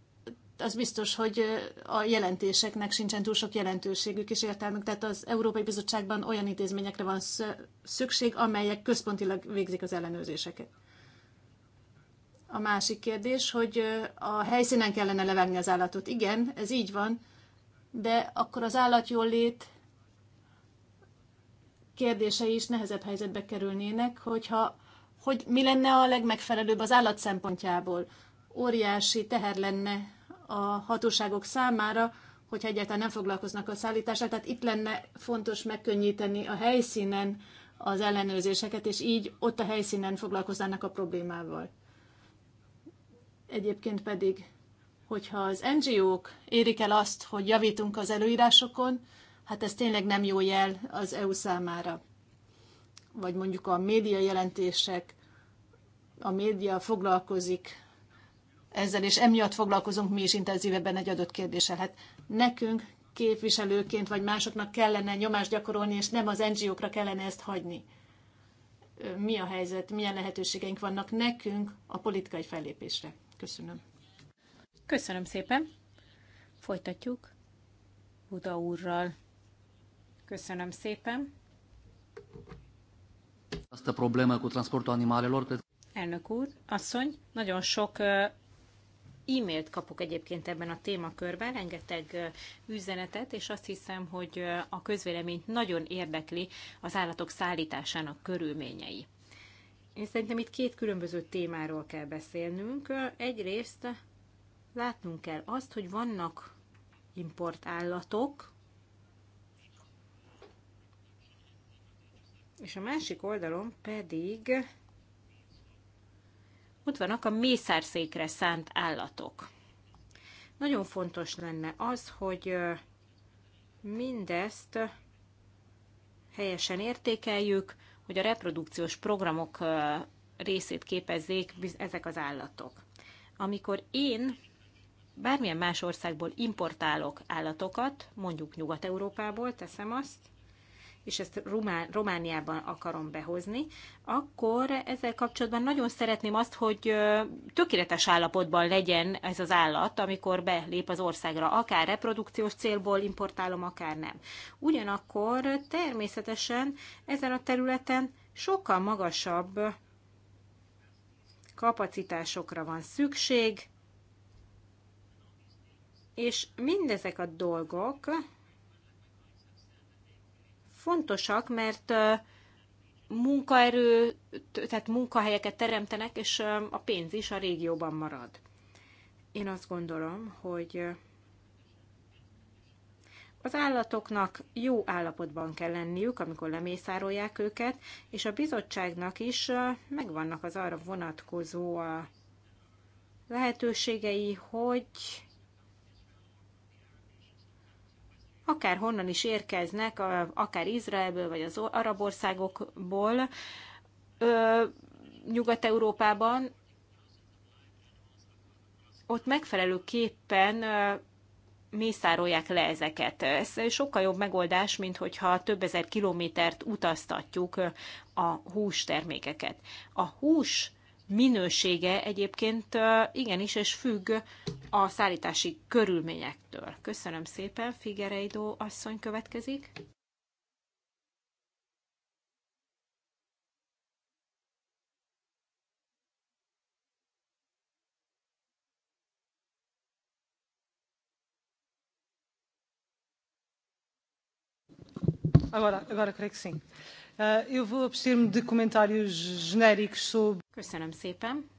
az biztos, hogy a jelentéseknek sincsen túl sok jelentőségük és értelmük, tehát az Európai Bizottságban olyan intézményekre van szükség, amelyek központilag végzik az ellenőrzéseket. A másik kérdés, hogy a helyszínen kellene levágni az állatot. Igen, ez így van, de akkor az állat lét kérdései is nehezebb helyzetbe kerülnének, hogyha hogy mi lenne a legmegfelelőbb az állat szempontjából. Óriási teher lenne a hatóságok számára, hogyha egyáltalán nem foglalkoznak a szállítással. Tehát itt lenne fontos megkönnyíteni a helyszínen az ellenőrzéseket, és így ott a helyszínen foglalkoznának a problémával. Egyébként pedig, hogyha az NGO-k érik el azt, hogy javítunk az előírásokon, hát ez tényleg nem jó jel az EU számára. Vagy mondjuk a média jelentések, a média foglalkozik ezzel, és emiatt foglalkozunk mi is intenzívebben egy adott kérdéssel. Hát nekünk képviselőként, vagy másoknak kellene nyomást gyakorolni, és nem az NGO-kra kellene ezt hagyni. Mi a helyzet, milyen lehetőségeink vannak nekünk a politikai fellépésre? Köszönöm. Köszönöm szépen. Folytatjuk Buda úrral. Köszönöm szépen. Azt a probléma a transportul Elnök úr, asszony, nagyon sok e-mailt kapok egyébként ebben a témakörben, rengeteg üzenetet, és azt hiszem, hogy a közvéleményt nagyon érdekli az állatok szállításának körülményei. Én szerintem itt két különböző témáról kell beszélnünk. Egyrészt látnunk kell azt, hogy vannak importállatok, és a másik oldalon pedig ott vannak a mészárszékre szánt állatok. Nagyon fontos lenne az, hogy mindezt helyesen értékeljük, hogy a reprodukciós programok részét képezzék ezek az állatok. Amikor én bármilyen más országból importálok állatokat, mondjuk Nyugat-Európából teszem azt, és ezt Rumán, Romániában akarom behozni, akkor ezzel kapcsolatban nagyon szeretném azt, hogy tökéletes állapotban legyen ez az állat, amikor belép az országra, akár reprodukciós célból importálom, akár nem. Ugyanakkor természetesen ezen a területen sokkal magasabb kapacitásokra van szükség, és mindezek a dolgok fontosak, mert munkaerő, tehát munkahelyeket teremtenek, és a pénz is a régióban marad. Én azt gondolom, hogy az állatoknak jó állapotban kell lenniük, amikor lemészárolják őket, és a bizottságnak is megvannak az arra vonatkozó lehetőségei, hogy akár honnan is érkeznek, akár Izraelből, vagy az arab országokból, Nyugat-Európában, ott megfelelőképpen mészárolják le ezeket. Ez sokkal jobb megoldás, mint hogyha több ezer kilométert utaztatjuk a hústermékeket. A hús minősége egyébként igenis, és függ a szállítási körülményektől. Köszönöm szépen, Figereidó asszony következik. Agora, agora creio que sim. Eh, eu vou abster-me de comentários genéricos sobre... Köszönöm szépen.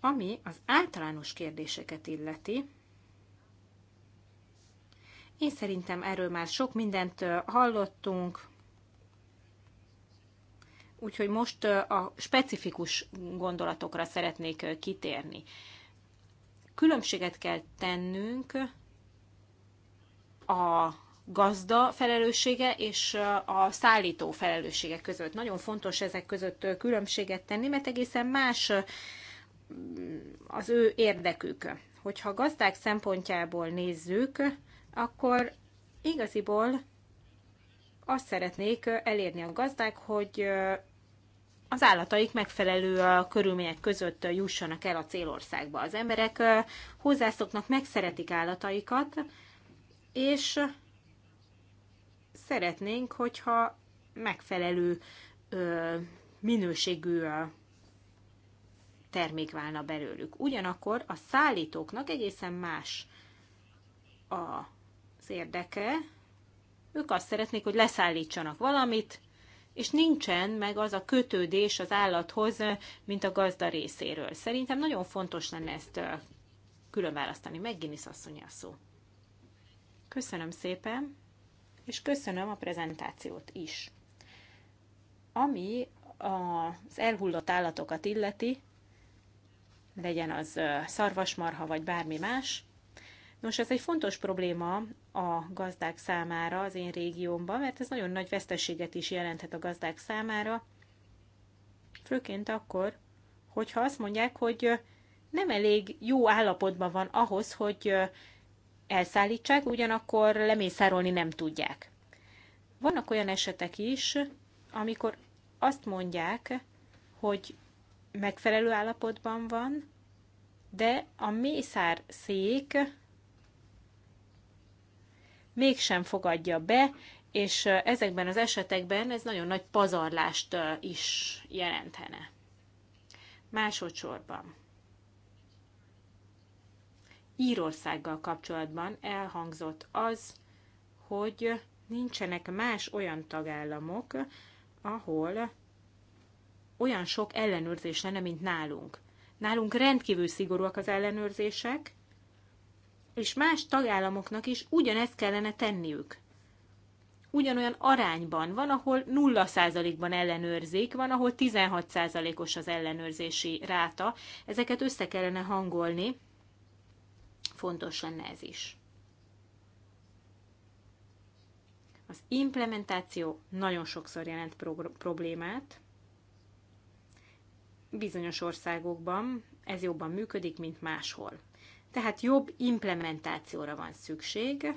Ami az általános kérdéseket illeti, én szerintem erről már sok mindent eh, hallottunk, úgyhogy most eh, a specifikus gondolatokra szeretnék kitérni. Különbséget kell tennünk a gazda felelőssége és a szállító felelőssége között. Nagyon fontos ezek között különbséget tenni, mert egészen más mm, az ő érdekük. Hogyha a gazdák szempontjából nézzük, akkor igaziból azt szeretnék elérni a gazdák, hogy az állataik megfelelő körülmények között jussanak el a célországba. Az emberek hozzászoknak, megszeretik állataikat, és szeretnénk, hogyha megfelelő ö, minőségű termék válna belőlük. Ugyanakkor a szállítóknak egészen más az érdeke. Ők azt szeretnék, hogy leszállítsanak valamit, és nincsen meg az a kötődés az állathoz, mint a gazda részéről. Szerintem nagyon fontos lenne ezt különválasztani. Megginis asszony a szó. Köszönöm szépen! és köszönöm a prezentációt is. Ami az elhullott állatokat illeti, legyen az szarvasmarha vagy bármi más. Nos, ez egy fontos probléma a gazdák számára az én régiómban, mert ez nagyon nagy veszteséget is jelenthet a gazdák számára, főként akkor, hogyha azt mondják, hogy nem elég jó állapotban van ahhoz, hogy elszállítsák, ugyanakkor lemészárolni nem tudják. Vannak olyan esetek is, amikor azt mondják, hogy megfelelő állapotban van, de a mészár szék mégsem fogadja be, és ezekben az esetekben ez nagyon nagy pazarlást is jelentene. Másodszorban Írországgal kapcsolatban elhangzott az, hogy nincsenek más olyan tagállamok, ahol olyan sok ellenőrzés lenne, mint nálunk. Nálunk rendkívül szigorúak az ellenőrzések, és más tagállamoknak is ugyanezt kellene tenniük. Ugyanolyan arányban van, ahol 0%-ban ellenőrzik, van, ahol 16%-os az ellenőrzési ráta. Ezeket össze kellene hangolni, fontos lenne ez is. Az implementáció nagyon sokszor jelent problémát. Bizonyos országokban ez jobban működik, mint máshol. Tehát jobb implementációra van szükség.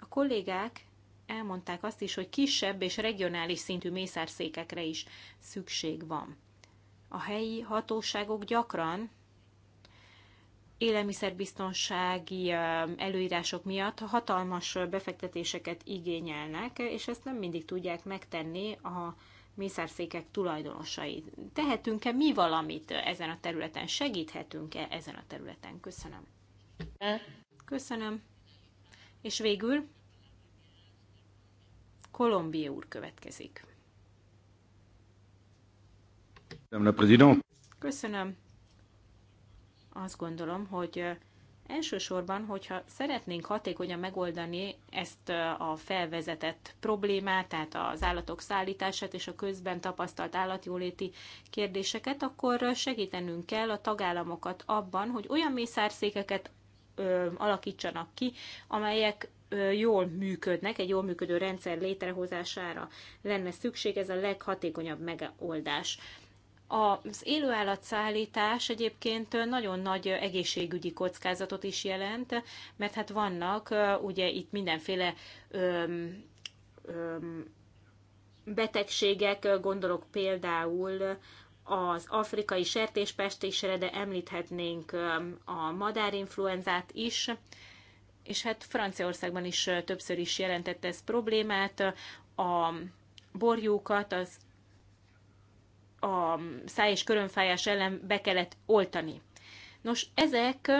A kollégák elmondták azt is, hogy kisebb és regionális szintű mészárszékekre is szükség van a helyi hatóságok gyakran élelmiszerbiztonsági előírások miatt hatalmas befektetéseket igényelnek, és ezt nem mindig tudják megtenni a mészárszékek tulajdonosai. Tehetünk-e mi valamit ezen a területen? Segíthetünk-e ezen a területen? Köszönöm. Köszönöm. És végül Kolombia úr következik. Köszönöm. Azt gondolom, hogy elsősorban, hogyha szeretnénk hatékonyan megoldani ezt a felvezetett problémát, tehát az állatok szállítását és a közben tapasztalt állatjóléti kérdéseket, akkor segítenünk kell a tagállamokat abban, hogy olyan mészárszékeket ö, alakítsanak ki, amelyek jól működnek, egy jól működő rendszer létrehozására lenne szükség, ez a leghatékonyabb megoldás. Az élőállatszállítás egyébként nagyon nagy egészségügyi kockázatot is jelent, mert hát vannak ugye itt mindenféle öm, öm, betegségek, gondolok például az afrikai sertéspestésre, de említhetnénk a madárinfluenzát is, és hát Franciaországban is többször is jelentett ez problémát. A borjúkat, az a száj és körönfájás ellen be kellett oltani. Nos, ezek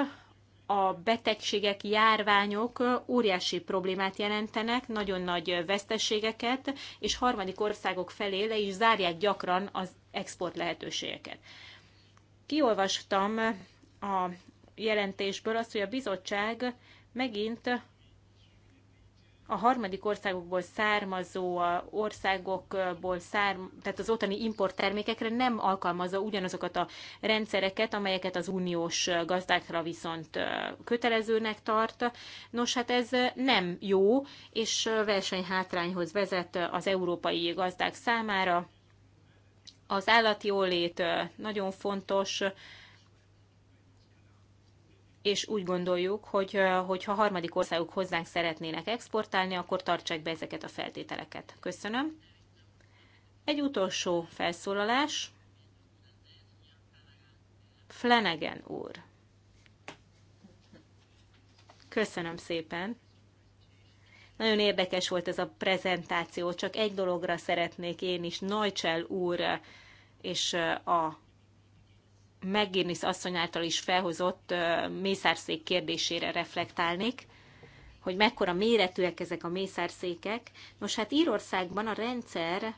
a betegségek, járványok óriási problémát jelentenek, nagyon nagy veszteségeket, és harmadik országok felé le is zárják gyakran az export lehetőségeket. Kiolvastam a jelentésből azt, hogy a bizottság megint a harmadik országokból származó országokból szárm, tehát az ottani importtermékekre nem alkalmazza ugyanazokat a rendszereket, amelyeket az uniós gazdákra viszont kötelezőnek tart. Nos, hát ez nem jó, és versenyhátrányhoz vezet az európai gazdák számára. Az állati jólét nagyon fontos, és úgy gondoljuk, hogy hogyha harmadik országok hozzánk szeretnének exportálni, akkor tartsák be ezeket a feltételeket. Köszönöm. Egy utolsó felszólalás. Flanagan úr. Köszönöm szépen. Nagyon érdekes volt ez a prezentáció, csak egy dologra szeretnék én is Neuchel úr és a McGinnis asszony által is felhozott mészárszék kérdésére reflektálnék, hogy mekkora méretűek ezek a mészárszékek. Nos, hát Írországban a rendszer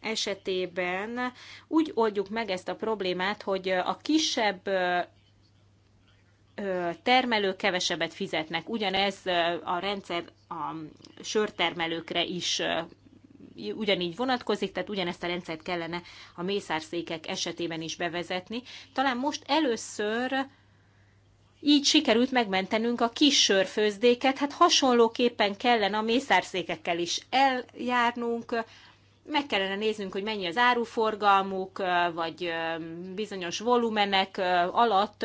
esetében úgy oldjuk meg ezt a problémát, hogy a kisebb termelők kevesebbet fizetnek. Ugyanez a rendszer a sörtermelőkre is ugyanígy vonatkozik, tehát ugyanezt a rendszert kellene a mészárszékek esetében is bevezetni. Talán most először így sikerült megmentenünk a kis sörfőzdéket, hát hasonlóképpen kellene a mészárszékekkel is eljárnunk, meg kellene néznünk, hogy mennyi az áruforgalmuk, vagy bizonyos volumenek alatt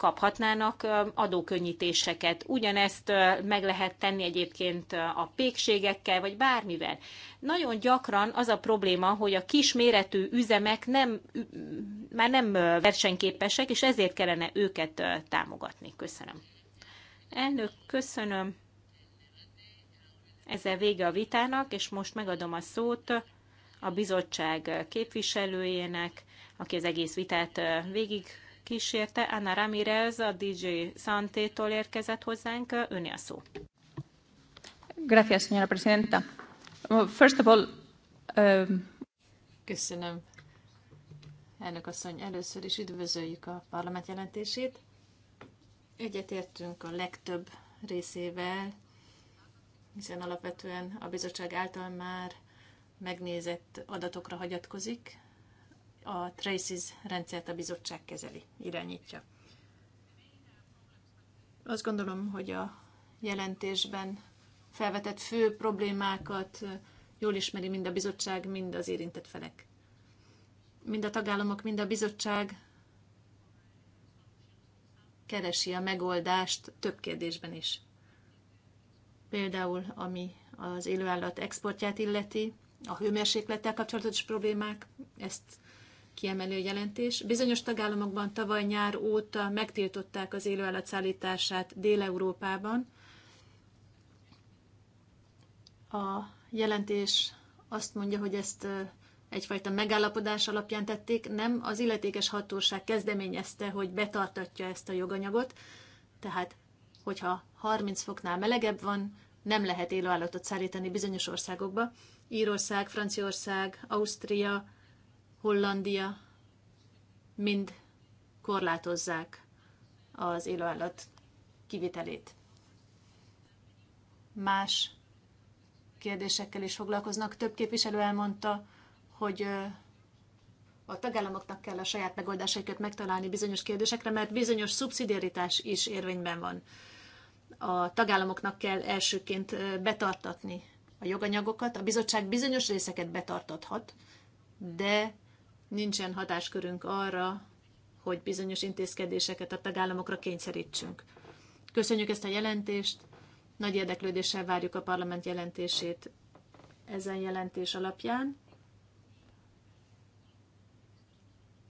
kaphatnának adókönnyítéseket. Ugyanezt meg lehet tenni egyébként a pékségekkel, vagy bármivel. Nagyon gyakran az a probléma, hogy a kisméretű üzemek nem, már nem versenyképesek, és ezért kellene őket támogatni. Köszönöm. Elnök, köszönöm. Ezzel vége a vitának, és most megadom a szót a bizottság képviselőjének, aki az egész vitát végig kísérte. Anna Ramirez, a DJ Santétól érkezett hozzánk. Öné a szó. Gracias, señora presidenta. First of all, um... Köszönöm. Elnök asszony, először is üdvözöljük a parlament jelentését. Egyetértünk a legtöbb részével, hiszen alapvetően a bizottság által már megnézett adatokra hagyatkozik, a Traces rendszert a bizottság kezeli, irányítja. Azt gondolom, hogy a jelentésben felvetett fő problémákat jól ismeri mind a bizottság, mind az érintett felek. Mind a tagállamok, mind a bizottság keresi a megoldást több kérdésben is. Például, ami az élőállat exportját illeti, a hőmérséklettel kapcsolatos problémák, ezt kiemelő jelentés. Bizonyos tagállamokban tavaly nyár óta megtiltották az élőállat szállítását Dél-Európában. A jelentés azt mondja, hogy ezt egyfajta megállapodás alapján tették, nem az illetékes hatóság kezdeményezte, hogy betartatja ezt a joganyagot, tehát hogyha 30 foknál melegebb van, nem lehet élőállatot szállítani bizonyos országokba. Írország, Franciaország, Ausztria, Hollandia mind korlátozzák az élőállat kivitelét. Más kérdésekkel is foglalkoznak. Több képviselő elmondta, hogy a tagállamoknak kell a saját megoldásaikat megtalálni bizonyos kérdésekre, mert bizonyos szubszidiaritás is érvényben van. A tagállamoknak kell elsőként betartatni a joganyagokat, a bizottság bizonyos részeket betartathat, de nincsen hatáskörünk arra, hogy bizonyos intézkedéseket a tagállamokra kényszerítsünk. Köszönjük ezt a jelentést, nagy érdeklődéssel várjuk a parlament jelentését ezen jelentés alapján,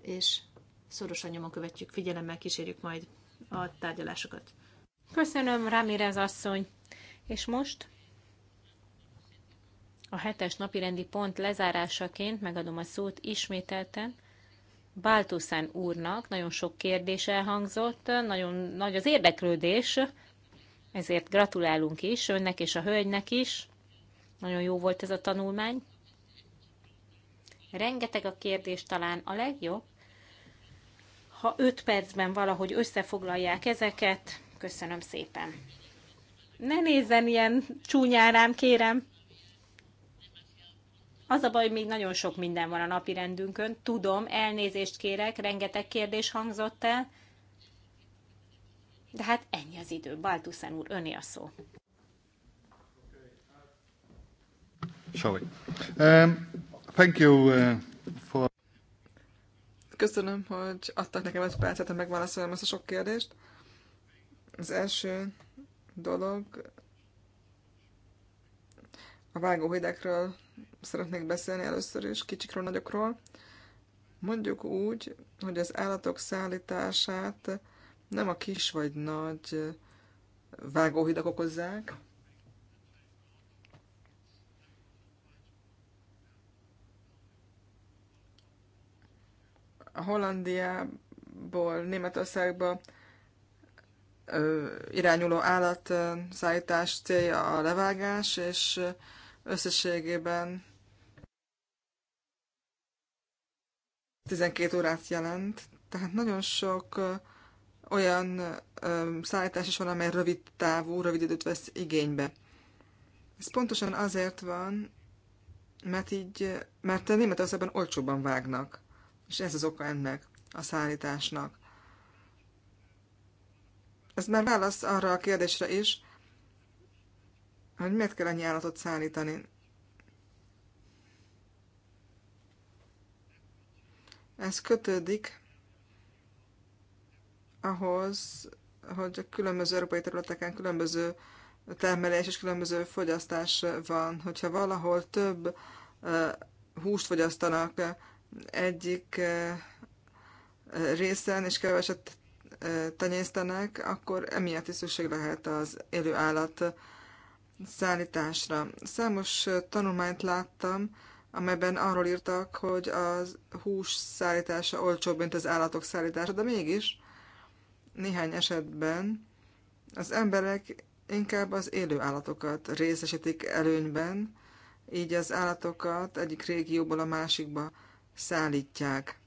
és szorosan nyomon követjük, figyelemmel kísérjük majd a tárgyalásokat. Köszönöm, Ramirez asszony! És most a hetes napirendi pont lezárásaként megadom a szót ismételten Báltuszán úrnak. Nagyon sok kérdés elhangzott, nagyon nagy az érdeklődés, ezért gratulálunk is önnek és a hölgynek is. Nagyon jó volt ez a tanulmány. Rengeteg a kérdés, talán a legjobb. Ha 5 percben valahogy összefoglalják ezeket, köszönöm szépen. Ne nézzen ilyen csúnyárám, kérem! Az a baj, hogy még nagyon sok minden van a napi rendünkön. Tudom, elnézést kérek, rengeteg kérdés hangzott el, de hát ennyi az idő. Baltuszen úr, öné a szó. Sorry. Um, thank you uh, for... Köszönöm, hogy adtak nekem egy percet, hogy megválaszoljam ezt a sok kérdést. Az első dolog a vágóhidekről szeretnék beszélni először is, kicsikről, nagyokról. Mondjuk úgy, hogy az állatok szállítását nem a kis vagy nagy vágóhidak okozzák, A Hollandiából Németországba irányuló állatszállítás célja a levágás, és összességében 12 órát jelent, tehát nagyon sok olyan szállítás is van, amely rövid távú, rövid időt vesz igénybe. Ez pontosan azért van, mert így, mert Németországban olcsóban vágnak, és ez az oka ennek a szállításnak. Ez már válasz arra a kérdésre is, hogy miért kell ennyi állatot szállítani. Ez kötődik ahhoz, hogy a különböző európai területeken különböző termelés és különböző fogyasztás van. Hogyha valahol több húst fogyasztanak egyik részen, és keveset tenyésztenek, akkor emiatt is szükség lehet az élő állat szállításra. Számos tanulmányt láttam, amelyben arról írtak, hogy a hús szállítása olcsóbb, mint az állatok szállítása, de mégis néhány esetben az emberek inkább az élő állatokat részesítik előnyben, így az állatokat egyik régióból a másikba szállítják.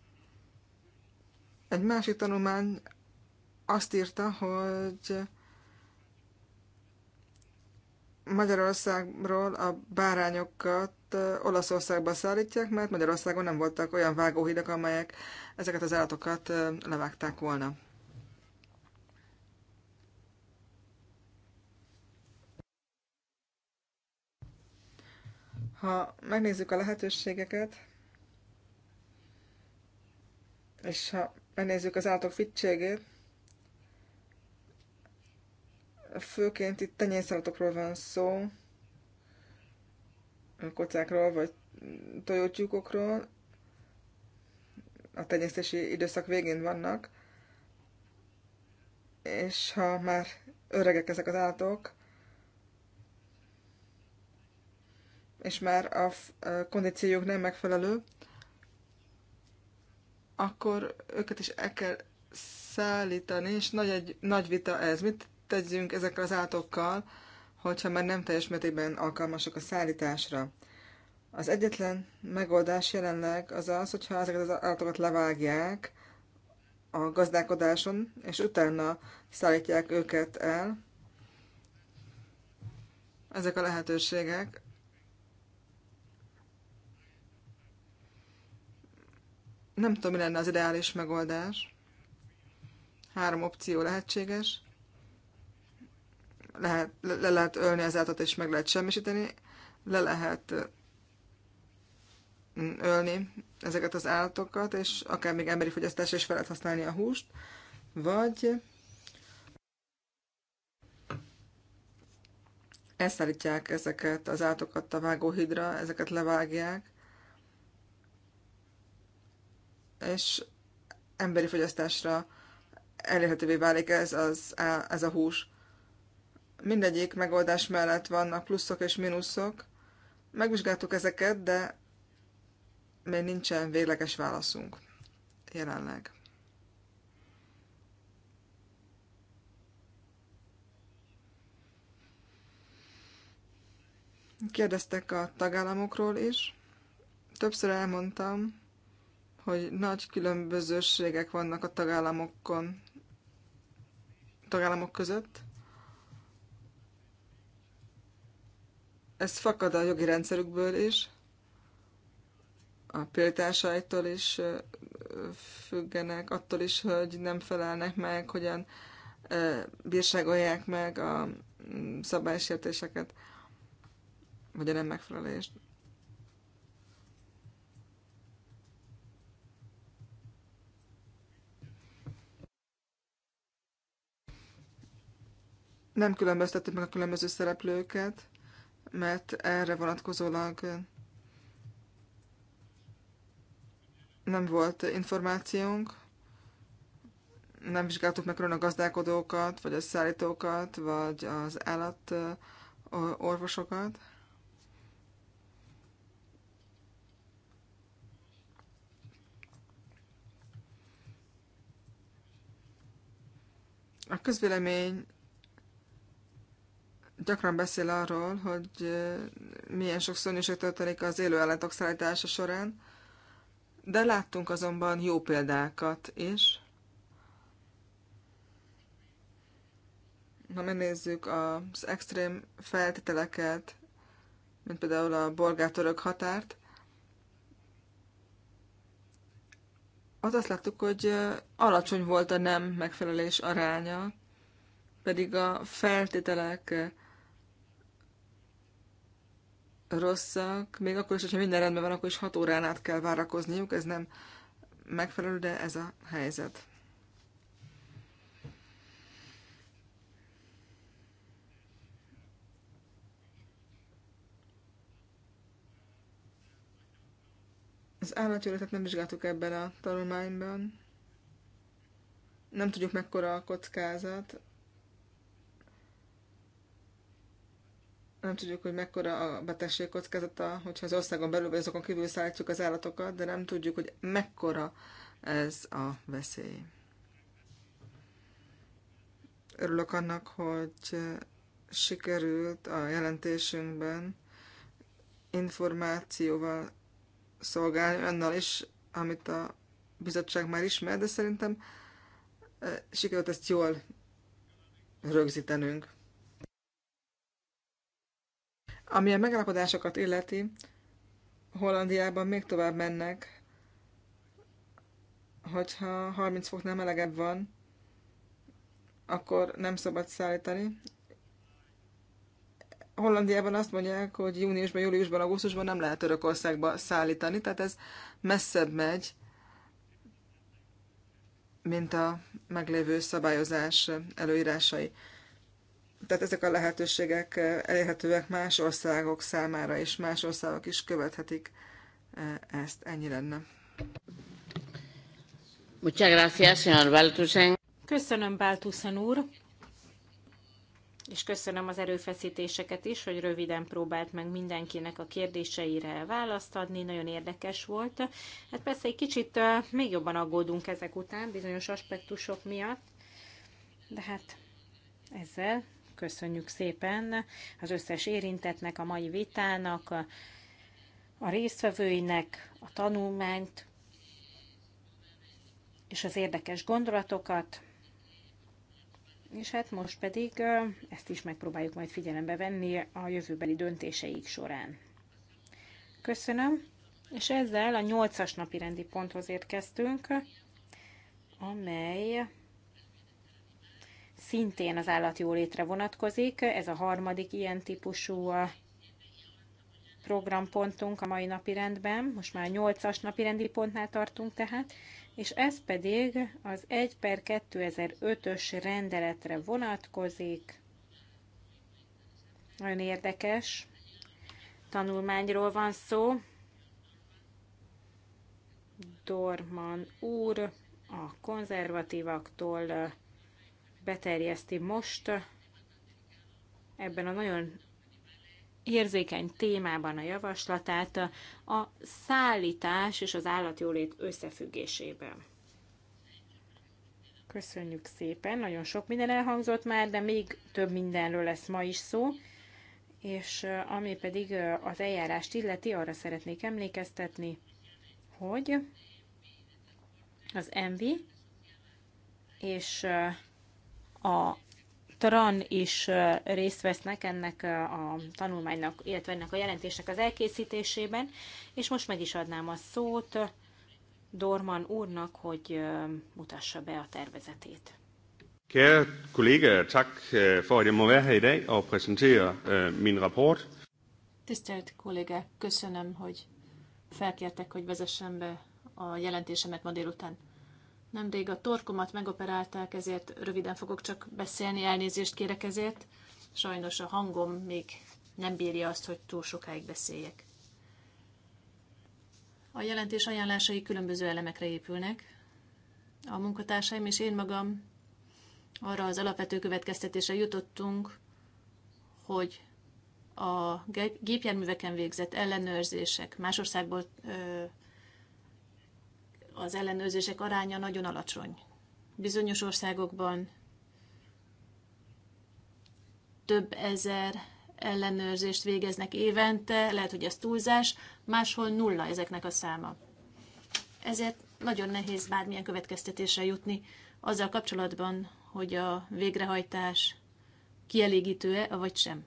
Egy másik tanulmány azt írta, hogy Magyarországról a bárányokat Olaszországba szállítják, mert Magyarországon nem voltak olyan vágóhidak, amelyek ezeket az állatokat levágták volna. Ha megnézzük a lehetőségeket, és ha megnézzük az állatok fittségét, főként itt tenyészállatokról van szó, kocákról, vagy tojótyúkokról. A tenyésztési időszak végén vannak, és ha már öregek ezek az állatok, és már a kondíciójuk nem megfelelő, akkor őket is el kell szállítani, és nagy, egy, nagy vita ez. Mit tegyünk ezekkel az állatokkal, hogyha már nem teljes mértékben alkalmasak a szállításra. Az egyetlen megoldás jelenleg az az, hogyha ezeket az állatokat levágják a gazdálkodáson, és utána szállítják őket el. Ezek a lehetőségek. Nem tudom, mi lenne az ideális megoldás. Három opció lehetséges lehet, le lehet ölni az állatot, és meg lehet semmisíteni, le lehet ölni ezeket az állatokat, és akár még emberi fogyasztásra is fel lehet használni a húst, vagy elszállítják ezeket az állatokat a vágóhidra, ezeket levágják, és emberi fogyasztásra elérhetővé válik ez, az, ez a hús mindegyik megoldás mellett vannak pluszok és mínuszok. Megvizsgáltuk ezeket, de még nincsen végleges válaszunk jelenleg. Kérdeztek a tagállamokról is. Többször elmondtam, hogy nagy különbözőségek vannak a tagállamokon, tagállamok között. ez fakad a jogi rendszerükből is, a példásaitól is függenek, attól is, hogy nem felelnek meg, hogyan bírságolják meg a szabálysértéseket, vagy a nem megfelelést. Nem különböztetik meg a különböző szereplőket mert erre vonatkozólag nem volt információnk, nem vizsgáltuk meg a gazdálkodókat, vagy a szállítókat, vagy az állat orvosokat. A közvélemény gyakran beszél arról, hogy milyen sok szörnyűség történik az élő állatok szállítása során, de láttunk azonban jó példákat is. Ha megnézzük az extrém feltételeket, mint például a bolgátorok határt, az azt láttuk, hogy alacsony volt a nem megfelelés aránya, pedig a feltételek rosszak, még akkor is, hogyha minden rendben van, akkor is 6 órán át kell várakozniuk, ez nem megfelelő, de ez a helyzet. Az állatjöletet nem vizsgáltuk ebben a tanulmányban. Nem tudjuk mekkora a kockázat, nem tudjuk, hogy mekkora a betegség kockázata, hogyha az országon belül vagy azokon kívül szállítjuk az állatokat, de nem tudjuk, hogy mekkora ez a veszély. Örülök annak, hogy sikerült a jelentésünkben információval szolgálni, annal is, amit a bizottság már ismer, de szerintem eh, sikerült ezt jól rögzítenünk. Ami a megállapodásokat illeti, Hollandiában még tovább mennek, hogyha 30 foknál melegebb van, akkor nem szabad szállítani. Hollandiában azt mondják, hogy júniusban, júliusban, augusztusban nem lehet Törökországba szállítani, tehát ez messzebb megy, mint a meglévő szabályozás előírásai. Tehát ezek a lehetőségek eh, elérhetőek más országok számára, és más országok is követhetik eh, ezt. Ennyi lenne. Muchas gracias, señor Köszönöm, Báltuszen úr, és köszönöm az erőfeszítéseket is, hogy röviden próbált meg mindenkinek a kérdéseire választ adni, nagyon érdekes volt. Hát persze egy kicsit eh, még jobban aggódunk ezek után, bizonyos aspektusok miatt, de hát ezzel Köszönjük szépen az összes érintetnek, a mai vitának, a résztvevőinek a tanulmányt és az érdekes gondolatokat. És hát most pedig ezt is megpróbáljuk majd figyelembe venni a jövőbeli döntéseik során. Köszönöm, és ezzel a nyolcas napi rendi ponthoz érkeztünk, amely szintén az állatjólétre vonatkozik. Ez a harmadik ilyen típusú programpontunk a mai napi rendben, most már 8-as napi rendi pontnál tartunk tehát, és ez pedig az 1 per 2005-ös rendeletre vonatkozik. Nagyon érdekes tanulmányról van szó. Dorman úr a konzervatívaktól beterjeszti most ebben a nagyon érzékeny témában a javaslatát a szállítás és az állatjólét összefüggésében. Köszönjük szépen, nagyon sok minden elhangzott már, de még több mindenről lesz ma is szó, és ami pedig az eljárást illeti, arra szeretnék emlékeztetni, hogy az ENVI és a TRAN is részt vesznek ennek a tanulmánynak, illetve ennek a jelentésnek az elkészítésében, és most meg is adnám a szót Dorman úrnak, hogy mutassa be a tervezetét. Kære kollegaer, tak øh, for at jeg må være her i dag og præsentere øh, min rapport. Tisztelt kollégák, köszönöm, hogy felkértek, hogy vezessem be a jelentésemet ma délután. Nemrég a torkomat megoperálták, ezért röviden fogok csak beszélni, elnézést kérek ezért. Sajnos a hangom még nem bírja azt, hogy túl sokáig beszéljek. A jelentés ajánlásai különböző elemekre épülnek. A munkatársaim és én magam arra az alapvető következtetésre jutottunk, hogy a gépjárműveken végzett ellenőrzések, más országból az ellenőrzések aránya nagyon alacsony. Bizonyos országokban több ezer ellenőrzést végeznek évente, lehet, hogy ez túlzás, máshol nulla ezeknek a száma. Ezért nagyon nehéz bármilyen következtetésre jutni azzal kapcsolatban, hogy a végrehajtás kielégítő-e, vagy sem.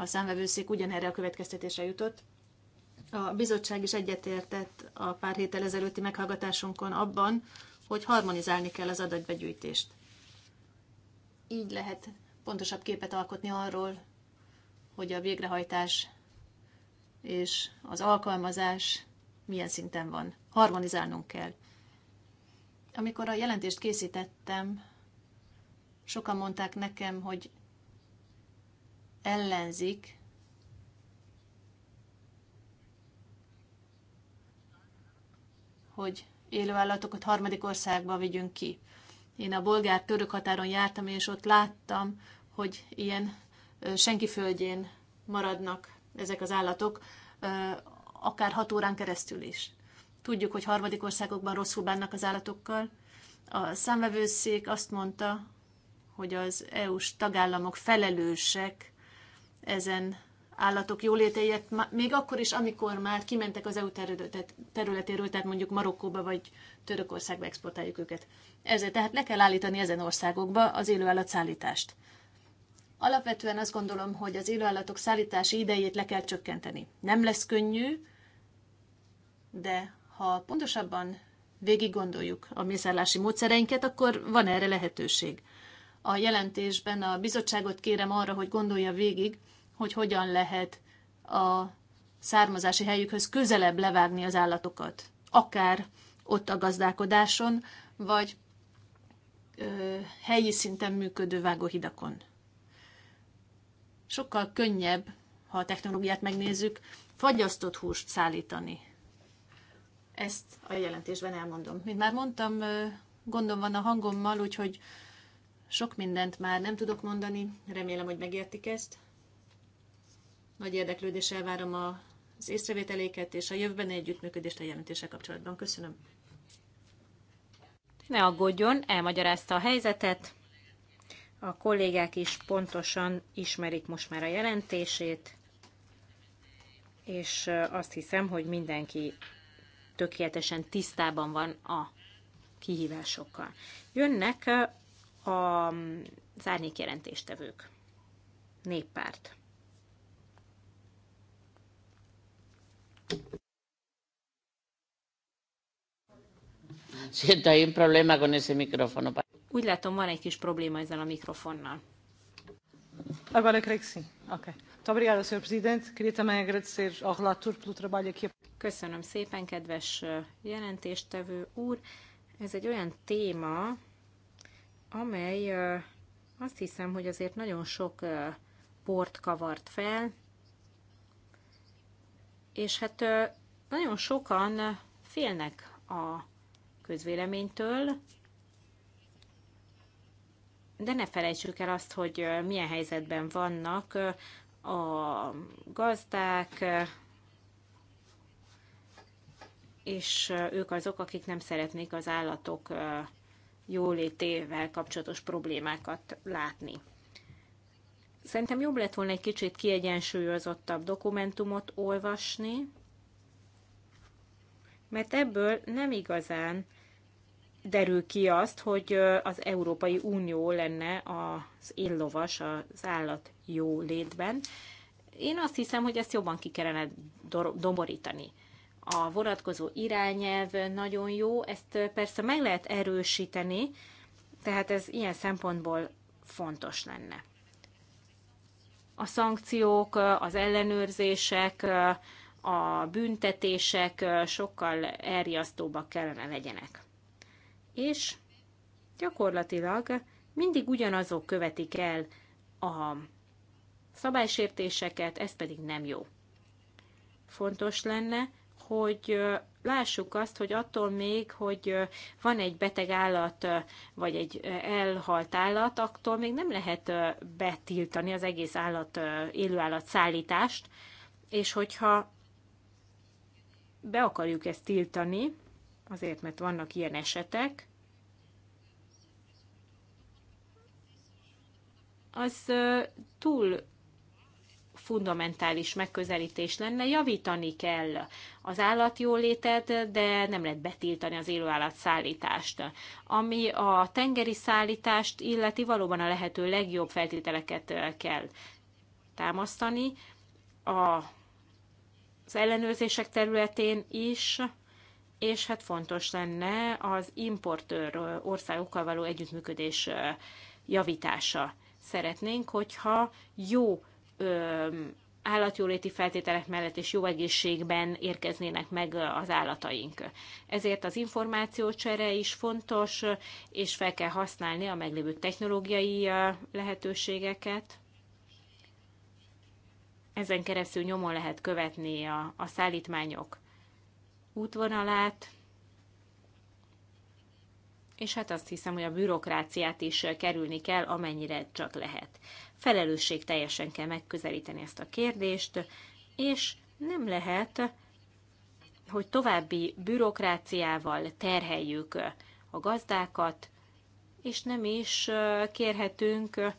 a számvevőszék ugyanerre a következtetésre jutott. A bizottság is egyetértett a pár héttel ezelőtti meghallgatásunkon abban, hogy harmonizálni kell az adatbegyűjtést. Így lehet pontosabb képet alkotni arról, hogy a végrehajtás és az alkalmazás milyen szinten van. Harmonizálnunk kell. Amikor a jelentést készítettem, sokan mondták nekem, hogy ellenzik hogy élőállatokat harmadik országba vigyünk ki. Én a bolgár-török határon jártam, és ott láttam, hogy ilyen senki földjén maradnak ezek az állatok, akár hat órán keresztül is. Tudjuk, hogy harmadik országokban rosszul bánnak az állatokkal. A számvevőszék azt mondta, hogy az EU-s tagállamok felelősek ezen állatok jólétéjét, még akkor is, amikor már kimentek az EU területéről, tehát mondjuk Marokkóba vagy Törökországba exportáljuk őket. Ezért tehát le kell állítani ezen országokba az élőállatszállítást. Alapvetően azt gondolom, hogy az élőállatok szállítási idejét le kell csökkenteni. Nem lesz könnyű, de ha pontosabban végig gondoljuk a mészárlási módszereinket, akkor van erre lehetőség a jelentésben a bizottságot kérem arra, hogy gondolja végig, hogy hogyan lehet a származási helyükhöz közelebb levágni az állatokat, akár ott a gazdálkodáson, vagy ö, helyi szinten működő vágóhidakon. Sokkal könnyebb, ha a technológiát megnézzük, fagyasztott húst szállítani. Ezt a jelentésben elmondom. Mint már mondtam, gondom van a hangommal, úgyhogy sok mindent már nem tudok mondani, remélem, hogy megértik ezt. Nagy érdeklődéssel várom az észrevételéket és a jövőben együttműködést a jelentése kapcsolatban. Köszönöm. Ne aggódjon, elmagyarázta a helyzetet. A kollégák is pontosan ismerik most már a jelentését, és azt hiszem, hogy mindenki tökéletesen tisztában van a kihívásokkal. Jönnek a árnyék Néppárt. Siento, hay un problema con ese micrófono. Úgy látom, van egy kis probléma ezzel a mikrofonnal. Agora creio que sim. Ok. Muito obrigada, Sr. Presidente. Queria também agradecer ao relator pelo trabalho aqui. Köszönöm szépen, kedves eh, jelentéstevő úr. Ez egy olyan téma, amely azt hiszem, hogy azért nagyon sok port kavart fel, és hát nagyon sokan félnek a közvéleménytől, de ne felejtsük el azt, hogy milyen helyzetben vannak a gazdák, és ők azok, akik nem szeretnék az állatok jólétével kapcsolatos problémákat látni. Szerintem jobb lett volna egy kicsit kiegyensúlyozottabb dokumentumot olvasni, mert ebből nem igazán derül ki azt, hogy az Európai Unió lenne az illovas az állat jó Én azt hiszem, hogy ezt jobban ki kellene domborítani a vonatkozó irányelv nagyon jó, ezt persze meg lehet erősíteni, tehát ez ilyen szempontból fontos lenne. A szankciók, az ellenőrzések, a büntetések sokkal elriasztóbbak kellene legyenek. És gyakorlatilag mindig ugyanazok követik el a szabálysértéseket, ez pedig nem jó. Fontos lenne, hogy lássuk azt, hogy attól még, hogy van egy beteg állat, vagy egy elhalt állat, attól még nem lehet betiltani az egész állat, élőállat szállítást, és hogyha be akarjuk ezt tiltani, azért, mert vannak ilyen esetek, az túl fundamentális megközelítés lenne, javítani kell az állatjólétet, de nem lehet betiltani az élőállat szállítást. Ami a tengeri szállítást illeti, valóban a lehető legjobb feltételeket kell támasztani. A, az ellenőrzések területén is és hát fontos lenne az importőr országokkal való együttműködés javítása. Szeretnénk, hogyha jó állatjóléti feltételek mellett és jó egészségben érkeznének meg az állataink. Ezért az információcsere is fontos, és fel kell használni a meglévő technológiai lehetőségeket. Ezen keresztül nyomon lehet követni a, a szállítmányok útvonalát, és hát azt hiszem, hogy a bürokráciát is kerülni kell, amennyire csak lehet felelősség teljesen kell megközelíteni ezt a kérdést, és nem lehet, hogy további bürokráciával terheljük a gazdákat, és nem is kérhetünk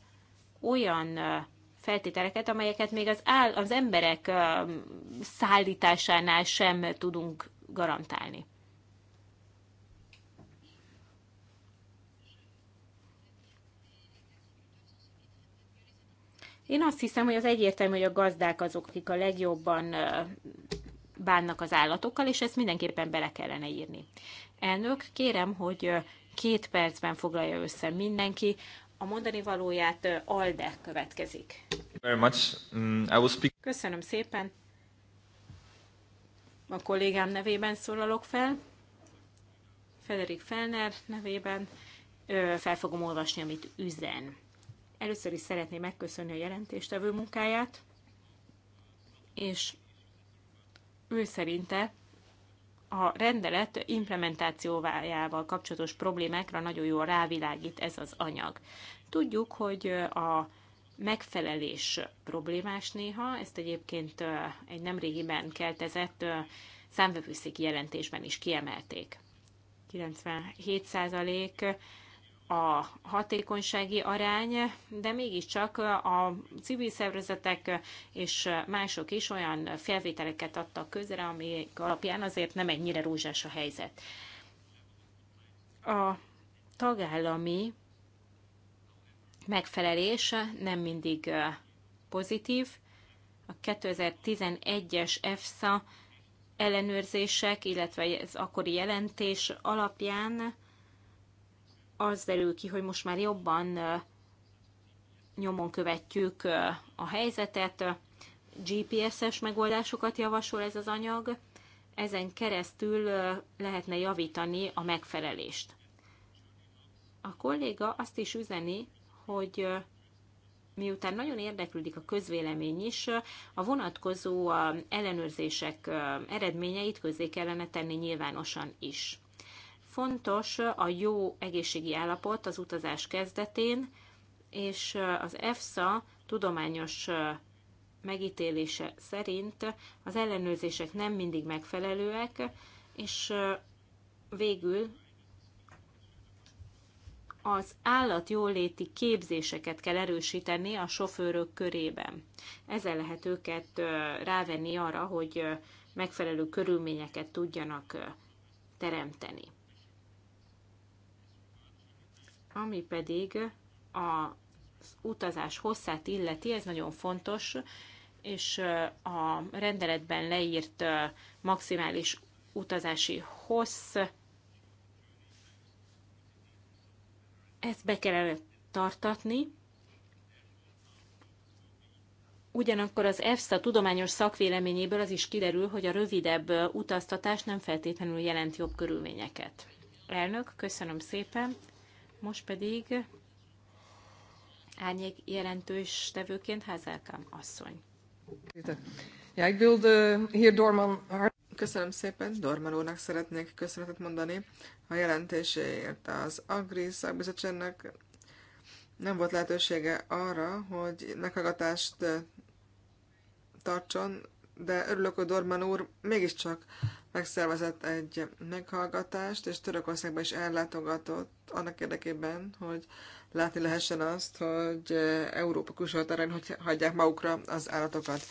olyan feltételeket, amelyeket még az, áll, az emberek szállításánál sem tudunk garantálni. Én azt hiszem, hogy az egyértelmű, hogy a gazdák azok, akik a legjobban bánnak az állatokkal, és ezt mindenképpen bele kellene írni. Elnök, kérem, hogy két percben foglalja össze mindenki. A mondani valóját Alde következik. Very much. Mm, I will speak... Köszönöm szépen. A kollégám nevében szólalok fel. Federik Felner nevében. Fel fogom olvasni, amit üzen. Először is szeretném megköszönni a jelentéstevő munkáját, és ő szerinte a rendelet implementációjával kapcsolatos problémákra nagyon jól rávilágít ez az anyag. Tudjuk, hogy a megfelelés problémás néha, ezt egyébként egy nemrégiben keltezett számvevőszéki jelentésben is kiemelték. 97% a hatékonysági arány, de mégiscsak a civil szervezetek és mások is olyan felvételeket adtak közre, ami alapján azért nem ennyire rózsás a helyzet. A tagállami megfelelés nem mindig pozitív. A 2011-es EFSA ellenőrzések, illetve az akkori jelentés alapján az derül ki, hogy most már jobban nyomon követjük a helyzetet, GPS-es megoldásokat javasol ez az anyag, ezen keresztül lehetne javítani a megfelelést. A kolléga azt is üzeni, hogy miután nagyon érdeklődik a közvélemény is, a vonatkozó ellenőrzések eredményeit közé kellene tenni nyilvánosan is. Fontos a jó egészségi állapot az utazás kezdetén, és az EFSA tudományos megítélése szerint az ellenőrzések nem mindig megfelelőek, és végül az állatjóléti képzéseket kell erősíteni a sofőrök körében. Ezzel lehet őket rávenni arra, hogy megfelelő körülményeket tudjanak teremteni. Ami pedig az utazás hosszát illeti, ez nagyon fontos, és a rendeletben leírt maximális utazási hossz, ezt be kellene tartatni, Ugyanakkor az EFSA tudományos szakvéleményéből az is kiderül, hogy a rövidebb utaztatás nem feltétlenül jelent jobb körülményeket. Elnök, köszönöm szépen. Most pedig árnyék jelentős tevőként Házelkám asszony. Ja, ik wilde hier Dorman... Köszönöm szépen, Dorman úrnak szeretnék köszönetet mondani a jelentéséért. Az Agri szakbizottságnak nem volt lehetősége arra, hogy meghallgatást tartson, de örülök, hogy Dorman úr mégiscsak megszervezett egy meghallgatást, és Törökországba is ellátogatott annak érdekében, hogy látni lehessen azt, hogy Európa külső hogy hagyják magukra az állatokat.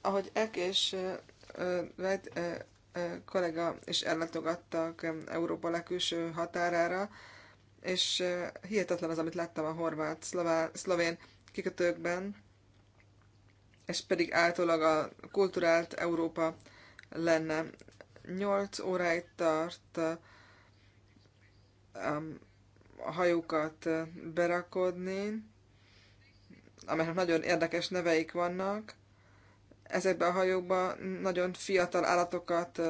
Ahogy Ek és Red kollega is ellátogattak Európa legkülső határára, és hihetetlen az, amit láttam a horvát, szlovén kikötőkben, és pedig általában a kulturált Európa lenne. 8 óráig tart um, a hajókat berakodni, amelyek nagyon érdekes neveik vannak. Ezekben a hajókban nagyon fiatal állatokat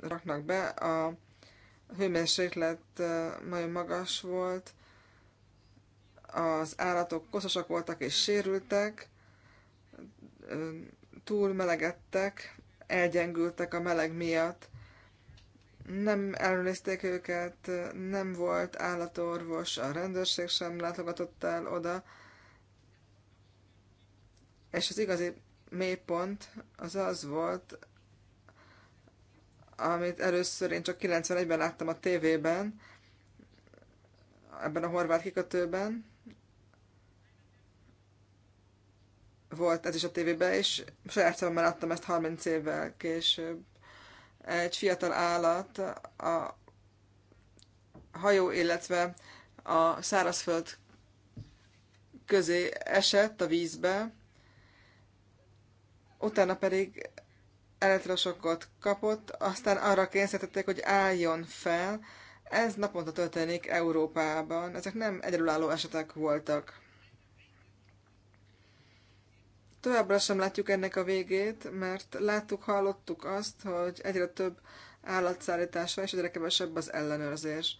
raknak be, a hőmérséklet nagyon magas volt, az állatok koszosak voltak és sérültek, túl melegedtek, elgyengültek a meleg miatt. Nem ellenőrizték őket, nem volt állatorvos, a rendőrség sem látogatott el oda. És az igazi mélypont az az volt, amit először én csak 91-ben láttam a tévében, ebben a horvát kikötőben, volt ez is a tévében, és saját szememmel láttam ezt 30 évvel később. Egy fiatal állat a hajó, illetve a szárazföld közé esett a vízbe, utána pedig elektrosokot kapott, aztán arra kényszerítették, hogy álljon fel. Ez naponta történik Európában. Ezek nem egyedülálló esetek voltak. Továbbra sem látjuk ennek a végét, mert láttuk, hallottuk azt, hogy egyre több állatszállítás és egyre kevesebb az ellenőrzés.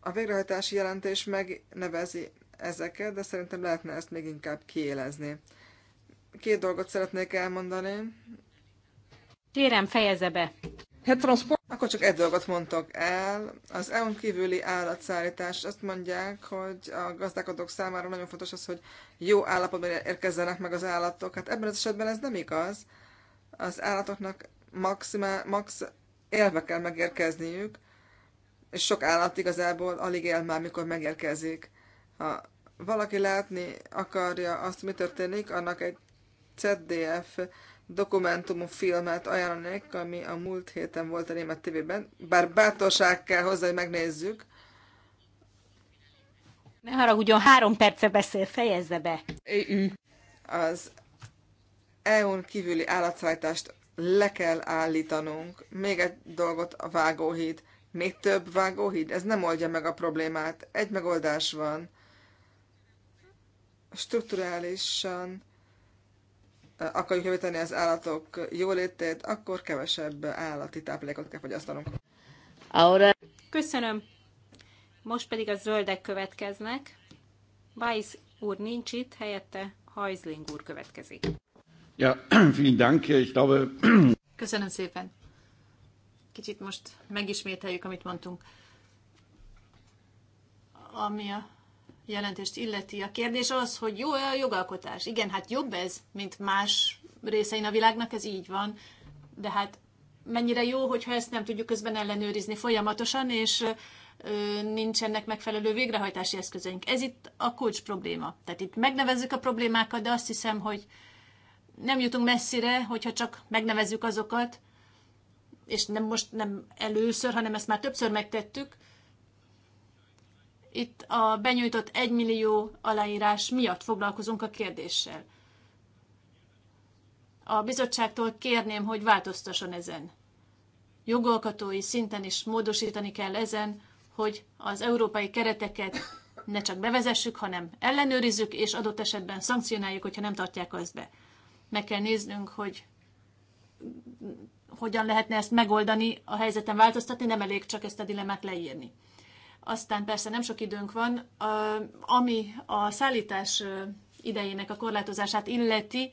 A végrehajtási jelentés megnevezi ezeket, de szerintem lehetne ezt még inkább kiélezni. Két dolgot szeretnék elmondani. Kérem, fejeze be! Hát transport... Akkor csak egy dolgot mondtak el. Az EU-n kívüli állatszállítás, azt mondják, hogy a gazdálkodók számára nagyon fontos az, hogy jó állapotban érkezzenek meg az állatok. Hát ebben az esetben ez nem igaz. Az állatoknak maximál, max élve kell megérkezniük, és sok állat igazából alig él már, mikor megérkezik. Ha valaki látni akarja azt, mi történik, annak egy CDF dokumentumfilmet ajánlanék, ami a múlt héten volt a német tévében, bár bátorság kell hozzá, hogy megnézzük. Ne haragudjon, három perce beszél, fejezze be. Az EU-n kívüli állatszállítást le kell állítanunk. Még egy dolgot a vágóhíd. Még több vágóhíd? Ez nem oldja meg a problémát. Egy megoldás van. Strukturálisan akarjuk javítani az állatok jólétét, akkor kevesebb állati táplálékot kell fogyasztanunk. Ahora... Köszönöm. Most pedig a zöldek következnek. Weiss úr nincs itt, helyette Heisling úr következik. Ja, <clears throat> vielen Dank. Ich glaube... <clears throat> Köszönöm szépen. Kicsit most megismételjük, amit mondtunk. Ami a jelentést illeti, a kérdés az, hogy jó -e a jogalkotás. Igen, hát jobb ez, mint más részein a világnak, ez így van, de hát mennyire jó, hogyha ezt nem tudjuk közben ellenőrizni folyamatosan, és nincsenek megfelelő végrehajtási eszközeink. Ez itt a kulcs probléma. Tehát itt megnevezzük a problémákat, de azt hiszem, hogy nem jutunk messzire, hogyha csak megnevezzük azokat, és nem most nem először, hanem ezt már többször megtettük, itt a benyújtott 1 millió aláírás miatt foglalkozunk a kérdéssel. A bizottságtól kérném, hogy változtasson ezen. Jogalkatói szinten is módosítani kell ezen, hogy az európai kereteket ne csak bevezessük, hanem ellenőrizzük, és adott esetben szankcionáljuk, hogyha nem tartják azt be. Meg kell néznünk, hogy hogyan lehetne ezt megoldani, a helyzeten változtatni, nem elég csak ezt a dilemmát leírni. Aztán persze nem sok időnk van, ami a szállítás idejének a korlátozását illeti,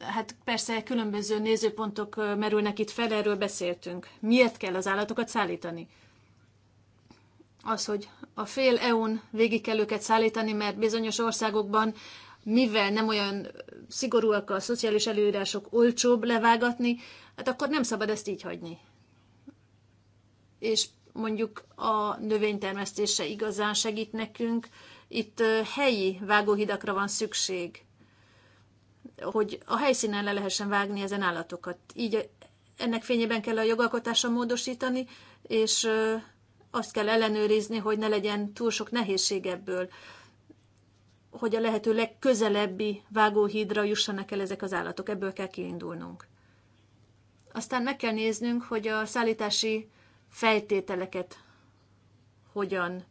hát persze különböző nézőpontok merülnek itt fel, erről beszéltünk. Miért kell az állatokat szállítani? Az, hogy a fél EU-n végig kell őket szállítani, mert bizonyos országokban, mivel nem olyan szigorúak a szociális előírások, olcsóbb levágatni, hát akkor nem szabad ezt így hagyni. És mondjuk a növénytermesztése igazán segít nekünk. Itt helyi vágóhidakra van szükség, hogy a helyszínen le lehessen vágni ezen állatokat. Így ennek fényében kell a jogalkotásra módosítani, és azt kell ellenőrizni, hogy ne legyen túl sok nehézség ebből, hogy a lehető legközelebbi vágóhídra jussanak el ezek az állatok. Ebből kell kiindulnunk. Aztán meg kell néznünk, hogy a szállítási feltételeket hogyan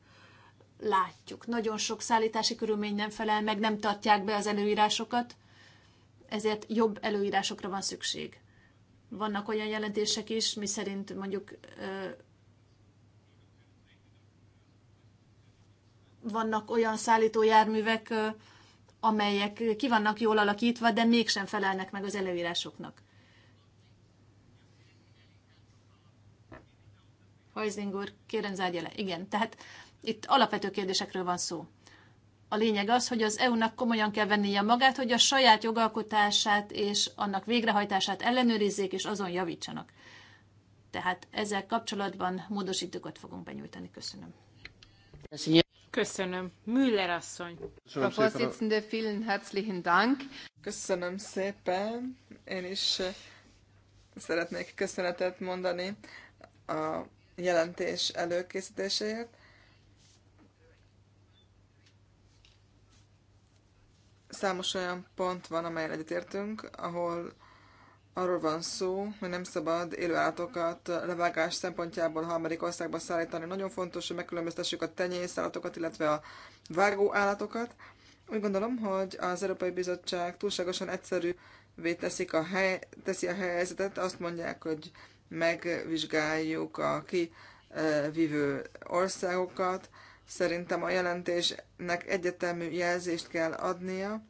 látjuk. Nagyon sok szállítási körülmény nem felel meg, nem tartják be az előírásokat, ezért jobb előírásokra van szükség. Vannak olyan jelentések is, mi szerint mondjuk vannak olyan szállítójárművek, amelyek ki vannak jól alakítva, de mégsem felelnek meg az előírásoknak. Hajzing úr, kérem zárja le. Igen, tehát itt alapvető kérdésekről van szó. A lényeg az, hogy az EU-nak komolyan kell vennie magát, hogy a saját jogalkotását és annak végrehajtását ellenőrizzék és azon javítsanak. Tehát ezzel kapcsolatban módosítókat fogunk benyújtani. Köszönöm. Köszönöm. Müller asszony. vielen herzlichen Dank. Köszönöm szépen. Én is eh, szeretnék köszönetet mondani a jelentés előkészítéséért. Számos olyan pont van, amelyen egyetértünk, ahol arról van szó, hogy nem szabad élőállatokat levágás szempontjából harmadik országba szállítani. Nagyon fontos, hogy megkülönböztessük a tenyészállatokat, illetve a vágóállatokat. Úgy gondolom, hogy az Európai Bizottság túlságosan egyszerűvé teszik a hely, teszi a helyzetet, azt mondják, hogy megvizsgáljuk a kivívő országokat. Szerintem a jelentésnek egyetemű jelzést kell adnia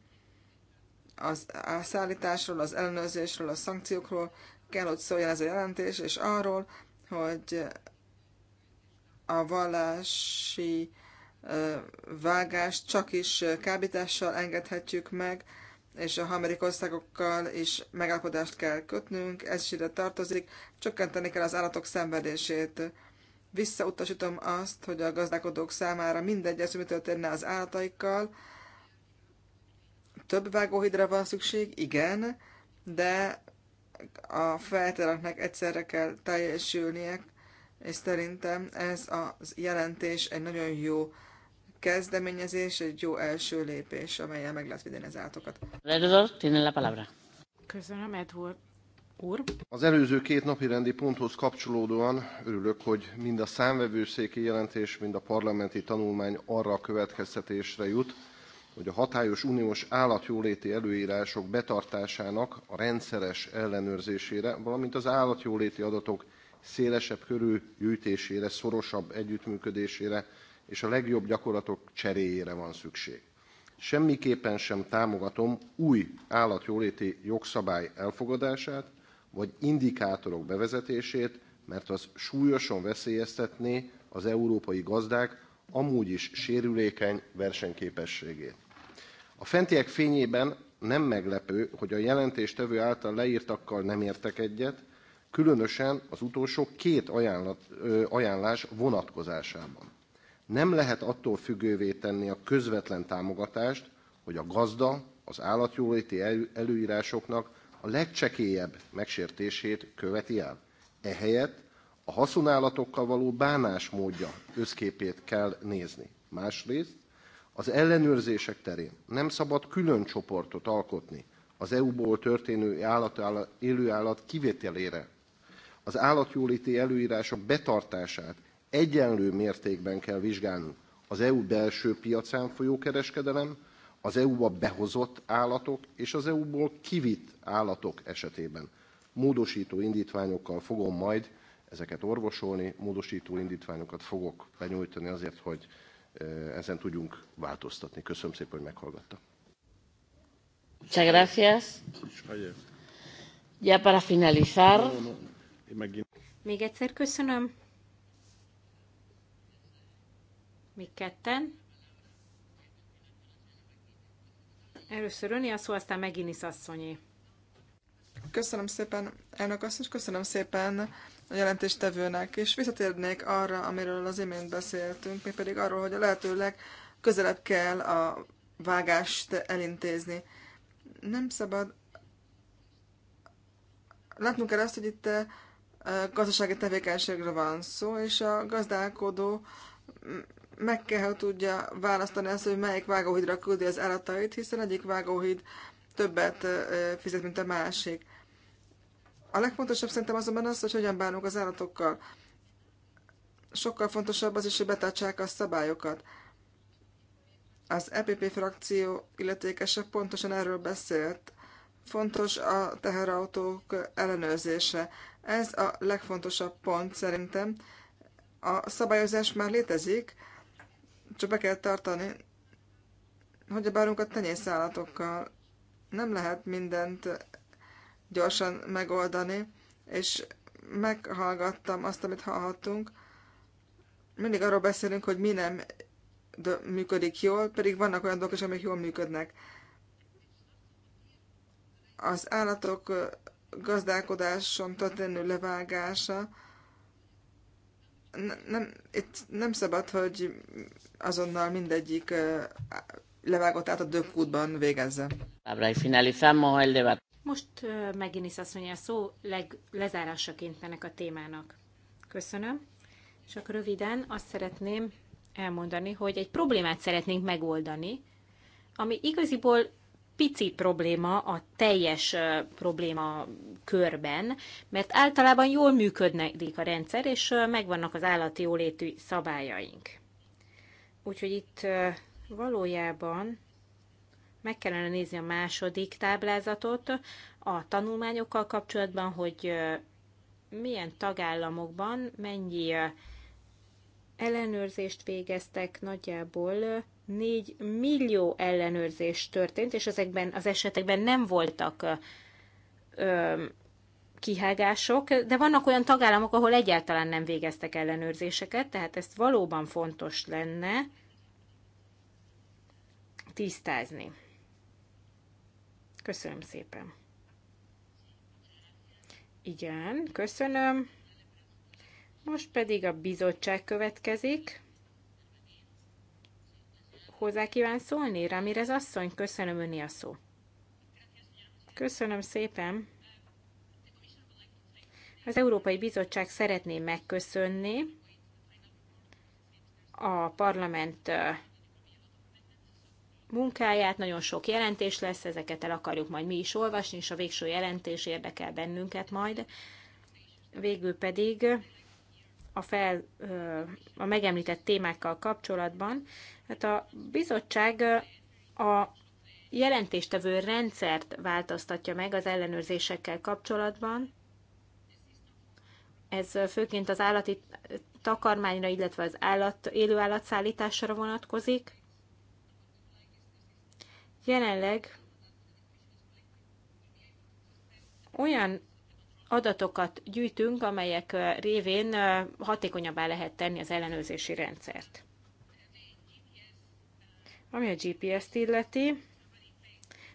az, a szállításról, az ellenőrzésről, a szankciókról kell, hogy szóljon ez a jelentés, és arról, hogy a vallási vágást csak is kábítással engedhetjük meg, és a amerikai országokkal is megállapodást kell kötnünk, ez is ide tartozik, csökkenteni kell az állatok szenvedését. Visszautasítom azt, hogy a gazdálkodók számára mindegy, ez mi történne az állataikkal. Több vágóhidra van szükség, igen, de a feltételeknek egyszerre kell teljesülnie, és szerintem ez az jelentés egy nagyon jó kezdeményezés egy jó első lépés, amelyel meg lehet védeni az állatokat. Köszönöm, Edward. Úr. Az előző két napi rendi ponthoz kapcsolódóan örülök, hogy mind a számvevőszéki jelentés, mind a parlamenti tanulmány arra a következtetésre jut, hogy a hatályos uniós állatjóléti előírások betartásának a rendszeres ellenőrzésére, valamint az állatjóléti adatok szélesebb körű gyűjtésére, szorosabb együttműködésére és a legjobb gyakorlatok cseréjére van szükség. Semmiképpen sem támogatom új állatjóléti jogszabály elfogadását, vagy indikátorok bevezetését, mert az súlyosan veszélyeztetné az európai gazdák amúgy is sérülékeny versenyképességét. A fentiek fényében nem meglepő, hogy a jelentéstevő által leírtakkal nem értek egyet, különösen az utolsó két ajánlat, ö, ajánlás vonatkozásában nem lehet attól függővé tenni a közvetlen támogatást, hogy a gazda az állatjóléti előírásoknak a legcsekélyebb megsértését követi el. Ehelyett a haszonállatokkal való bánásmódja összképét kell nézni. Másrészt az ellenőrzések terén nem szabad külön csoportot alkotni az EU-ból történő állat, élőállat kivételére. Az állatjóléti előírások betartását egyenlő mértékben kell vizsgálnunk az EU belső piacán folyó kereskedelem, az EU-ba behozott állatok és az EU-ból kivitt állatok esetében. Módosító indítványokkal fogom majd ezeket orvosolni, módosító indítványokat fogok benyújtani azért, hogy ezen tudjunk változtatni. Köszönöm szépen, hogy meghallgatta. Muchas gracias. Ya para finalizar. Még egyszer köszönöm. mi ketten. Először öni a szó, aztán megint asszonyi. Köszönöm szépen, elnök asszony, köszönöm szépen a jelentéstevőnek, és visszatérnék arra, amiről az imént beszéltünk, mi pedig arról, hogy a lehetőleg közelebb kell a vágást elintézni. Nem szabad... Látnunk kell azt, hogy itt eh, gazdasági tevékenységre van szó, és a gazdálkodó meg kell, hogy tudja választani azt, hogy melyik vágóhidra küldi az állatait, hiszen egyik vágóhíd többet fizet, mint a másik. A legfontosabb szerintem azonban az, hogy hogyan bánunk az állatokkal. Sokkal fontosabb az is, hogy betartsák a szabályokat. Az EPP frakció illetékese pontosan erről beszélt. Fontos a teherautók ellenőrzése. Ez a legfontosabb pont szerintem. A szabályozás már létezik, csak be kell tartani, hogy bárunk a tenyészállatokkal. Nem lehet mindent gyorsan megoldani, és meghallgattam azt, amit hallhattunk. Mindig arról beszélünk, hogy mi nem működik jól, pedig vannak olyan dolgok is, amik jól működnek. Az állatok gazdálkodáson történő levágása, nem, itt nem szabad, hogy azonnal mindegyik levágott át a dökútban végezze. Most megint is azt mondja, a szó leg, lezárásaként ennek a témának. Köszönöm. Csak röviden azt szeretném elmondani, hogy egy problémát szeretnénk megoldani, ami igaziból pici probléma a teljes probléma körben, mert általában jól működik a rendszer, és megvannak az állati jólétű szabályaink. Úgyhogy itt valójában meg kellene nézni a második táblázatot a tanulmányokkal kapcsolatban, hogy milyen tagállamokban mennyi ellenőrzést végeztek nagyjából 4 millió ellenőrzés történt, és ezekben az esetekben nem voltak ö, kihágások, de vannak olyan tagállamok, ahol egyáltalán nem végeztek ellenőrzéseket, tehát ezt valóban fontos lenne tisztázni. Köszönöm szépen. Igen, köszönöm. Most pedig a bizottság következik hozzá kíván szólni? Ramirez asszony, köszönöm önni a szó. Köszönöm szépen. Az Európai Bizottság szeretné megköszönni a parlament munkáját, nagyon sok jelentés lesz, ezeket el akarjuk majd mi is olvasni, és a végső jelentés érdekel bennünket majd. Végül pedig a, fel, a megemlített témákkal kapcsolatban. Hát a bizottság a jelentéstevő rendszert változtatja meg az ellenőrzésekkel kapcsolatban. Ez főként az állati takarmányra, illetve az állat, élő állatszállításra vonatkozik. Jelenleg olyan adatokat gyűjtünk, amelyek révén hatékonyabbá lehet tenni az ellenőrzési rendszert. Ami a GPS-t illeti,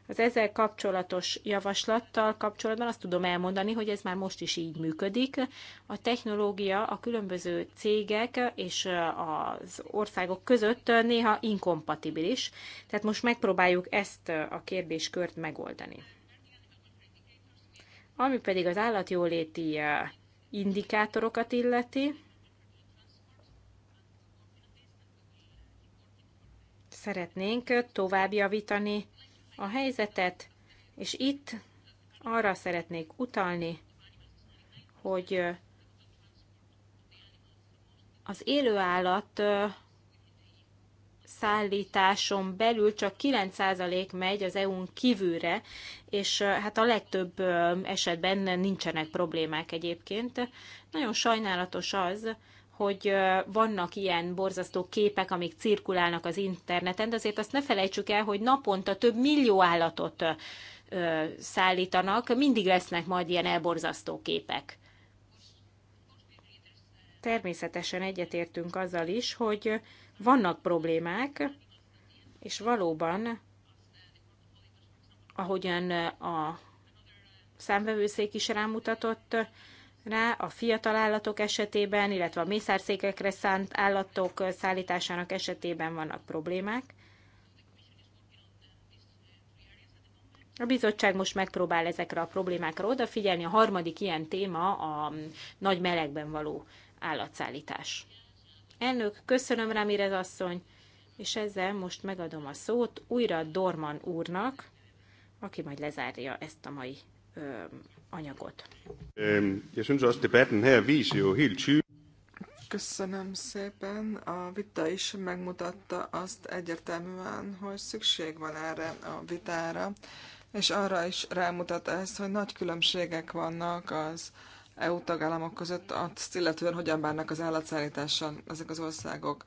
az ezzel kapcsolatos javaslattal kapcsolatban azt tudom elmondani, hogy ez már most is így működik. A technológia a különböző cégek és az országok között néha inkompatibilis, tehát most megpróbáljuk ezt a kérdéskört megoldani. Ami pedig az állatjóléti eh, indikátorokat illeti, szeretnénk eh, tovább javítani a helyzetet, és itt arra szeretnék utalni, hogy eh, az élőállat szállításon belül csak 9% megy az EU-n kívülre, és hát a legtöbb esetben nincsenek problémák egyébként. Nagyon sajnálatos az, hogy vannak ilyen borzasztó képek, amik cirkulálnak az interneten, de azért azt ne felejtsük el, hogy naponta több millió állatot szállítanak, mindig lesznek majd ilyen elborzasztó képek. Természetesen egyetértünk azzal is, hogy vannak problémák, és valóban, ahogyan a számvevőszék is rámutatott rá, a fiatal állatok esetében, illetve a mészárszékekre szánt állatok szállításának esetében vannak problémák. A bizottság most megpróbál ezekre a problémákra odafigyelni. A harmadik ilyen téma a nagy melegben való állatszállítás. Elnök, köszönöm Ramirez asszony, és ezzel most megadom a szót újra Dorman úrnak, aki majd lezárja ezt a mai ö, anyagot. her jo Köszönöm szépen. A vita is megmutatta azt egyértelműen, hogy szükség van erre a vitára, és arra is rámutat ez, hogy nagy különbségek vannak az EU tagállamok között, azt illetően hogyan bánnak az állatszállítással ezek az országok.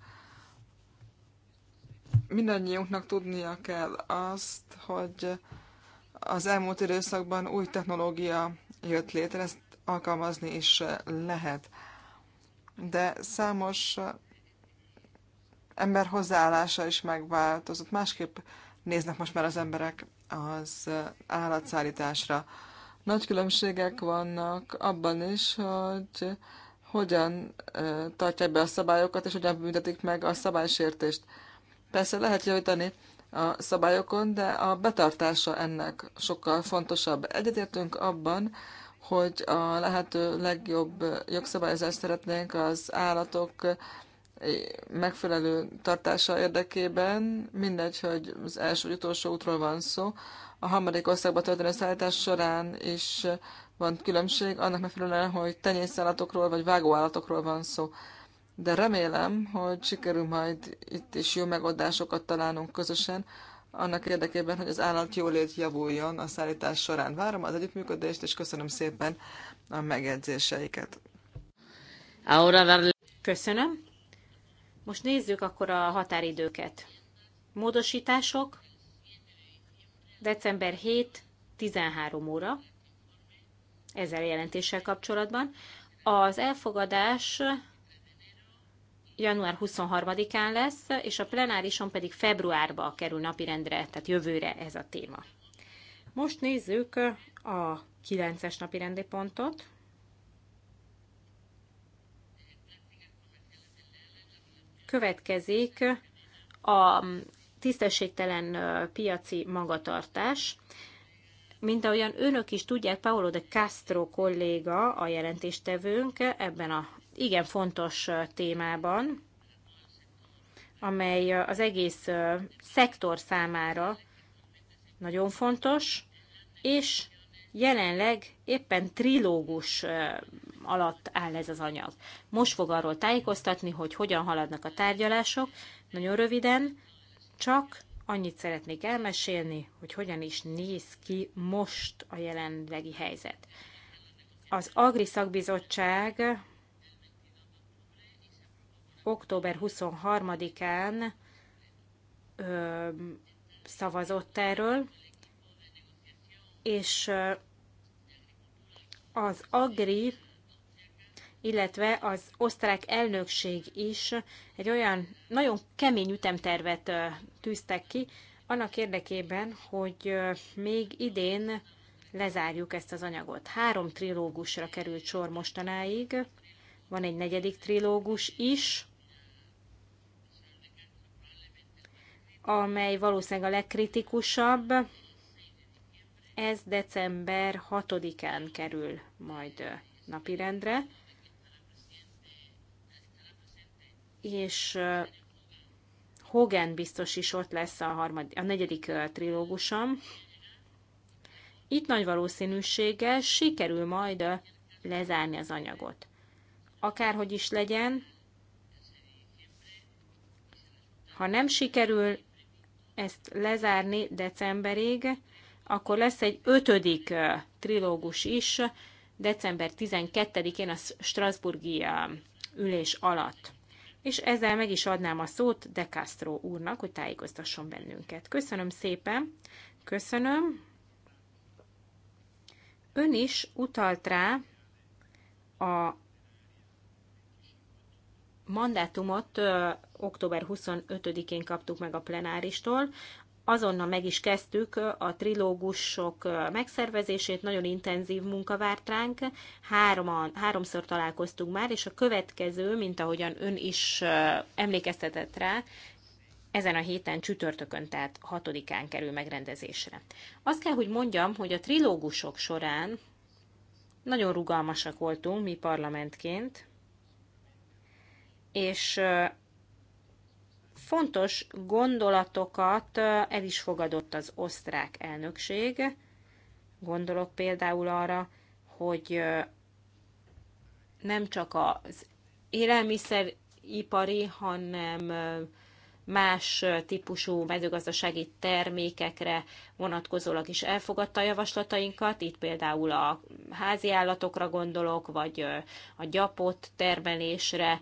Mindannyiunknak tudnia kell azt, hogy az elmúlt időszakban új technológia jött létre, ezt alkalmazni is lehet. De számos ember hozzáállása is megváltozott. Másképp néznek most már az emberek az állatszállításra. Nagy különbségek vannak abban is, hogy hogyan tartják be a szabályokat, és hogyan büntetik meg a szabálysértést. Persze lehet javítani a szabályokon, de a betartása ennek sokkal fontosabb. Egyetértünk abban, hogy a lehető legjobb jogszabályozást szeretnénk az állatok megfelelő tartása érdekében, mindegy, hogy az első vagy utolsó útról van szó, a harmadik országba történő szállítás során is van különbség, annak megfelelően, hogy tenyészállatokról vagy vágóállatokról van szó. De remélem, hogy sikerül majd itt is jó megoldásokat találnunk közösen, annak érdekében, hogy az állat jólét javuljon a szállítás során. Várom az együttműködést, és köszönöm szépen a megjegyzéseiket. Köszönöm. Most nézzük akkor a határidőket. Módosítások december 7, 13 óra, ezzel jelentéssel kapcsolatban. Az elfogadás január 23-án lesz, és a plenárison pedig februárba kerül napirendre, tehát jövőre ez a téma. Most nézzük a 9-es napirendi pontot. Következik a tisztességtelen piaci magatartás. Mint ahogyan önök is tudják, Paolo de Castro kolléga, a jelentéstevőnk ebben a igen fontos témában, amely az egész szektor számára nagyon fontos, és jelenleg éppen trilógus alatt áll ez az anyag. Most fog arról tájékoztatni, hogy hogyan haladnak a tárgyalások, nagyon röviden, csak annyit szeretnék elmesélni, hogy hogyan is néz ki most a jelenlegi helyzet. Az Agri Szakbizottság október 23-án szavazott erről, és az Agri illetve az osztrák elnökség is egy olyan nagyon kemény ütemtervet tűztek ki, annak érdekében, hogy még idén lezárjuk ezt az anyagot. Három trilógusra került sor mostanáig, van egy negyedik trilógus is, amely valószínűleg a legkritikusabb. Ez december 6-án kerül majd napirendre. és Hogan biztos is ott lesz a, harmad, a negyedik trilógusom. Itt nagy valószínűséggel sikerül majd lezárni az anyagot. Akárhogy is legyen, ha nem sikerül ezt lezárni decemberig, akkor lesz egy ötödik trilógus is, december 12-én a Strasburgi ülés alatt és ezzel meg is adnám a szót De Castro úrnak, hogy tájékoztasson bennünket. Köszönöm szépen, köszönöm. Ön is utalt rá a mandátumot október 25-én kaptuk meg a plenáristól, azonnal meg is kezdtük a trilógusok megszervezését, nagyon intenzív munka várt ránk, Hárman, háromszor találkoztunk már, és a következő, mint ahogyan ön is emlékeztetett rá, ezen a héten csütörtökön, tehát hatodikán kerül megrendezésre. Azt kell, hogy mondjam, hogy a trilógusok során nagyon rugalmasak voltunk mi parlamentként, és fontos gondolatokat el is fogadott az osztrák elnökség. Gondolok például arra, hogy nem csak az élelmiszeripari, hanem más típusú mezőgazdasági termékekre vonatkozólag is elfogadta a javaslatainkat. Itt például a házi állatokra gondolok, vagy a gyapott termelésre,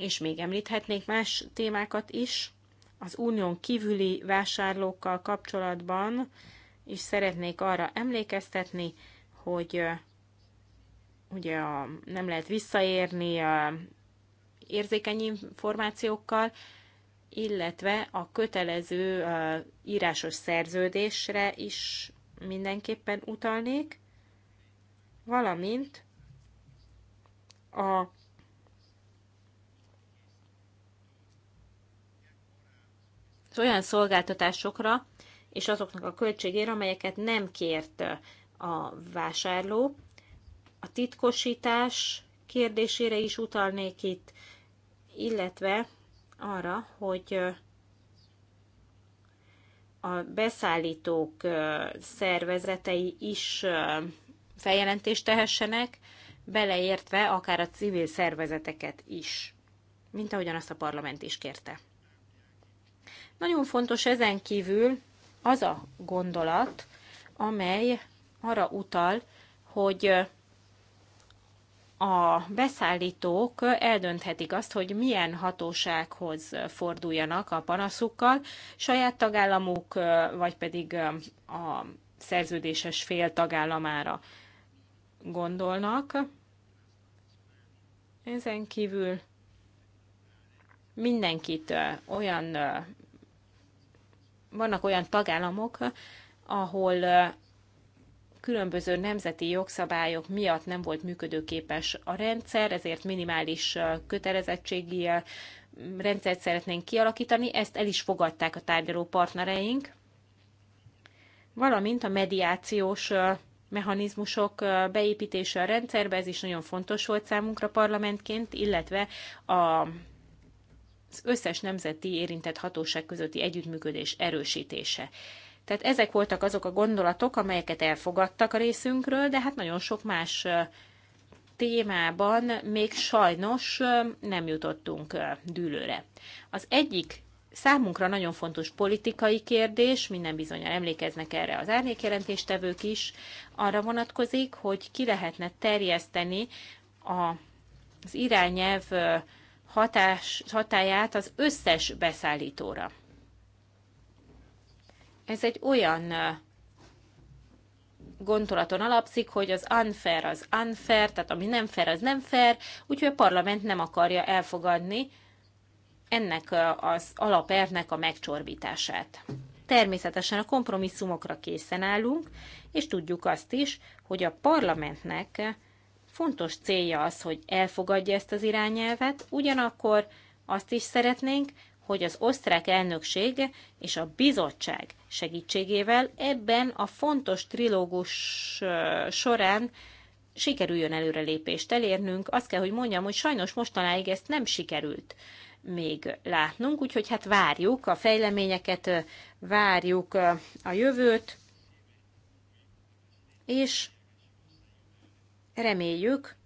és még említhetnék más témákat is. Az unión kívüli vásárlókkal kapcsolatban is szeretnék arra emlékeztetni, hogy ugye a, nem lehet visszaérni a érzékeny információkkal, illetve a kötelező a írásos szerződésre is mindenképpen utalnék, valamint a az olyan szolgáltatásokra és azoknak a költségére, amelyeket nem kért a vásárló. A titkosítás kérdésére is utalnék itt, illetve arra, hogy a beszállítók szervezetei is feljelentést tehessenek, beleértve akár a civil szervezeteket is, mint ahogyan azt a parlament is kérte. Nagyon fontos ezen kívül az a gondolat, amely arra utal, hogy a beszállítók eldönthetik azt, hogy milyen hatósághoz forduljanak a panaszukkal, saját tagállamuk, vagy pedig a szerződéses fél tagállamára gondolnak. Ezen kívül mindenkit olyan vannak olyan tagállamok, ahol különböző nemzeti jogszabályok miatt nem volt működőképes a rendszer, ezért minimális kötelezettségi rendszert szeretnénk kialakítani, ezt el is fogadták a tárgyaló partnereink, valamint a mediációs mechanizmusok beépítése a rendszerbe, ez is nagyon fontos volt számunkra parlamentként, illetve a az összes nemzeti érintett hatóság közötti együttműködés erősítése. Tehát ezek voltak azok a gondolatok, amelyeket elfogadtak a részünkről, de hát nagyon sok más témában még sajnos nem jutottunk dűlőre. Az egyik számunkra nagyon fontos politikai kérdés, minden bizony emlékeznek erre az árnyékjelentéstevők is, arra vonatkozik, hogy ki lehetne terjeszteni a, az irányelv hatás, hatáját az összes beszállítóra. Ez egy olyan gondolaton alapszik, hogy az unfair az unfair, tehát ami nem fair az nem fair, úgyhogy a parlament nem akarja elfogadni ennek az alapernek a megcsorbítását. Természetesen a kompromisszumokra készen állunk, és tudjuk azt is, hogy a parlamentnek fontos célja az, hogy elfogadja ezt az irányelvet, ugyanakkor azt is szeretnénk, hogy az osztrák elnökség és a bizottság segítségével ebben a fontos trilógus során sikerüljön előrelépést elérnünk. Azt kell, hogy mondjam, hogy sajnos mostanáig ezt nem sikerült még látnunk, úgyhogy hát várjuk a fejleményeket, várjuk a jövőt, és Reméljük,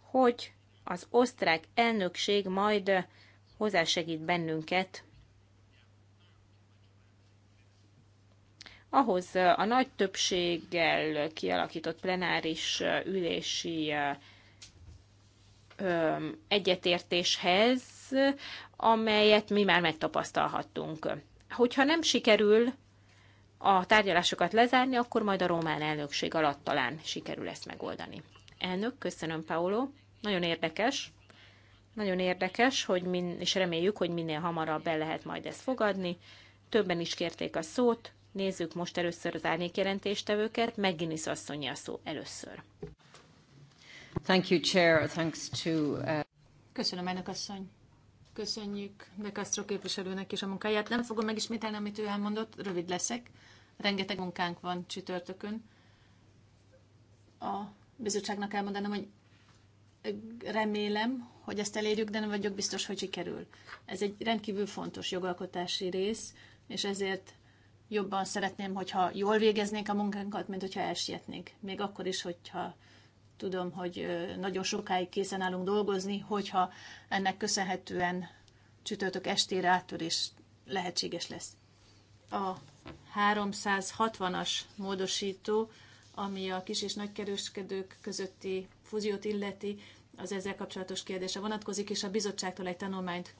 hogy az osztrák elnökség majd hozzásegít bennünket ahhoz a nagy többséggel kialakított plenáris ülési egyetértéshez, amelyet mi már megtapasztalhattunk. Hogyha nem sikerül a tárgyalásokat lezárni, akkor majd a román elnökség alatt talán sikerül ezt megoldani. Elnök, köszönöm, Paolo. Nagyon érdekes. Nagyon érdekes, hogy min, és reméljük, hogy minél hamarabb be lehet majd ezt fogadni. Többen is kérték a szót. Nézzük most először az árnyékjelentéstevőket. Megginis asszonyi a szó először. Thank you, Chair. Thanks to, uh... Köszönöm, elnök asszony. Köszönjük De Castro képviselőnek is a munkáját. Nem fogom megismételni, amit ő elmondott, rövid leszek. Rengeteg munkánk van csütörtökön. A bizottságnak elmondanom, hogy remélem, hogy ezt elérjük, de nem vagyok biztos, hogy sikerül. Ez egy rendkívül fontos jogalkotási rész, és ezért jobban szeretném, hogyha jól végeznénk a munkánkat, mint hogyha elsietnénk. Még akkor is, hogyha tudom, hogy nagyon sokáig készen állunk dolgozni, hogyha ennek köszönhetően csütörtök estére áttörés lehetséges lesz. A 360-as módosító ami a kis és kereskedők közötti fúziót illeti, az ezzel kapcsolatos kérdése vonatkozik, és a bizottságtól egy tanulmányt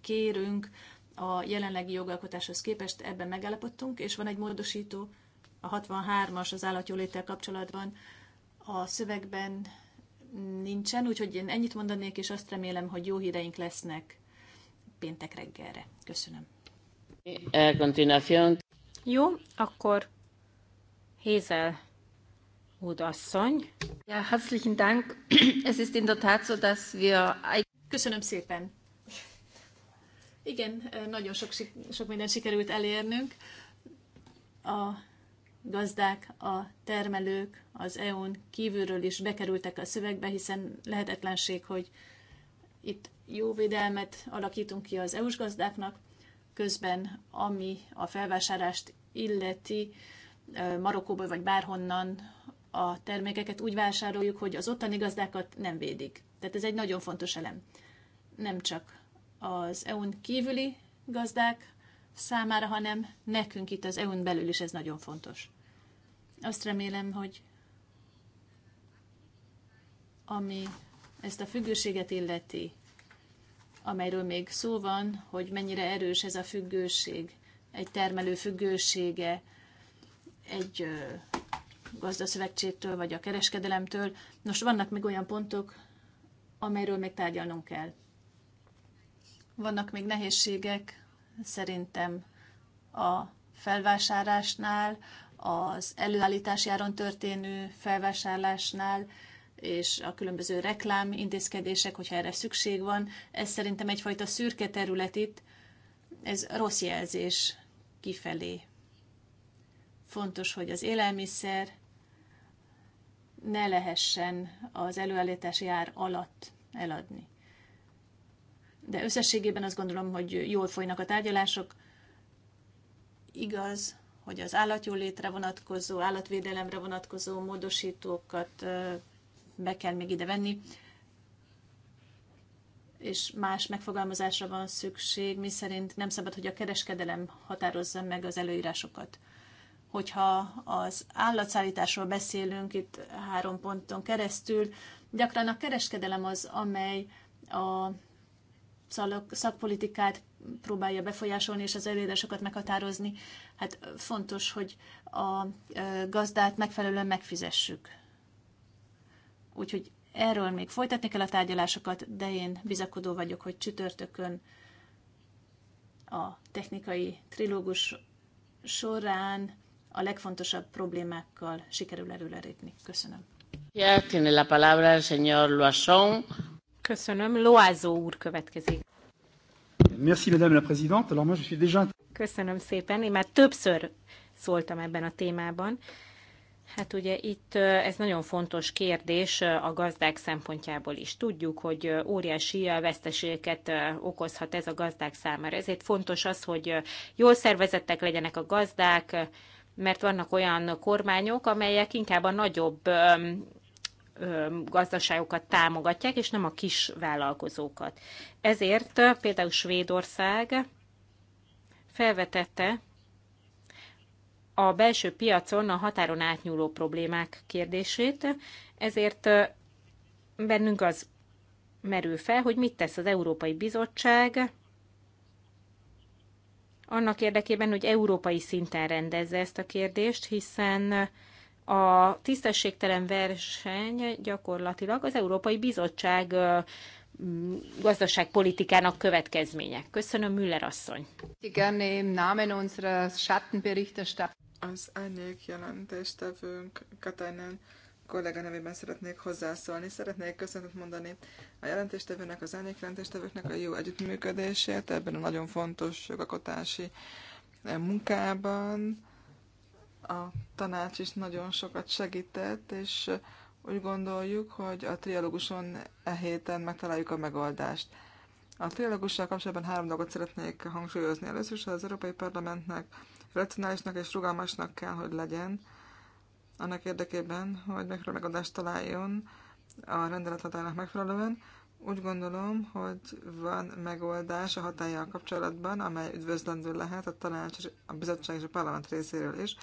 kérünk a jelenlegi jogalkotáshoz képest, ebben megállapodtunk, és van egy módosító, a 63-as az állatjóléttel kapcsolatban a szövegben nincsen, úgyhogy én ennyit mondanék, és azt remélem, hogy jó híreink lesznek péntek reggelre. Köszönöm. Jó, akkor Hézel Údasszony. Ja, herzlichen Dank. Es ist in der Tat so, dass wir... Köszönöm szépen. Igen, eh, nagyon sok, sok mindent sikerült elérnünk. A gazdák, a termelők az EU-n kívülről is bekerültek a szövegbe, hiszen lehetetlenség, hogy itt jó védelmet alakítunk ki az EU-s gazdáknak, közben ami a felvásárlást illeti eh, Marokkóból vagy bárhonnan a termékeket úgy vásároljuk, hogy az ottani gazdákat nem védik. Tehát ez egy nagyon fontos elem. Nem csak az EU-n kívüli gazdák számára, hanem nekünk itt az EU-n belül is ez nagyon fontos. Azt remélem, hogy ami ezt a függőséget illeti, amelyről még szó van, hogy mennyire erős ez a függőség, egy termelő függősége, egy gazdaszövetségtől vagy a kereskedelemtől. Nos, vannak még olyan pontok, amelyről még tárgyalnunk kell. Vannak még nehézségek szerintem a felvásárlásnál, az előállítási áron történő felvásárlásnál, és a különböző reklám intézkedések, hogyha erre szükség van. Ez szerintem egyfajta szürke terület itt, ez rossz jelzés kifelé. Fontos, hogy az élelmiszer ne lehessen az előállítási ár alatt eladni. De összességében azt gondolom, hogy jól folynak a tárgyalások. Igaz, hogy az állatjólétre vonatkozó, állatvédelemre vonatkozó módosítókat be kell még ide venni, és más megfogalmazásra van szükség, miszerint nem szabad, hogy a kereskedelem határozza meg az előírásokat hogyha az állatszállításról beszélünk itt három ponton keresztül, gyakran a kereskedelem az, amely a szakpolitikát próbálja befolyásolni és az előírásokat meghatározni. Hát fontos, hogy a gazdát megfelelően megfizessük. Úgyhogy erről még folytatni kell a tárgyalásokat, de én bizakodó vagyok, hogy csütörtökön a technikai trilógus során a legfontosabb problémákkal sikerül előrelépni. Köszönöm. Köszönöm. Loazó úr következik. Merci, madame la présidente. Alors moi, je suis déjà... Köszönöm szépen. Én már többször szóltam ebben a témában. Hát ugye itt ez nagyon fontos kérdés a gazdák szempontjából is. Tudjuk, hogy óriási veszteségeket okozhat ez a gazdák számára. Ezért fontos az, hogy jól szervezettek legyenek a gazdák, mert vannak olyan kormányok, amelyek inkább a nagyobb gazdaságokat támogatják, és nem a kis vállalkozókat. Ezért például Svédország felvetette a belső piacon a határon átnyúló problémák kérdését, ezért bennünk az merül fel, hogy mit tesz az Európai Bizottság annak érdekében, hogy európai szinten rendezze ezt a kérdést, hiszen a tisztességtelen verseny gyakorlatilag az Európai Bizottság gazdaságpolitikának következménye. Köszönöm, Müller asszony. Az árnyék jelentéstevőnk Katainen kollega nevében szeretnék hozzászólni. Szeretnék köszönetet mondani a jelentéstevőnek, az árnyék jelentéstevőknek a jó együttműködésért ebben a nagyon fontos jogakotási munkában. A tanács is nagyon sokat segített, és úgy gondoljuk, hogy a trialóguson e héten megtaláljuk a megoldást. A trialógussal kapcsolatban három dolgot szeretnék hangsúlyozni. Először is az Európai Parlamentnek racionálisnak és rugalmasnak kell, hogy legyen, annak érdekében, hogy megfelelő megoldást találjon a rendelet határának megfelelően. Úgy gondolom, hogy van megoldás a hatállyal kapcsolatban, amely üdvözlendő lehet a tanács, a bizottság és a parlament részéről is.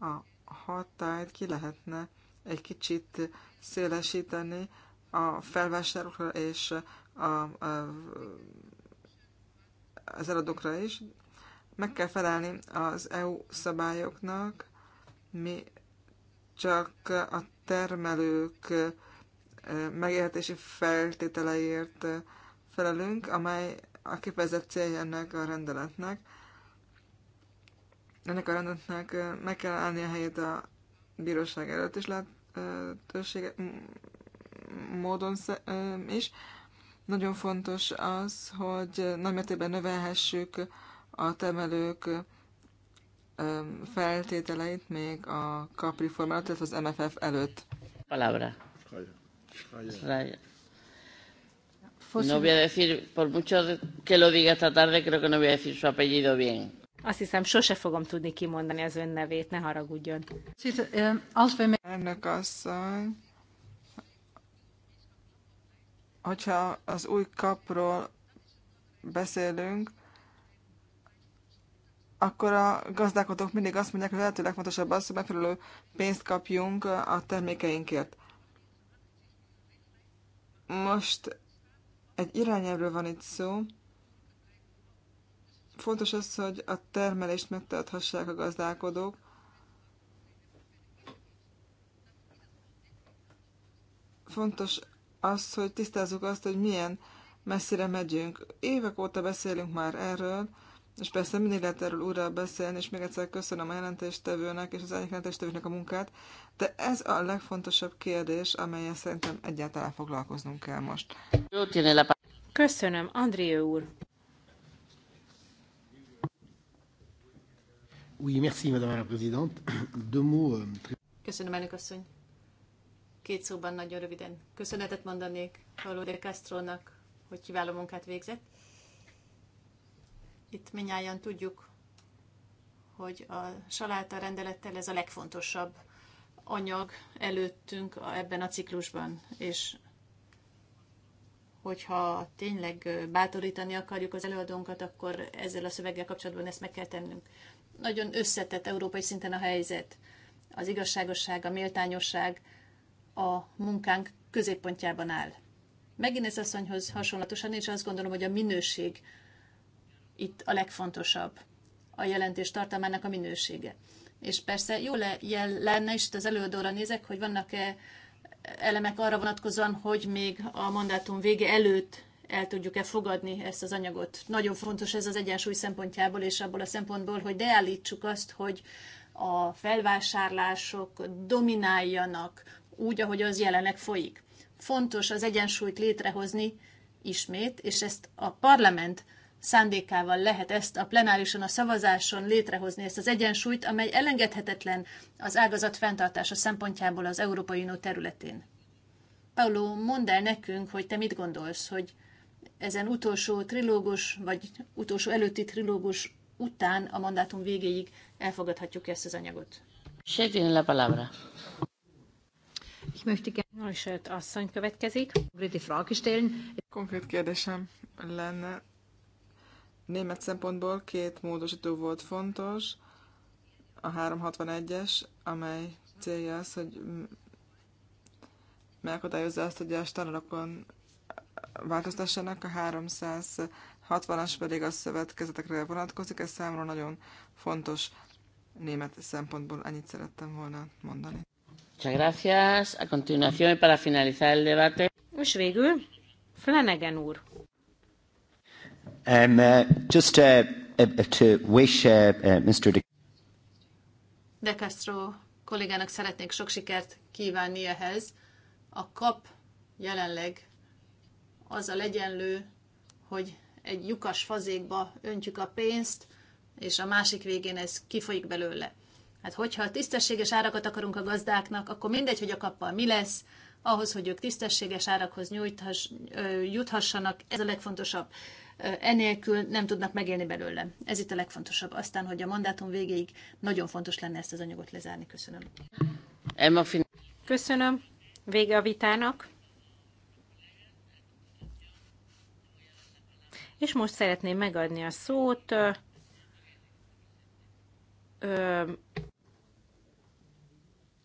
A hatályt ki lehetne egy kicsit szélesíteni a felvásárlókra és a, a, az eladókra is. Meg kell felelni az EU szabályoknak, mi csak a termelők megélhetési feltételeiért felelünk, amely a kifejezett célja ennek a rendeletnek. Ennek a rendeletnek meg kell állni a helyét a bíróság előtt is lehetősége módon is. Nagyon fontos az, hogy nagymértékben növelhessük a termelők feltételeit még a kapri formát, tehát az MFF előtt. Palabra. Raya. No voy a decir, por mucho que lo diga esta tarde, creo que no voy a decir su apellido bien. Azt hiszem, sose fogom tudni kimondani az ön nevét, ne haragudjon. Elnök asszony, hogyha az új kapról beszélünk, akkor a gazdálkodók mindig azt mondják, hogy lehető legfontosabb az, hogy megfelelő pénzt kapjunk a termékeinkért. Most egy irányelvről van itt szó. Fontos az, hogy a termelést megtarthassák a gazdálkodók. Fontos az, hogy tisztázzuk azt, hogy milyen messzire megyünk. Évek óta beszélünk már erről, és persze mindig lehet erről újra beszélni, és még egyszer köszönöm a jelentéstevőnek és az egyik jelentéstevőnek a munkát, de ez a legfontosabb kérdés, amelyen szerintem egyáltalán foglalkoznunk kell most. Köszönöm, André úr. Oui, merci, madame la présidente. Deux mots. Euh, köszönöm, elnök asszony. Két szóban nagyon röviden köszönetet mondanék Valóder de Castro-nak, hogy kiváló munkát végzett itt minnyáján tudjuk, hogy a saláta rendelettel ez a legfontosabb anyag előttünk ebben a ciklusban, és hogyha tényleg bátorítani akarjuk az előadónkat, akkor ezzel a szöveggel kapcsolatban ezt meg kell tennünk. Nagyon összetett európai szinten a helyzet. Az igazságosság, a méltányosság a munkánk középpontjában áll. Megint ez asszonyhoz hasonlatosan, és azt gondolom, hogy a minőség itt a legfontosabb a jelentés tartalmának a minősége. És persze jó le, jel, lenne, és itt az előadóra nézek, hogy vannak-e elemek arra vonatkozóan, hogy még a mandátum vége előtt el tudjuk-e fogadni ezt az anyagot. Nagyon fontos ez az egyensúly szempontjából, és abból a szempontból, hogy deállítsuk azt, hogy a felvásárlások domináljanak úgy, ahogy az jelenleg folyik. Fontos az egyensúlyt létrehozni ismét, és ezt a parlament szándékával lehet ezt a plenárison, a szavazáson létrehozni, ezt az egyensúlyt, amely elengedhetetlen az ágazat fenntartása szempontjából az Európai Unió területén. Paulo, mondd el nekünk, hogy te mit gondolsz, hogy ezen utolsó trilógus, vagy utolsó előtti trilógus után a mandátum végéig elfogadhatjuk ezt az anyagot. Segíten la palabra. Ich asszony következik. Konkrét kérdésem lenne Német szempontból két módosító volt fontos, a 361-es, amely célja az, hogy megakadályozza azt, hogy a standardokon változtassanak, a 360-as pedig a szövetkezetekre vonatkozik, ez számomra nagyon fontos német szempontból, ennyit szerettem volna mondani. Muchas gracias. A continuación, para finalizar el debate. És végül, Flanagan úr. Um, uh, just uh, uh, uh, to wish uh, uh, Mr. De... De Castro kollégának szeretnék sok sikert kívánni ehhez. A kap jelenleg az a legyenlő, hogy egy lyukas fazékba öntjük a pénzt, és a másik végén ez kifolyik belőle. Hát hogyha tisztességes árakat akarunk a gazdáknak, akkor mindegy, hogy a kappal mi lesz, ahhoz, hogy ők tisztességes árakhoz nyújthass, juthassanak, ez a legfontosabb enélkül nem tudnak megélni belőle. Ez itt a legfontosabb. Aztán, hogy a mandátum végéig nagyon fontos lenne ezt az anyagot lezárni. Köszönöm. Emma Köszönöm. Vége a vitának. És most szeretném megadni a szót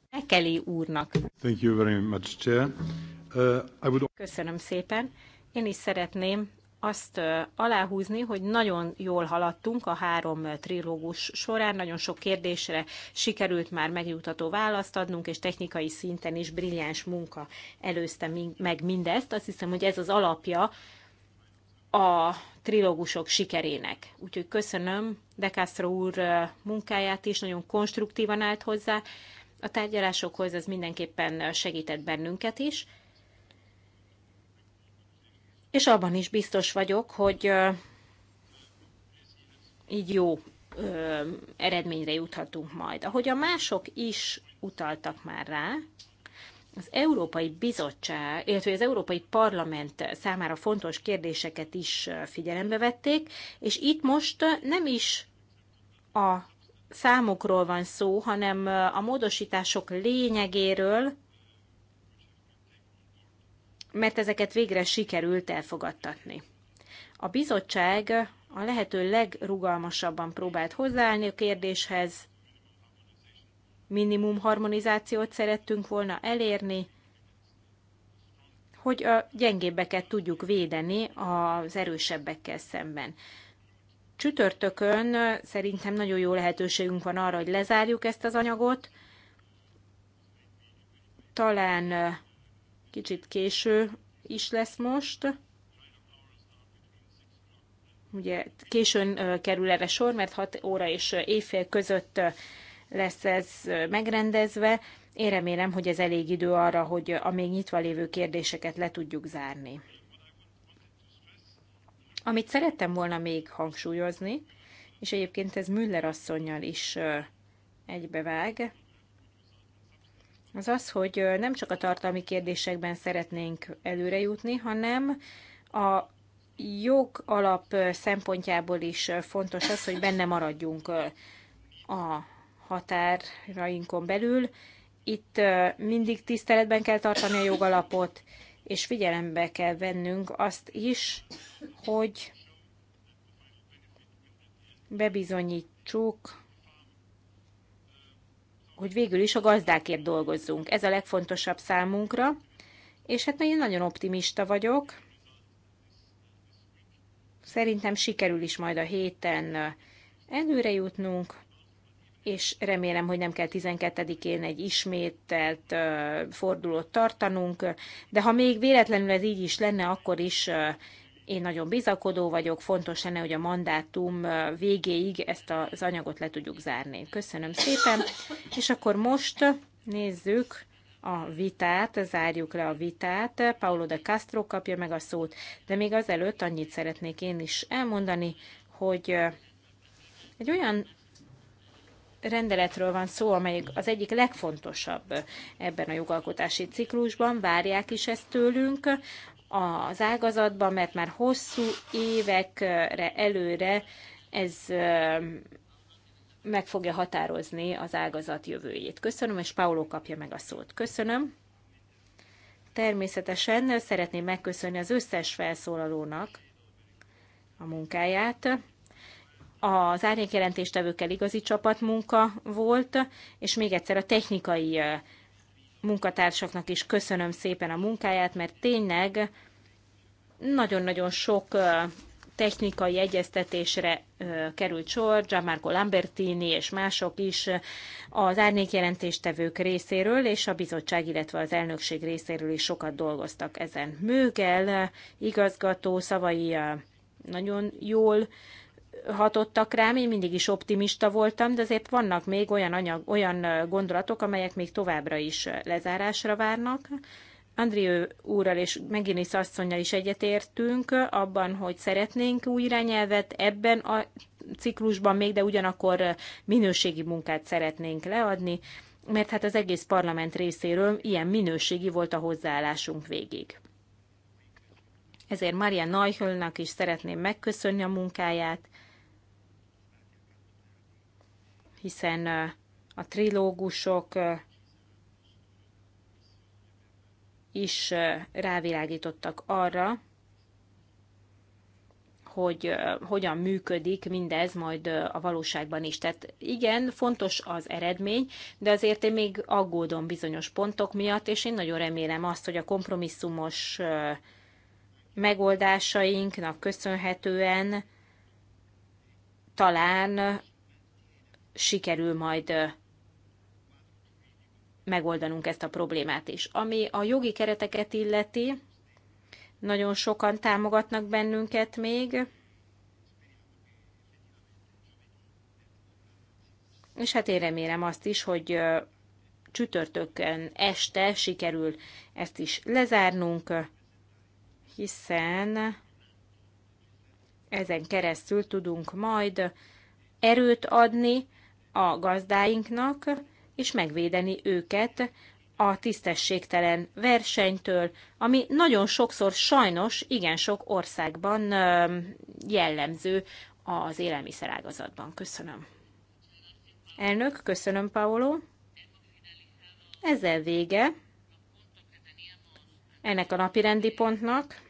Ekeli úrnak. Thank you very much, Chair. Uh, I would... Köszönöm szépen. Én is szeretném azt aláhúzni, hogy nagyon jól haladtunk a három trilógus során, nagyon sok kérdésre sikerült már megjutató választ adnunk, és technikai szinten is brilliáns munka előzte meg mindezt. Azt hiszem, hogy ez az alapja a trilógusok sikerének. Úgyhogy köszönöm De Castro úr munkáját is, nagyon konstruktívan állt hozzá a tárgyalásokhoz, ez mindenképpen segített bennünket is és abban is biztos vagyok, hogy így jó eredményre juthatunk majd. Ahogy a mások is utaltak már rá, az Európai Bizottság, illetve az Európai Parlament számára fontos kérdéseket is figyelembe vették, és itt most nem is a számokról van szó, hanem a módosítások lényegéről, mert ezeket végre sikerült elfogadtatni. A bizottság a lehető legrugalmasabban próbált hozzáállni a kérdéshez, minimum harmonizációt szerettünk volna elérni, hogy a gyengébbeket tudjuk védeni az erősebbekkel szemben. Csütörtökön szerintem nagyon jó lehetőségünk van arra, hogy lezárjuk ezt az anyagot. Talán Kicsit késő is lesz most. Ugye későn kerül erre sor, mert 6 óra és éjfél között lesz ez megrendezve. Én remélem, hogy ez elég idő arra, hogy a még nyitva lévő kérdéseket le tudjuk zárni. Amit szerettem volna még hangsúlyozni, és egyébként ez Müller asszonynal is egybevág, az az, hogy nem csak a tartalmi kérdésekben szeretnénk előrejutni, hanem a jog alap szempontjából is fontos az, hogy benne maradjunk a határainkon belül. Itt mindig tiszteletben kell tartani a jogalapot, és figyelembe kell vennünk azt is, hogy bebizonyítsuk hogy végül is a gazdákért dolgozzunk. Ez a legfontosabb számunkra, és hát én nagyon optimista vagyok. Szerintem sikerül is majd a héten előre jutnunk, és remélem, hogy nem kell 12-én egy ismételt fordulót tartanunk, de ha még véletlenül ez így is lenne, akkor is én nagyon bizakodó vagyok, fontos lenne, hogy a mandátum végéig ezt az anyagot le tudjuk zárni. Köszönöm szépen, és akkor most nézzük a vitát, zárjuk le a vitát. Paulo de Castro kapja meg a szót, de még azelőtt annyit szeretnék én is elmondani, hogy egy olyan rendeletről van szó, amely az egyik legfontosabb ebben a jogalkotási ciklusban, várják is ezt tőlünk az ágazatba, mert már hosszú évekre előre ez meg fogja határozni az ágazat jövőjét. Köszönöm, és Paulo kapja meg a szót. Köszönöm. Természetesen szeretném megköszönni az összes felszólalónak a munkáját. Az árnyékjelentéstevőkkel igazi csapatmunka volt, és még egyszer a technikai munkatársaknak is köszönöm szépen a munkáját, mert tényleg nagyon-nagyon sok technikai egyeztetésre került sor, Gianmarco Lambertini és mások is az árnyékjelentéstevők részéről, és a bizottság, illetve az elnökség részéről is sokat dolgoztak ezen. Mögel igazgató szavai nagyon jól hatottak rám, én mindig is optimista voltam, de azért vannak még olyan, anyag, olyan gondolatok, amelyek még továbbra is lezárásra várnak. Andrió úrral és Meginis asszonynal is egyetértünk abban, hogy szeretnénk új irányelvet ebben a ciklusban még, de ugyanakkor minőségi munkát szeretnénk leadni, mert hát az egész parlament részéről ilyen minőségi volt a hozzáállásunk végig. Ezért Maria Neuchölnak is szeretném megköszönni a munkáját, hiszen a trilógusok is rávilágítottak arra, hogy hogyan működik mindez majd a valóságban is. Tehát igen, fontos az eredmény, de azért én még aggódom bizonyos pontok miatt, és én nagyon remélem azt, hogy a kompromisszumos megoldásainknak köszönhetően talán sikerül majd megoldanunk ezt a problémát is. Ami a jogi kereteket illeti, nagyon sokan támogatnak bennünket még, és hát én remélem azt is, hogy csütörtökön este sikerül ezt is lezárnunk, hiszen ezen keresztül tudunk majd erőt adni a gazdáinknak, és megvédeni őket a tisztességtelen versenytől, ami nagyon sokszor sajnos igen sok országban jellemző az élelmiszerágazatban. Köszönöm. Elnök, köszönöm, Paolo. Ezzel vége ennek a napi rendi pontnak.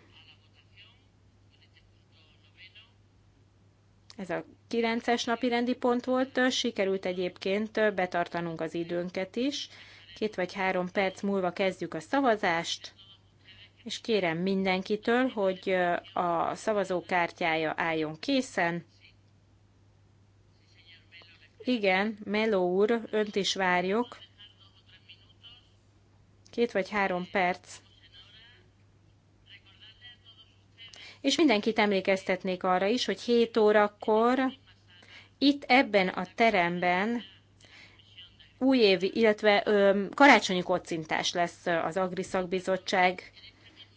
Ez a 9-es napi rendi pont volt, sikerült egyébként betartanunk az időnket is. Két vagy három perc múlva kezdjük a szavazást, és kérem mindenkitől, hogy a szavazókártyája álljon készen. Igen, Meló úr, önt is várjuk. Két vagy három perc. és mindenkit emlékeztetnék arra is, hogy 7 órakor itt ebben a teremben újévi, illetve ö, karácsonyi kocintás lesz az Agri Szakbizottság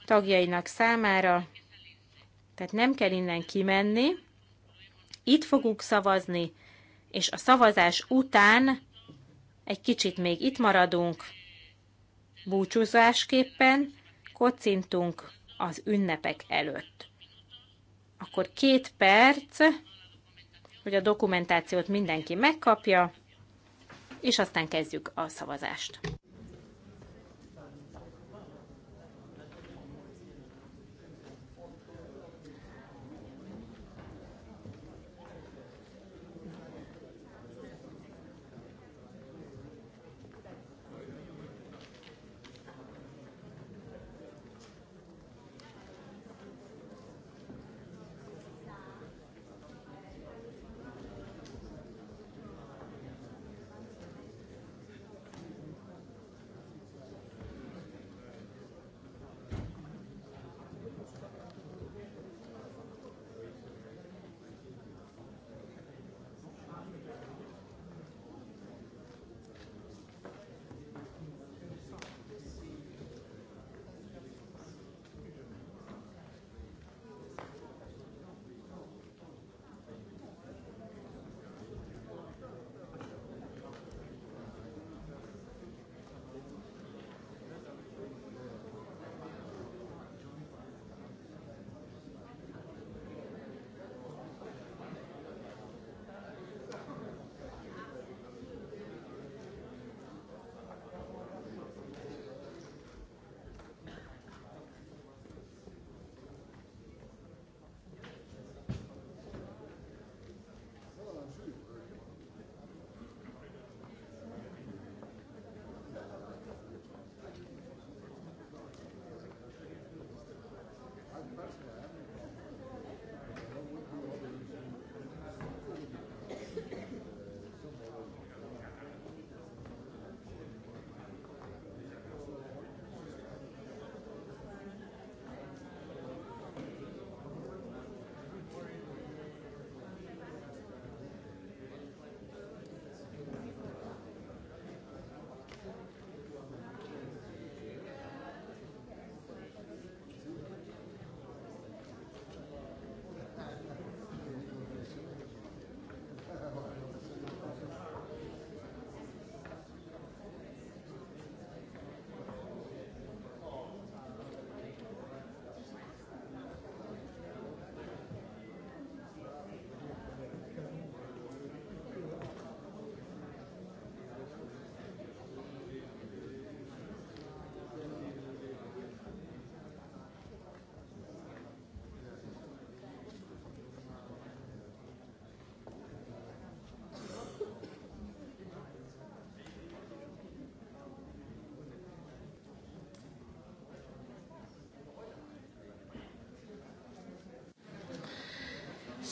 tagjainak számára, tehát nem kell innen kimenni. Itt fogunk szavazni, és a szavazás után egy kicsit még itt maradunk, búcsúzásképpen kocintunk az ünnepek előtt akkor két perc, hogy a dokumentációt mindenki megkapja, és aztán kezdjük a szavazást.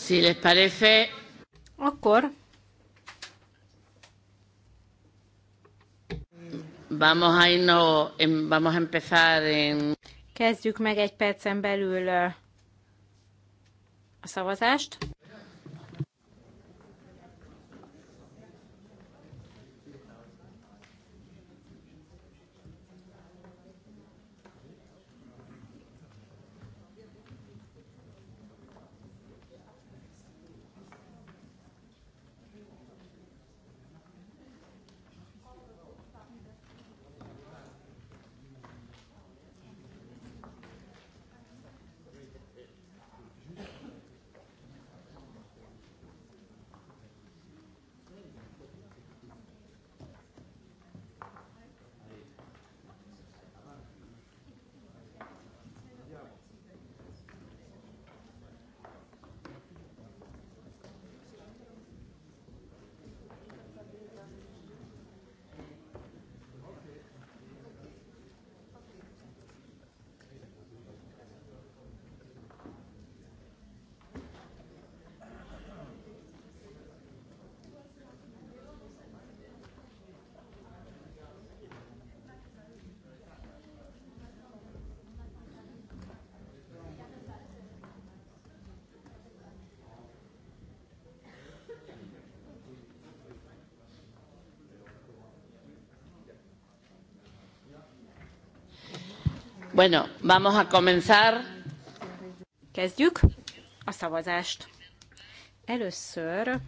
Si les parece... Akkor Vamos a irnos, vamos a empezar en... Kezdjük meg egy percen belül a szavazást. Bueno, vamos a comenzar. Kezdjük a szavazást. Először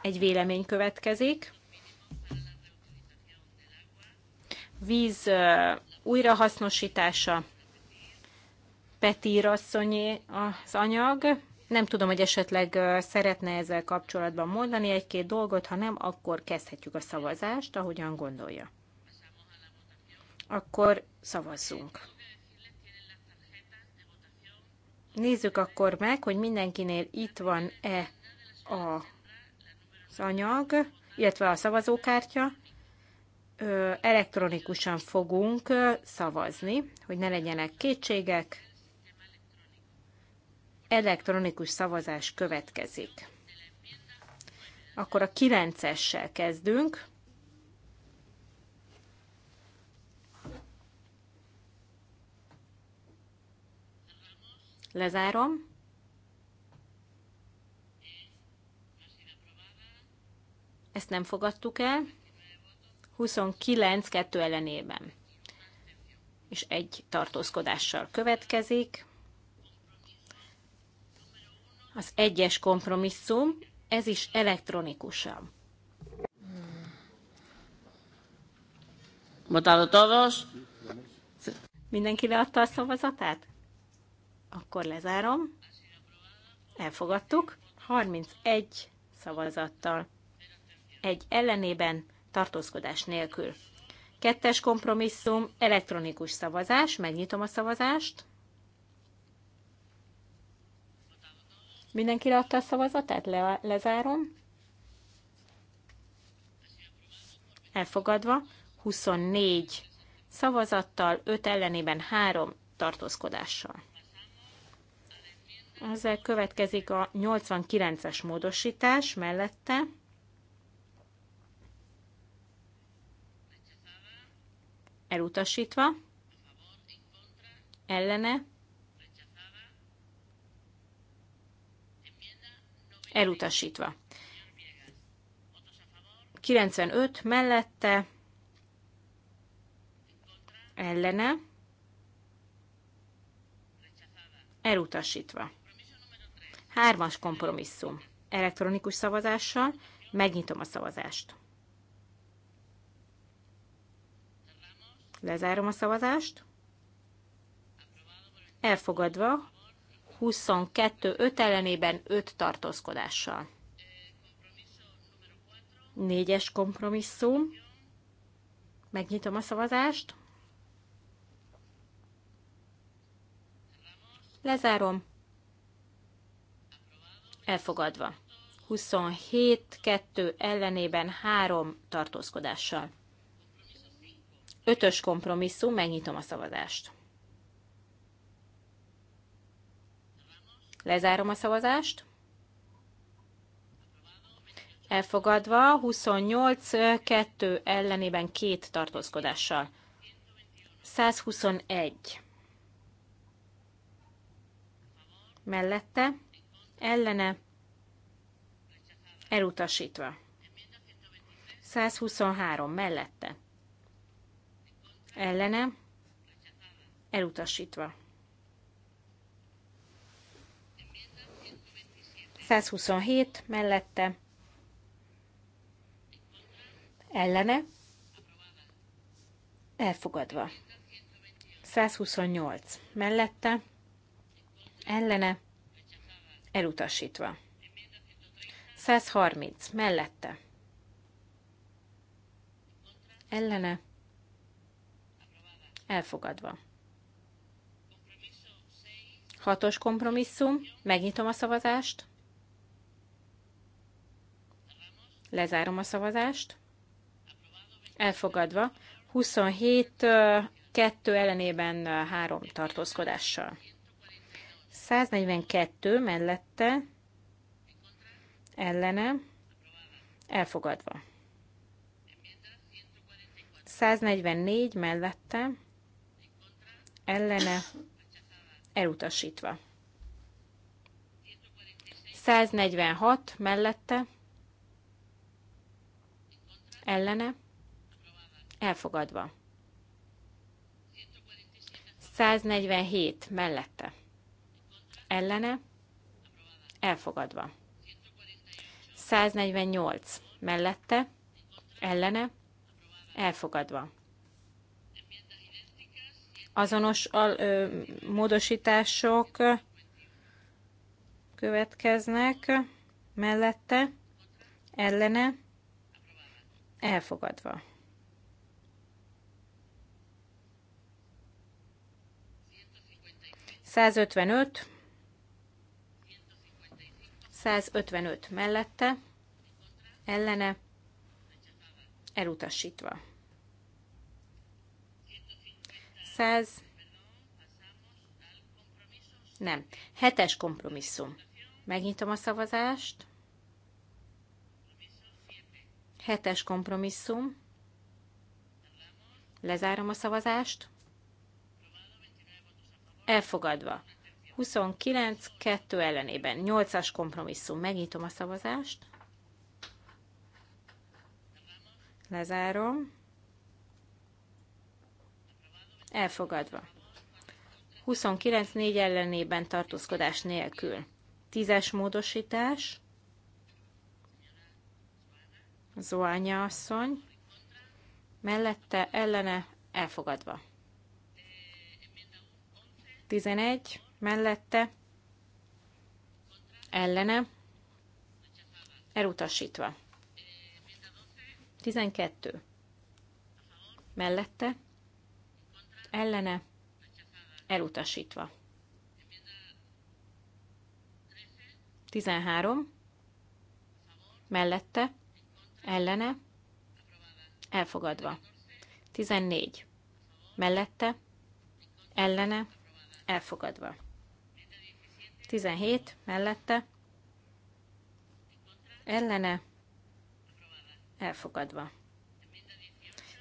egy vélemény következik. Víz újrahasznosítása, Petír asszonyé az anyag, nem tudom, hogy esetleg szeretne ezzel kapcsolatban mondani egy-két dolgot, ha nem, akkor kezdhetjük a szavazást, ahogyan gondolja. Akkor szavazzunk. Nézzük akkor meg, hogy mindenkinél itt van-e a az anyag, illetve a szavazókártya. Elektronikusan fogunk szavazni, hogy ne legyenek kétségek elektronikus szavazás következik. Akkor a 9-essel kezdünk. Lezárom. Ezt nem fogadtuk el. 29 2 ellenében. És egy tartózkodással következik az egyes kompromisszum, ez is elektronikusan. Mindenki leadta a szavazatát? Akkor lezárom. Elfogadtuk. 31 szavazattal. Egy ellenében, tartózkodás nélkül. Kettes kompromisszum, elektronikus szavazás. Megnyitom a szavazást. Mindenki leadta a szavazatát? Le, lezárom. Elfogadva. 24 szavazattal, 5 ellenében 3 tartózkodással. Ezzel következik a 89-es módosítás mellette. Elutasítva. Ellene elutasítva. 95 mellette ellene elutasítva. Hármas kompromisszum. Elektronikus szavazással megnyitom a szavazást. Lezárom a szavazást. Elfogadva 22 5 ellenében 5 tartózkodással. Négyes kompromisszum. Megnyitom a szavazást. Lezárom. Elfogadva. 27-2 ellenében 3 tartózkodással. Ötös kompromisszum, megnyitom a szavazást. Lezárom a szavazást. Elfogadva 28-2 ellenében két tartózkodással. 121. Mellette, ellene, elutasítva. 123. Mellette, ellene, elutasítva. 227 mellette ellene elfogadva. 128 mellette ellene elutasítva. 130 mellette ellene elfogadva. Hatos kompromisszum, megnyitom a szavazást. Lezárom a szavazást. Elfogadva. 27 2 ellenében 3 tartózkodással. 142 mellette ellene elfogadva. 144 mellette ellene elutasítva. 146 mellette ellene, elfogadva. 147 mellette, ellene, elfogadva. 148 mellette, ellene, elfogadva. Azonos al, ö, módosítások következnek mellette, ellene, Elfogadva. Százötvenöt. 155 mellette, ellene, elutasítva. 100, nem, hetes kompromisszum. Megnyitom a szavazást. Hetes kompromisszum. Lezárom a szavazást. Elfogadva. 29, 2 ellenében. 8-as kompromisszum. Megnyitom a szavazást. Lezárom. Elfogadva. 29, 4 ellenében tartózkodás nélkül. 10-es módosítás. Zoánya asszony, mellette ellene elfogadva. 11 mellette ellene elutasítva. 12 mellette ellene elutasítva. 13 mellette ellene, elfogadva. 14 mellette, ellene, elfogadva. 17 mellette, ellene, elfogadva.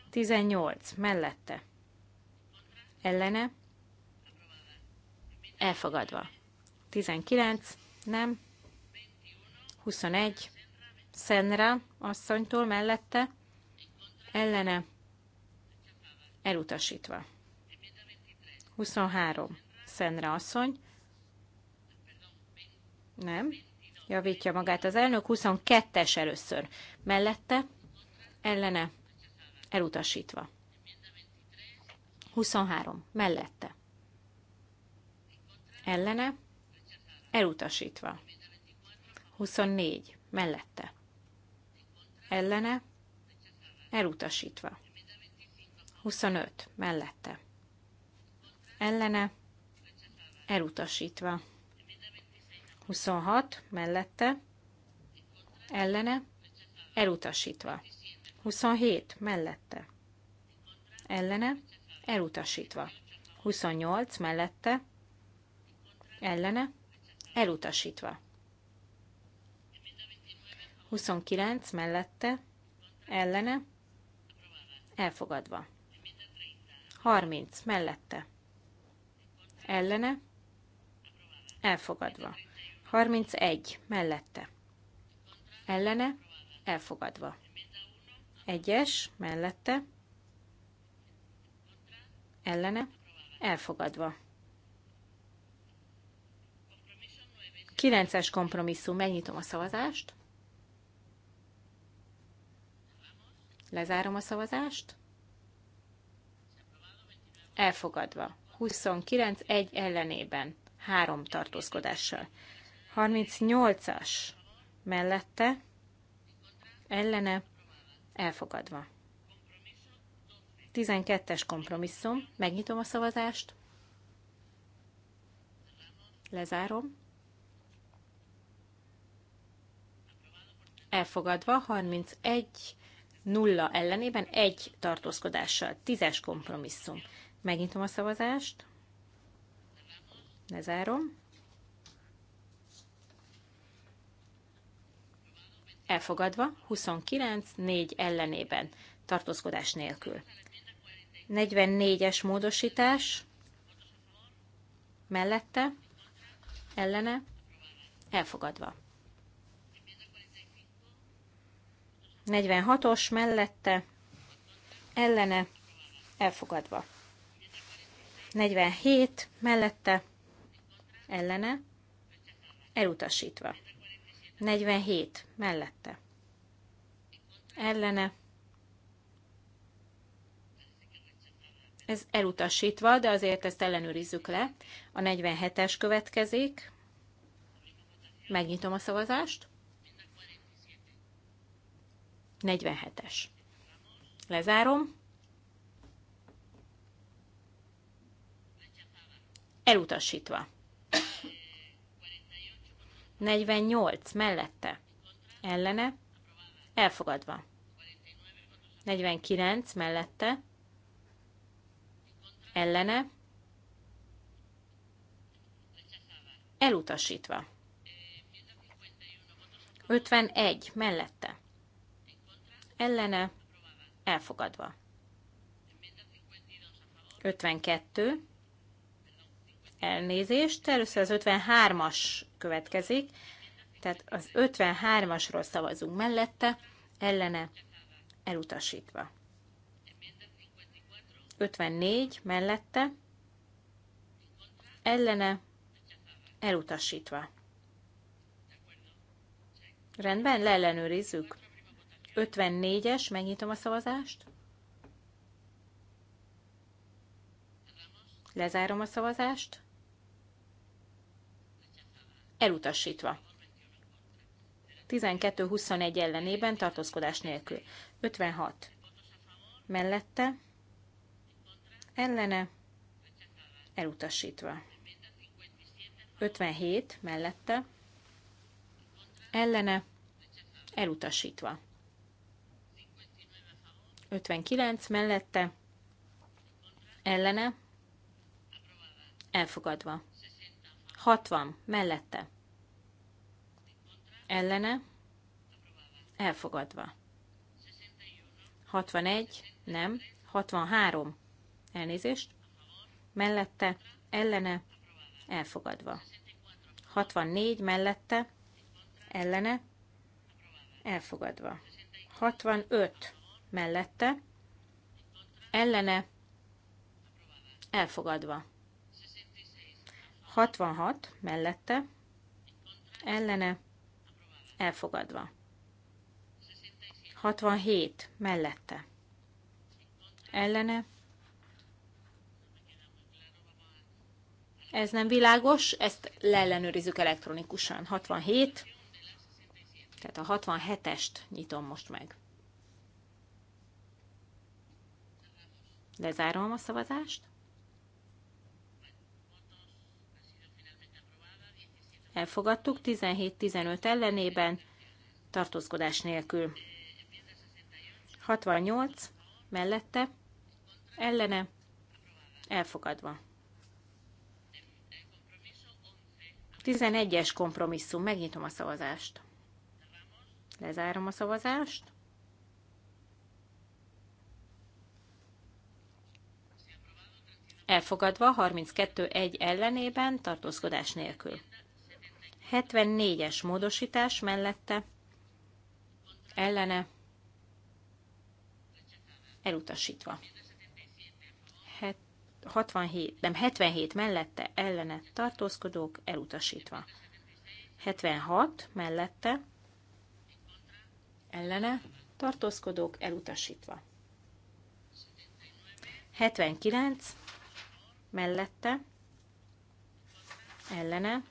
18 mellette, ellene, elfogadva. 19 nem, 21 Szenra asszonytól mellette, ellene, elutasítva. 23. Szenra asszony, nem, javítja magát az elnök, 22-es először, mellette, ellene, elutasítva. 23. Mellette. Ellene. Elutasítva. 24. Mellette ellene, elutasítva. 25 mellette, ellene, elutasítva. 26 mellette, ellene, elutasítva. 27 mellette, ellene, elutasítva. 28 mellette, ellene, elutasítva. 29 mellette, ellene, elfogadva. 30 mellette, ellene, elfogadva. 31 mellette, ellene, elfogadva. 1-es mellette, ellene, elfogadva. 9-es kompromisszum, megnyitom a szavazást. Lezárom a szavazást. Elfogadva. 29 egy ellenében. Három tartózkodással. 38-as mellette. Ellene. Elfogadva. 12-es kompromisszum. Megnyitom a szavazást. Lezárom. Elfogadva 31 nulla ellenében egy tartózkodással, tízes kompromisszum. Megnyitom a szavazást, lezárom. Elfogadva, 29, 4 ellenében, tartózkodás nélkül. 44-es módosítás, mellette, ellene, elfogadva. 46-os mellette ellene elfogadva. 47 mellette ellene elutasítva. 47 mellette ellene ez elutasítva, de azért ezt ellenőrizzük le. A 47-es következik. Megnyitom a szavazást. 47-es. Lezárom. Elutasítva. 48 mellette. Ellene. Elfogadva. 49 mellette. Ellene. Elutasítva. 51 mellette ellene elfogadva. 52. Elnézést. Először az 53-as következik. Tehát az 53-asról szavazunk mellette, ellene elutasítva. 54 mellette, ellene elutasítva. Rendben, leellenőrizzük. 54-es, megnyitom a szavazást. Lezárom a szavazást. Elutasítva. 12-21 ellenében tartózkodás nélkül. 56. Mellette. Ellene. Elutasítva. 57. Mellette. Ellene. Elutasítva. 59 mellette, ellene, elfogadva. 60 mellette, ellene, elfogadva. 61, nem, 63, elnézést, mellette, ellene, elfogadva. 64 mellette, ellene, elfogadva. 65 mellette, ellene, elfogadva. 66 mellette, ellene, elfogadva. 67 mellette, ellene, ez nem világos, ezt leellenőrizzük elektronikusan. 67, tehát a 67-est nyitom most meg. Lezárom a szavazást. Elfogadtuk 17-15 ellenében, tartózkodás nélkül. 68 mellette, ellene, elfogadva. 11-es kompromisszum, megnyitom a szavazást. Lezárom a szavazást. elfogadva 32-1 ellenében tartózkodás nélkül. 74-es módosítás mellette ellene elutasítva. 67, nem 77 mellette ellene tartózkodók elutasítva. 76 mellette ellene tartózkodók elutasítva. 79 mellette, ellene,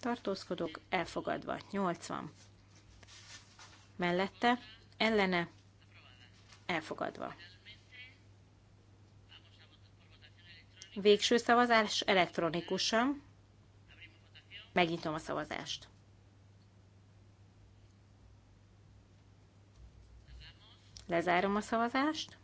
tartózkodok, elfogadva, 80 mellette, ellene, elfogadva. Végső szavazás elektronikusan. Megnyitom a szavazást. Lezárom a szavazást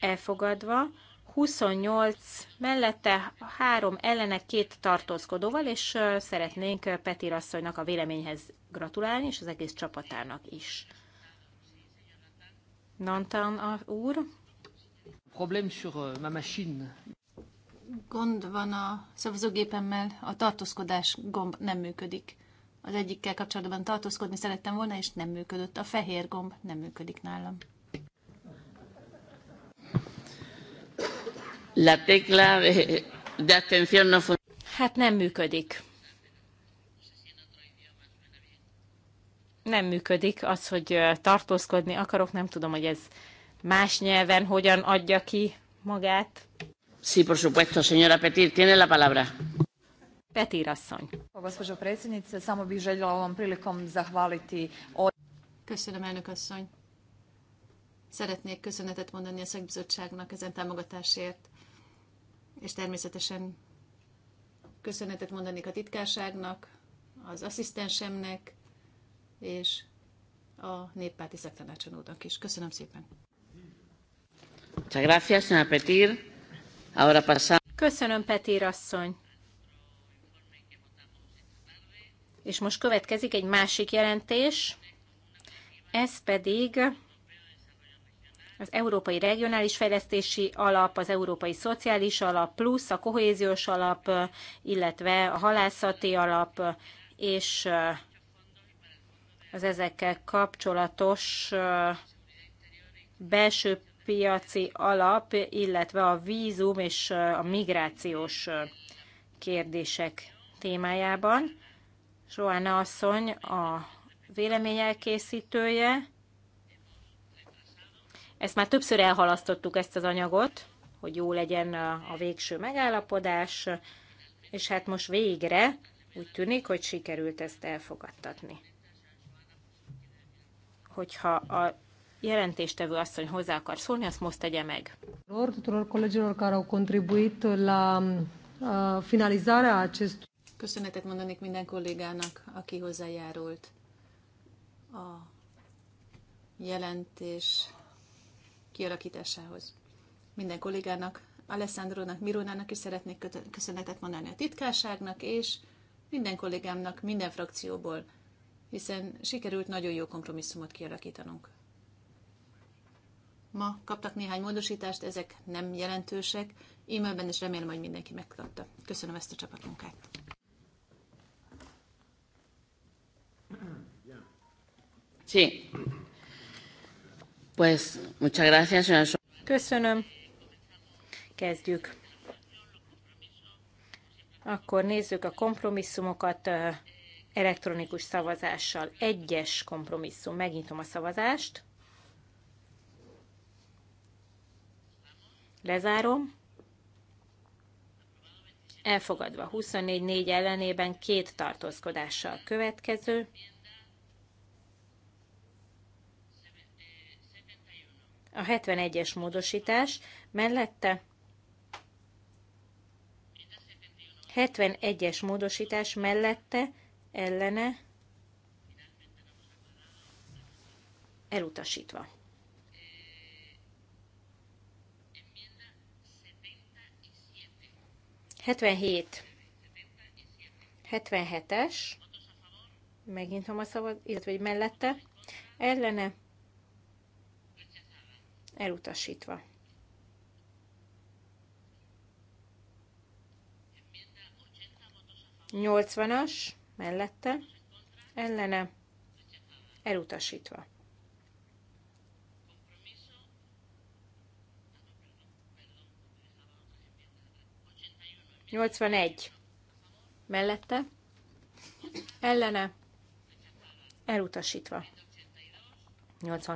elfogadva, 28 mellette, három ellene, két tartózkodóval, és szeretnénk Peti Rasszonynak a véleményhez gratulálni, és az egész csapatának is. Nantan úr. sur ma machine. Gond van a szavazógépemmel, a tartózkodás gomb nem működik. Az egyikkel kapcsolatban tartózkodni szerettem volna, és nem működött. A fehér gomb nem működik nálam. La tecla de, abstención no Hát nem működik. Nem működik az, hogy tartózkodni akarok, nem tudom, hogy ez más nyelven hogyan adja ki magát. Sí, por supuesto, señora Petir, tiene la palabra. Petir asszony. Gospođo predsjednice, samo bih željela ovom prilikom zahvaliti... Köszönöm, elnök asszony. Szeretnék köszönetet mondani a szakbizottságnak ezen támogatásért és természetesen köszönetet mondanék a titkárságnak, az asszisztensemnek, és a néppárti szaktanácsadónak is. Köszönöm szépen! Köszönöm, Petír asszony! És most következik egy másik jelentés, ez pedig az Európai Regionális Fejlesztési Alap, az Európai Szociális Alap plusz, a kohéziós alap, illetve a halászati alap, és az ezekkel kapcsolatos belső piaci alap, illetve a vízum és a migrációs kérdések témájában. Zsoána asszony a véleményelkészítője, ezt már többször elhalasztottuk ezt az anyagot, hogy jó legyen a végső megállapodás, és hát most végre úgy tűnik, hogy sikerült ezt elfogadtatni. Hogyha a jelentéstevő asszony hozzá akar szólni, azt most tegye meg. Köszönetet mondanék minden kollégának, aki hozzájárult a jelentés kialakításához. Minden kollégának, Alessandrónak, Mirónának is szeretnék köszönetet mondani a titkárságnak, és minden kollégámnak, minden frakcióból, hiszen sikerült nagyon jó kompromisszumot kialakítanunk. Ma kaptak néhány módosítást, ezek nem jelentősek. E-mailben is remélem, hogy mindenki megkapta. Köszönöm ezt a csapatmunkát. Sí. Pues, muchas gracias, señora Köszönöm. Kezdjük. Akkor nézzük a kompromisszumokat elektronikus szavazással. Egyes kompromisszum. Megnyitom a szavazást. Lezárom. Elfogadva 24-4 ellenében két tartózkodással következő. a 71-es módosítás mellette 71-es módosítás mellette ellene elutasítva. Hetvenhét. 77-es, megint ha szavad, illetve hogy mellette, ellene elutasítva. Nyolcvanas mellette, ellene, elutasítva. Nyolcvanegy mellette, ellene, elutasítva.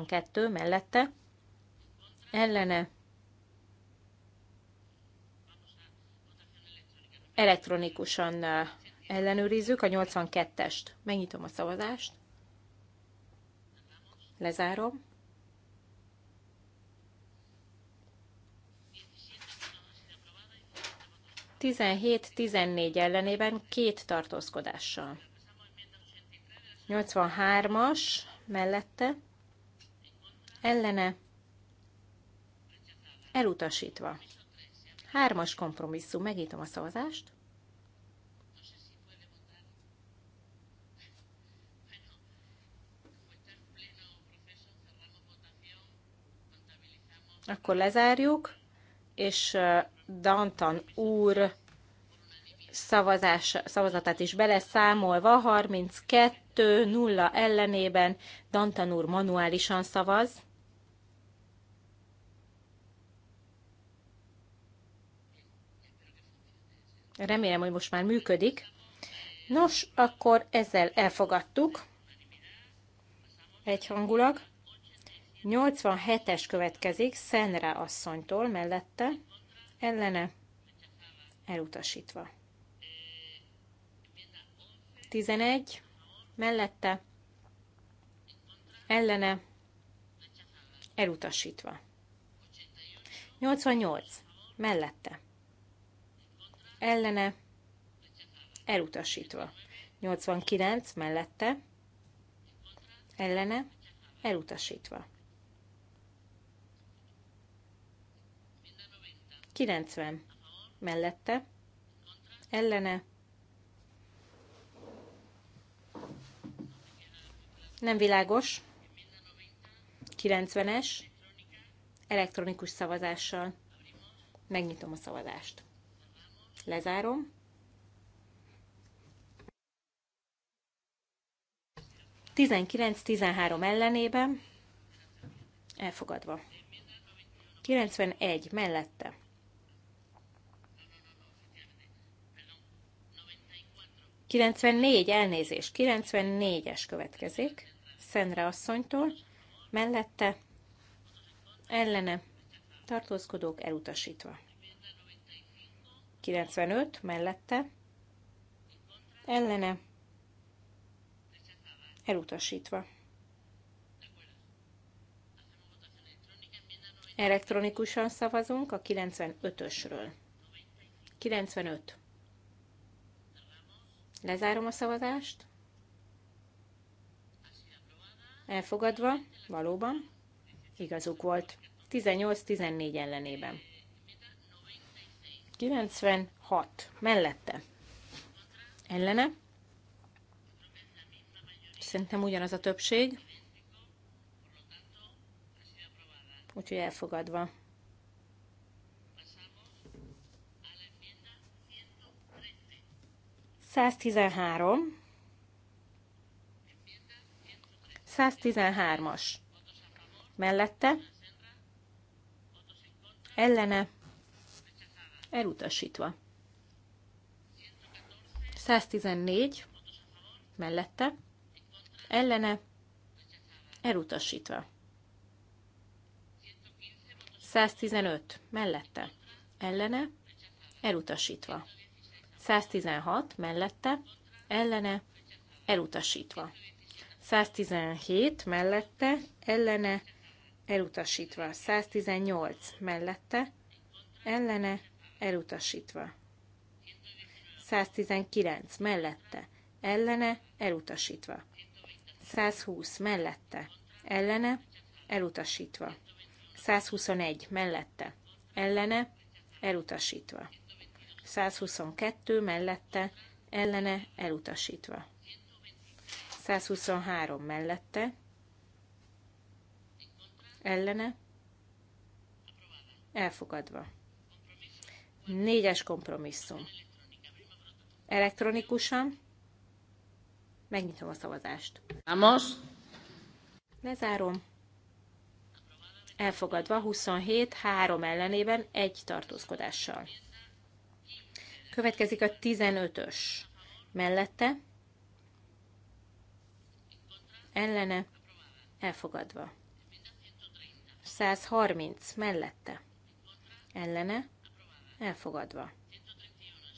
kettő mellette, ellene elektronikusan uh, ellenőrizzük a 82-est. Megnyitom a szavazást. Lezárom. 17-14 ellenében két tartózkodással. 83-as mellette, ellene Elutasítva. Hármas kompromisszum. megítom a szavazást. Akkor lezárjuk, és Danton úr szavazás, szavazatát is beleszámolva, 32-0 ellenében Danton úr manuálisan szavaz. Remélem, hogy most már működik. Nos, akkor ezzel elfogadtuk egyhangulag. 87-es következik Szenre asszonytól mellette, ellene elutasítva. 11 mellette, ellene elutasítva. 88 mellette, ellene, elutasítva. 89 mellette, ellene, elutasítva. 90 mellette, ellene, nem világos, 90-es, elektronikus szavazással. Megnyitom a szavazást. Lezárom. Tizenkilenc, tizenhárom ellenében. Elfogadva. 91 mellette. négy elnézés, 94-es következik. Szentre asszonytól, mellette, ellene, tartózkodók elutasítva. 95 mellette, ellene, elutasítva. Elektronikusan szavazunk a 95-ösről. 95. Lezárom a szavazást. Elfogadva, valóban, igazuk volt. 18-14 ellenében. 96. Mellette. Ellene. Szerintem ugyanaz a többség. Úgyhogy elfogadva. Száz tizenhárom. Száz tizenhármas. Mellette ellene elutasítva. 114 mellette, ellene, elutasítva. 115 mellette, ellene, elutasítva. 116 mellette, ellene, elutasítva. 117 mellette, ellene, elutasítva. 118 mellette, ellene, elutasítva. 119 mellette, ellene, elutasítva. 120 mellette, ellene, elutasítva. 121 mellette, ellene, elutasítva. 122 mellette, ellene, elutasítva. 123 mellette, ellene, elfogadva. Négyes kompromisszum. Elektronikusan. Megnyitom a szavazást. Vamos. Lezárom. Elfogadva 27, 3 ellenében, egy tartózkodással. Következik a 15-ös. Mellette. Ellene. Elfogadva. 130. Mellette. Ellene Elfogadva.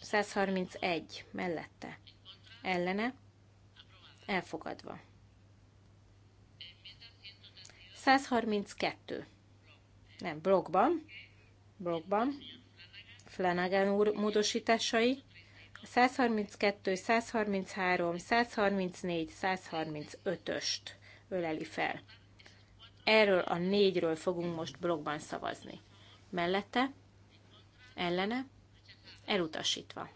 131 mellette. Ellene. Elfogadva. 132. Nem, blogban. Blogban. Flanagan úr módosításai. 132, 133, 134, 135-öst öleli fel. Erről a négyről fogunk most blogban szavazni. Mellette ellene, elutasítva.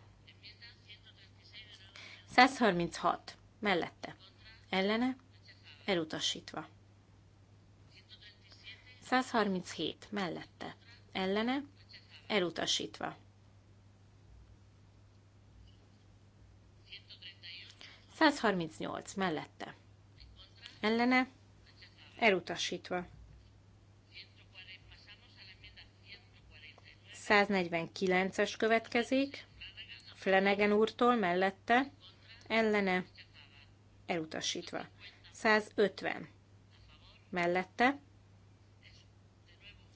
136 mellette, ellene, elutasítva. 137 mellette, ellene, elutasítva. 138 mellette, ellene, elutasítva. 149-es következik, Flanagan úrtól mellette, ellene, elutasítva. 150 mellette.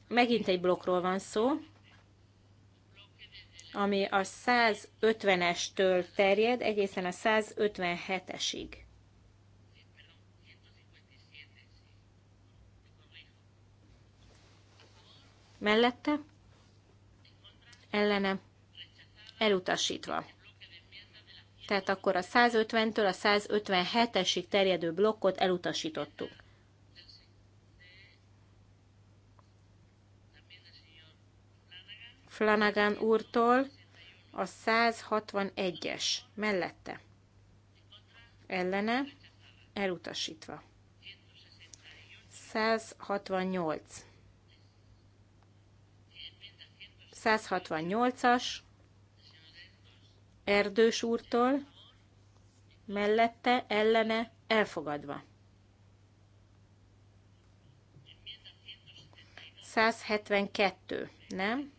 Megint egy blokkról van szó, ami a 150-estől terjed egészen a 157-esig. Mellette? ellene elutasítva. Tehát akkor a 150-től a 157-esig terjedő blokkot elutasítottuk. Flanagan úrtól a 161-es mellette. Ellene elutasítva. 168. 168-as Erdős úrtól, mellette, ellene, elfogadva. 172, nem?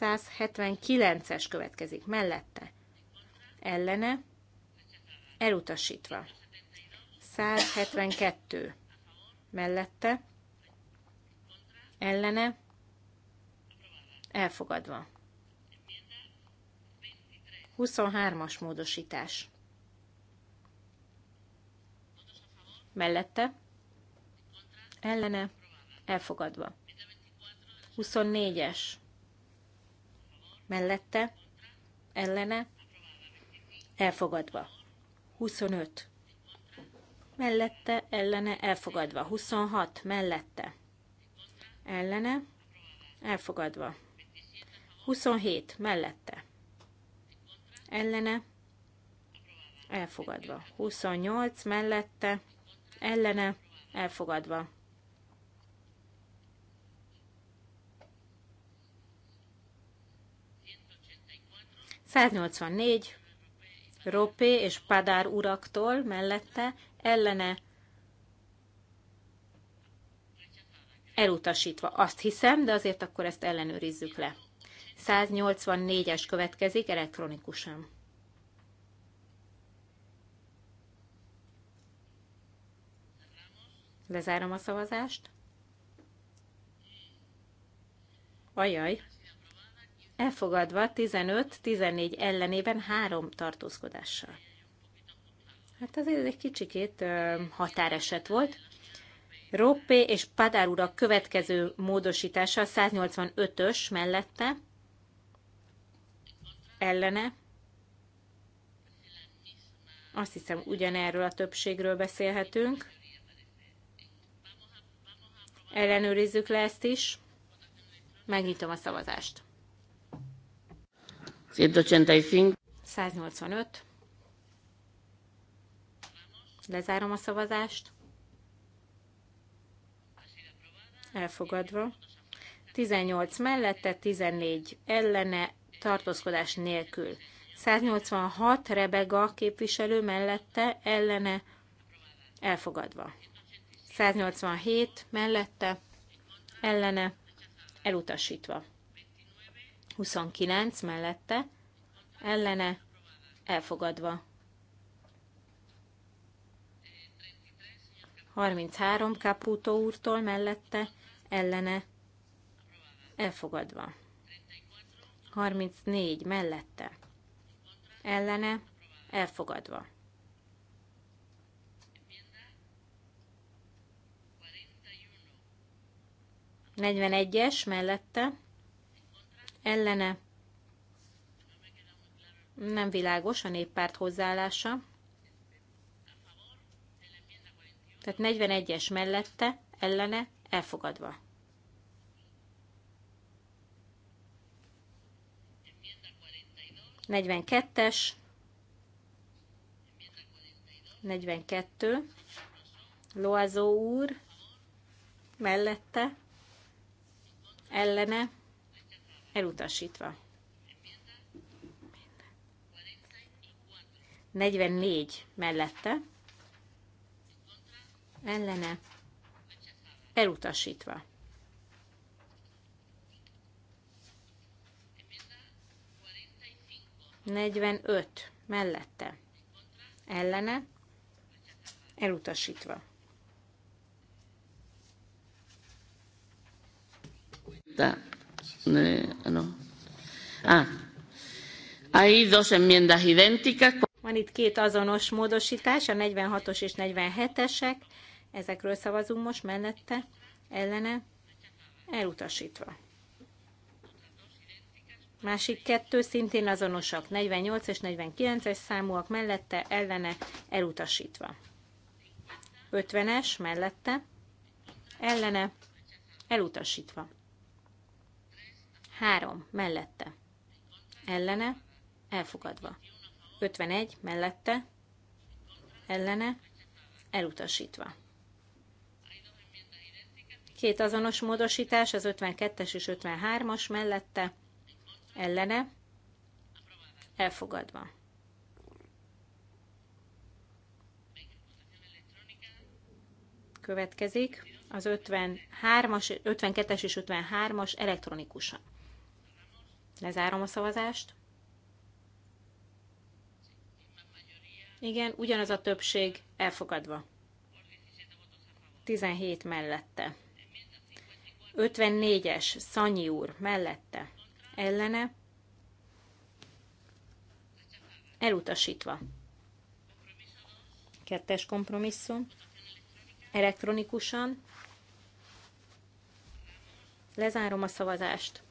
179-es következik mellette. Ellene, elutasítva. 172 mellette, ellene, elfogadva. 23-as módosítás. Mellette, ellene, elfogadva. 24-es. Mellette, ellene, elfogadva. 25. Mellette, ellene, elfogadva. 26. Mellette, ellene, elfogadva. 27 mellette, ellene, elfogadva. 28 mellette, ellene, elfogadva. 184 Ropé és Padár uraktól mellette ellene elutasítva. Azt hiszem, de azért akkor ezt ellenőrizzük le. 184-es következik elektronikusan. Lezárom a szavazást. Ajaj. Elfogadva 15-14 ellenében három tartózkodással. Hát azért egy kicsikét határeset volt. Roppé és Padár urak következő módosítása 185-ös mellette ellene. Azt hiszem, ugyanerről a többségről beszélhetünk. Ellenőrizzük le ezt is. Megnyitom a szavazást. 185. Lezárom a szavazást. elfogadva. 18 mellette, 14 ellene, tartózkodás nélkül. 186 Rebega képviselő mellette, ellene, elfogadva. 187 mellette, ellene, elutasítva. 29 mellette, ellene, elfogadva. 33 Caputo úrtól mellette ellene elfogadva. 34 mellette ellene elfogadva. 41-es mellette ellene nem világos a néppárt hozzáállása. Tehát 41-es mellette, ellene, elfogadva. Negyvenkettes, negyvenkettő, Loazó úr, mellette, ellene, elutasítva. 44 mellette, ellene elutasítva. Negyvenöt mellette ellene elutasítva. Da. Ne, no. Ah. Hay dos enmiendas idénticas. Van itt két azonos módosítás, a 46-os és 47-esek. Ezekről szavazunk most mellette, ellene, elutasítva. Másik kettő szintén azonosak, 48 és 49-es számúak mellette, ellene, elutasítva. 50-es mellette, ellene, elutasítva. 3 mellette, ellene, elfogadva. 51 mellette, ellene, elutasítva. Két azonos módosítás, az 52-es és 53-as mellette ellene elfogadva. Következik az 53-as, 52-es és 53-as elektronikusan. Lezárom a szavazást. Igen, ugyanaz a többség elfogadva. 17 mellette. 54-es, Szanyi úr, mellette, ellene, elutasítva. Kettes kompromisszum, elektronikusan, lezárom a szavazást.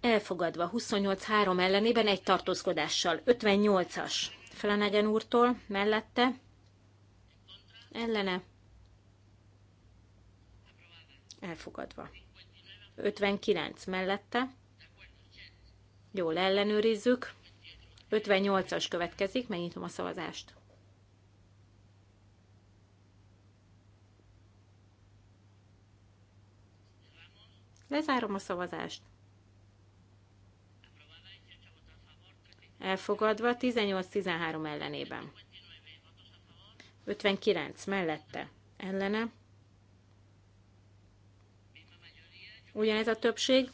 Elfogadva 28-3 ellenében egy tartózkodással, 58-as Flanagan úrtól mellette, ellene elfogadva. 59 mellette, jól ellenőrizzük, 58-as következik, megnyitom a szavazást. Lezárom a szavazást. Elfogadva 18-13 ellenében. 59 mellette ellene. Ugyanez a többség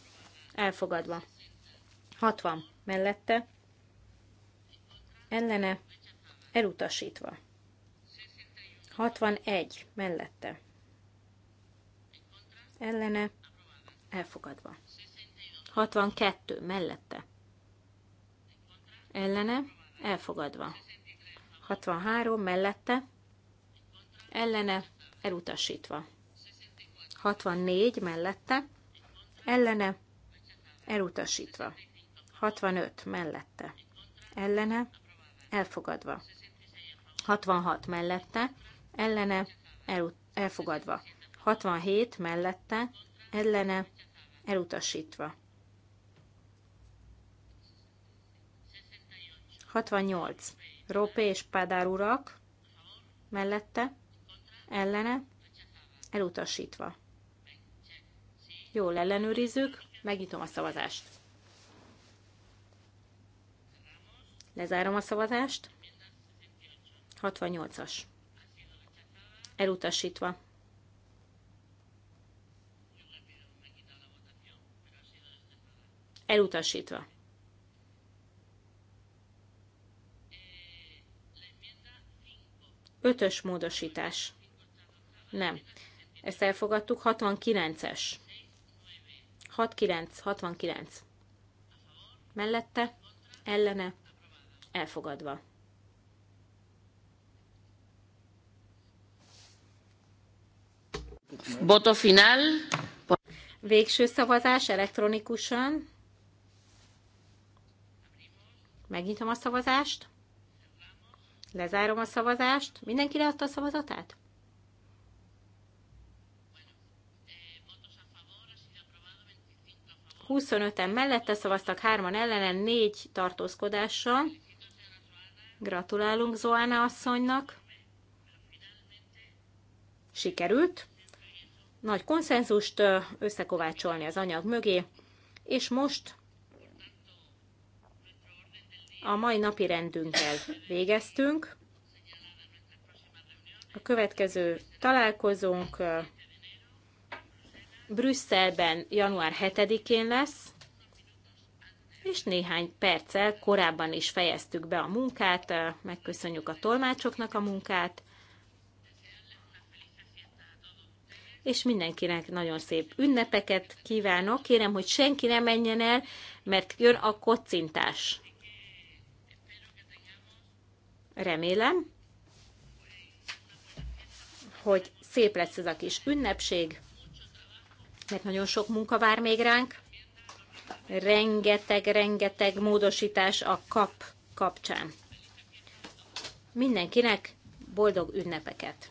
elfogadva. 60 mellette ellene elutasítva. 61 mellette ellene elfogadva. 62 mellette ellene elfogadva. 63 mellette ellene elutasítva. 64 mellette, ellene elutasítva. 65 mellette, ellene elfogadva. 66 mellette, ellene elfogadva. 67 mellette, ellene elutasítva. 68. Rópe és Pádár urak mellette, ellene, elutasítva. Jól ellenőrizzük, megnyitom a szavazást. Lezárom a szavazást. 68-as. Elutasítva. Elutasítva. Ötös módosítás. Nem. Ezt elfogadtuk. 69-es. 69, 69. Mellette, ellene, elfogadva. Voto final. Végső szavazás elektronikusan. Megnyitom a szavazást. Lezárom a szavazást. Mindenki leadta a szavazatát? 25-en mellette szavaztak, 3-an ellenen, 4 tartózkodással. Gratulálunk Zoána asszonynak. Sikerült nagy konszenzust összekovácsolni az anyag mögé, és most a mai napi rendünkkel végeztünk. A következő találkozunk. Brüsszelben január 7-én lesz, és néhány perccel korábban is fejeztük be a munkát, megköszönjük a tolmácsoknak a munkát, és mindenkinek nagyon szép ünnepeket kívánok. Kérem, hogy senki ne menjen el, mert jön a kocintás. Remélem, hogy szép lesz ez a kis ünnepség mert nagyon sok munka vár még ránk. Rengeteg-rengeteg módosítás a kap kapcsán. Mindenkinek boldog ünnepeket!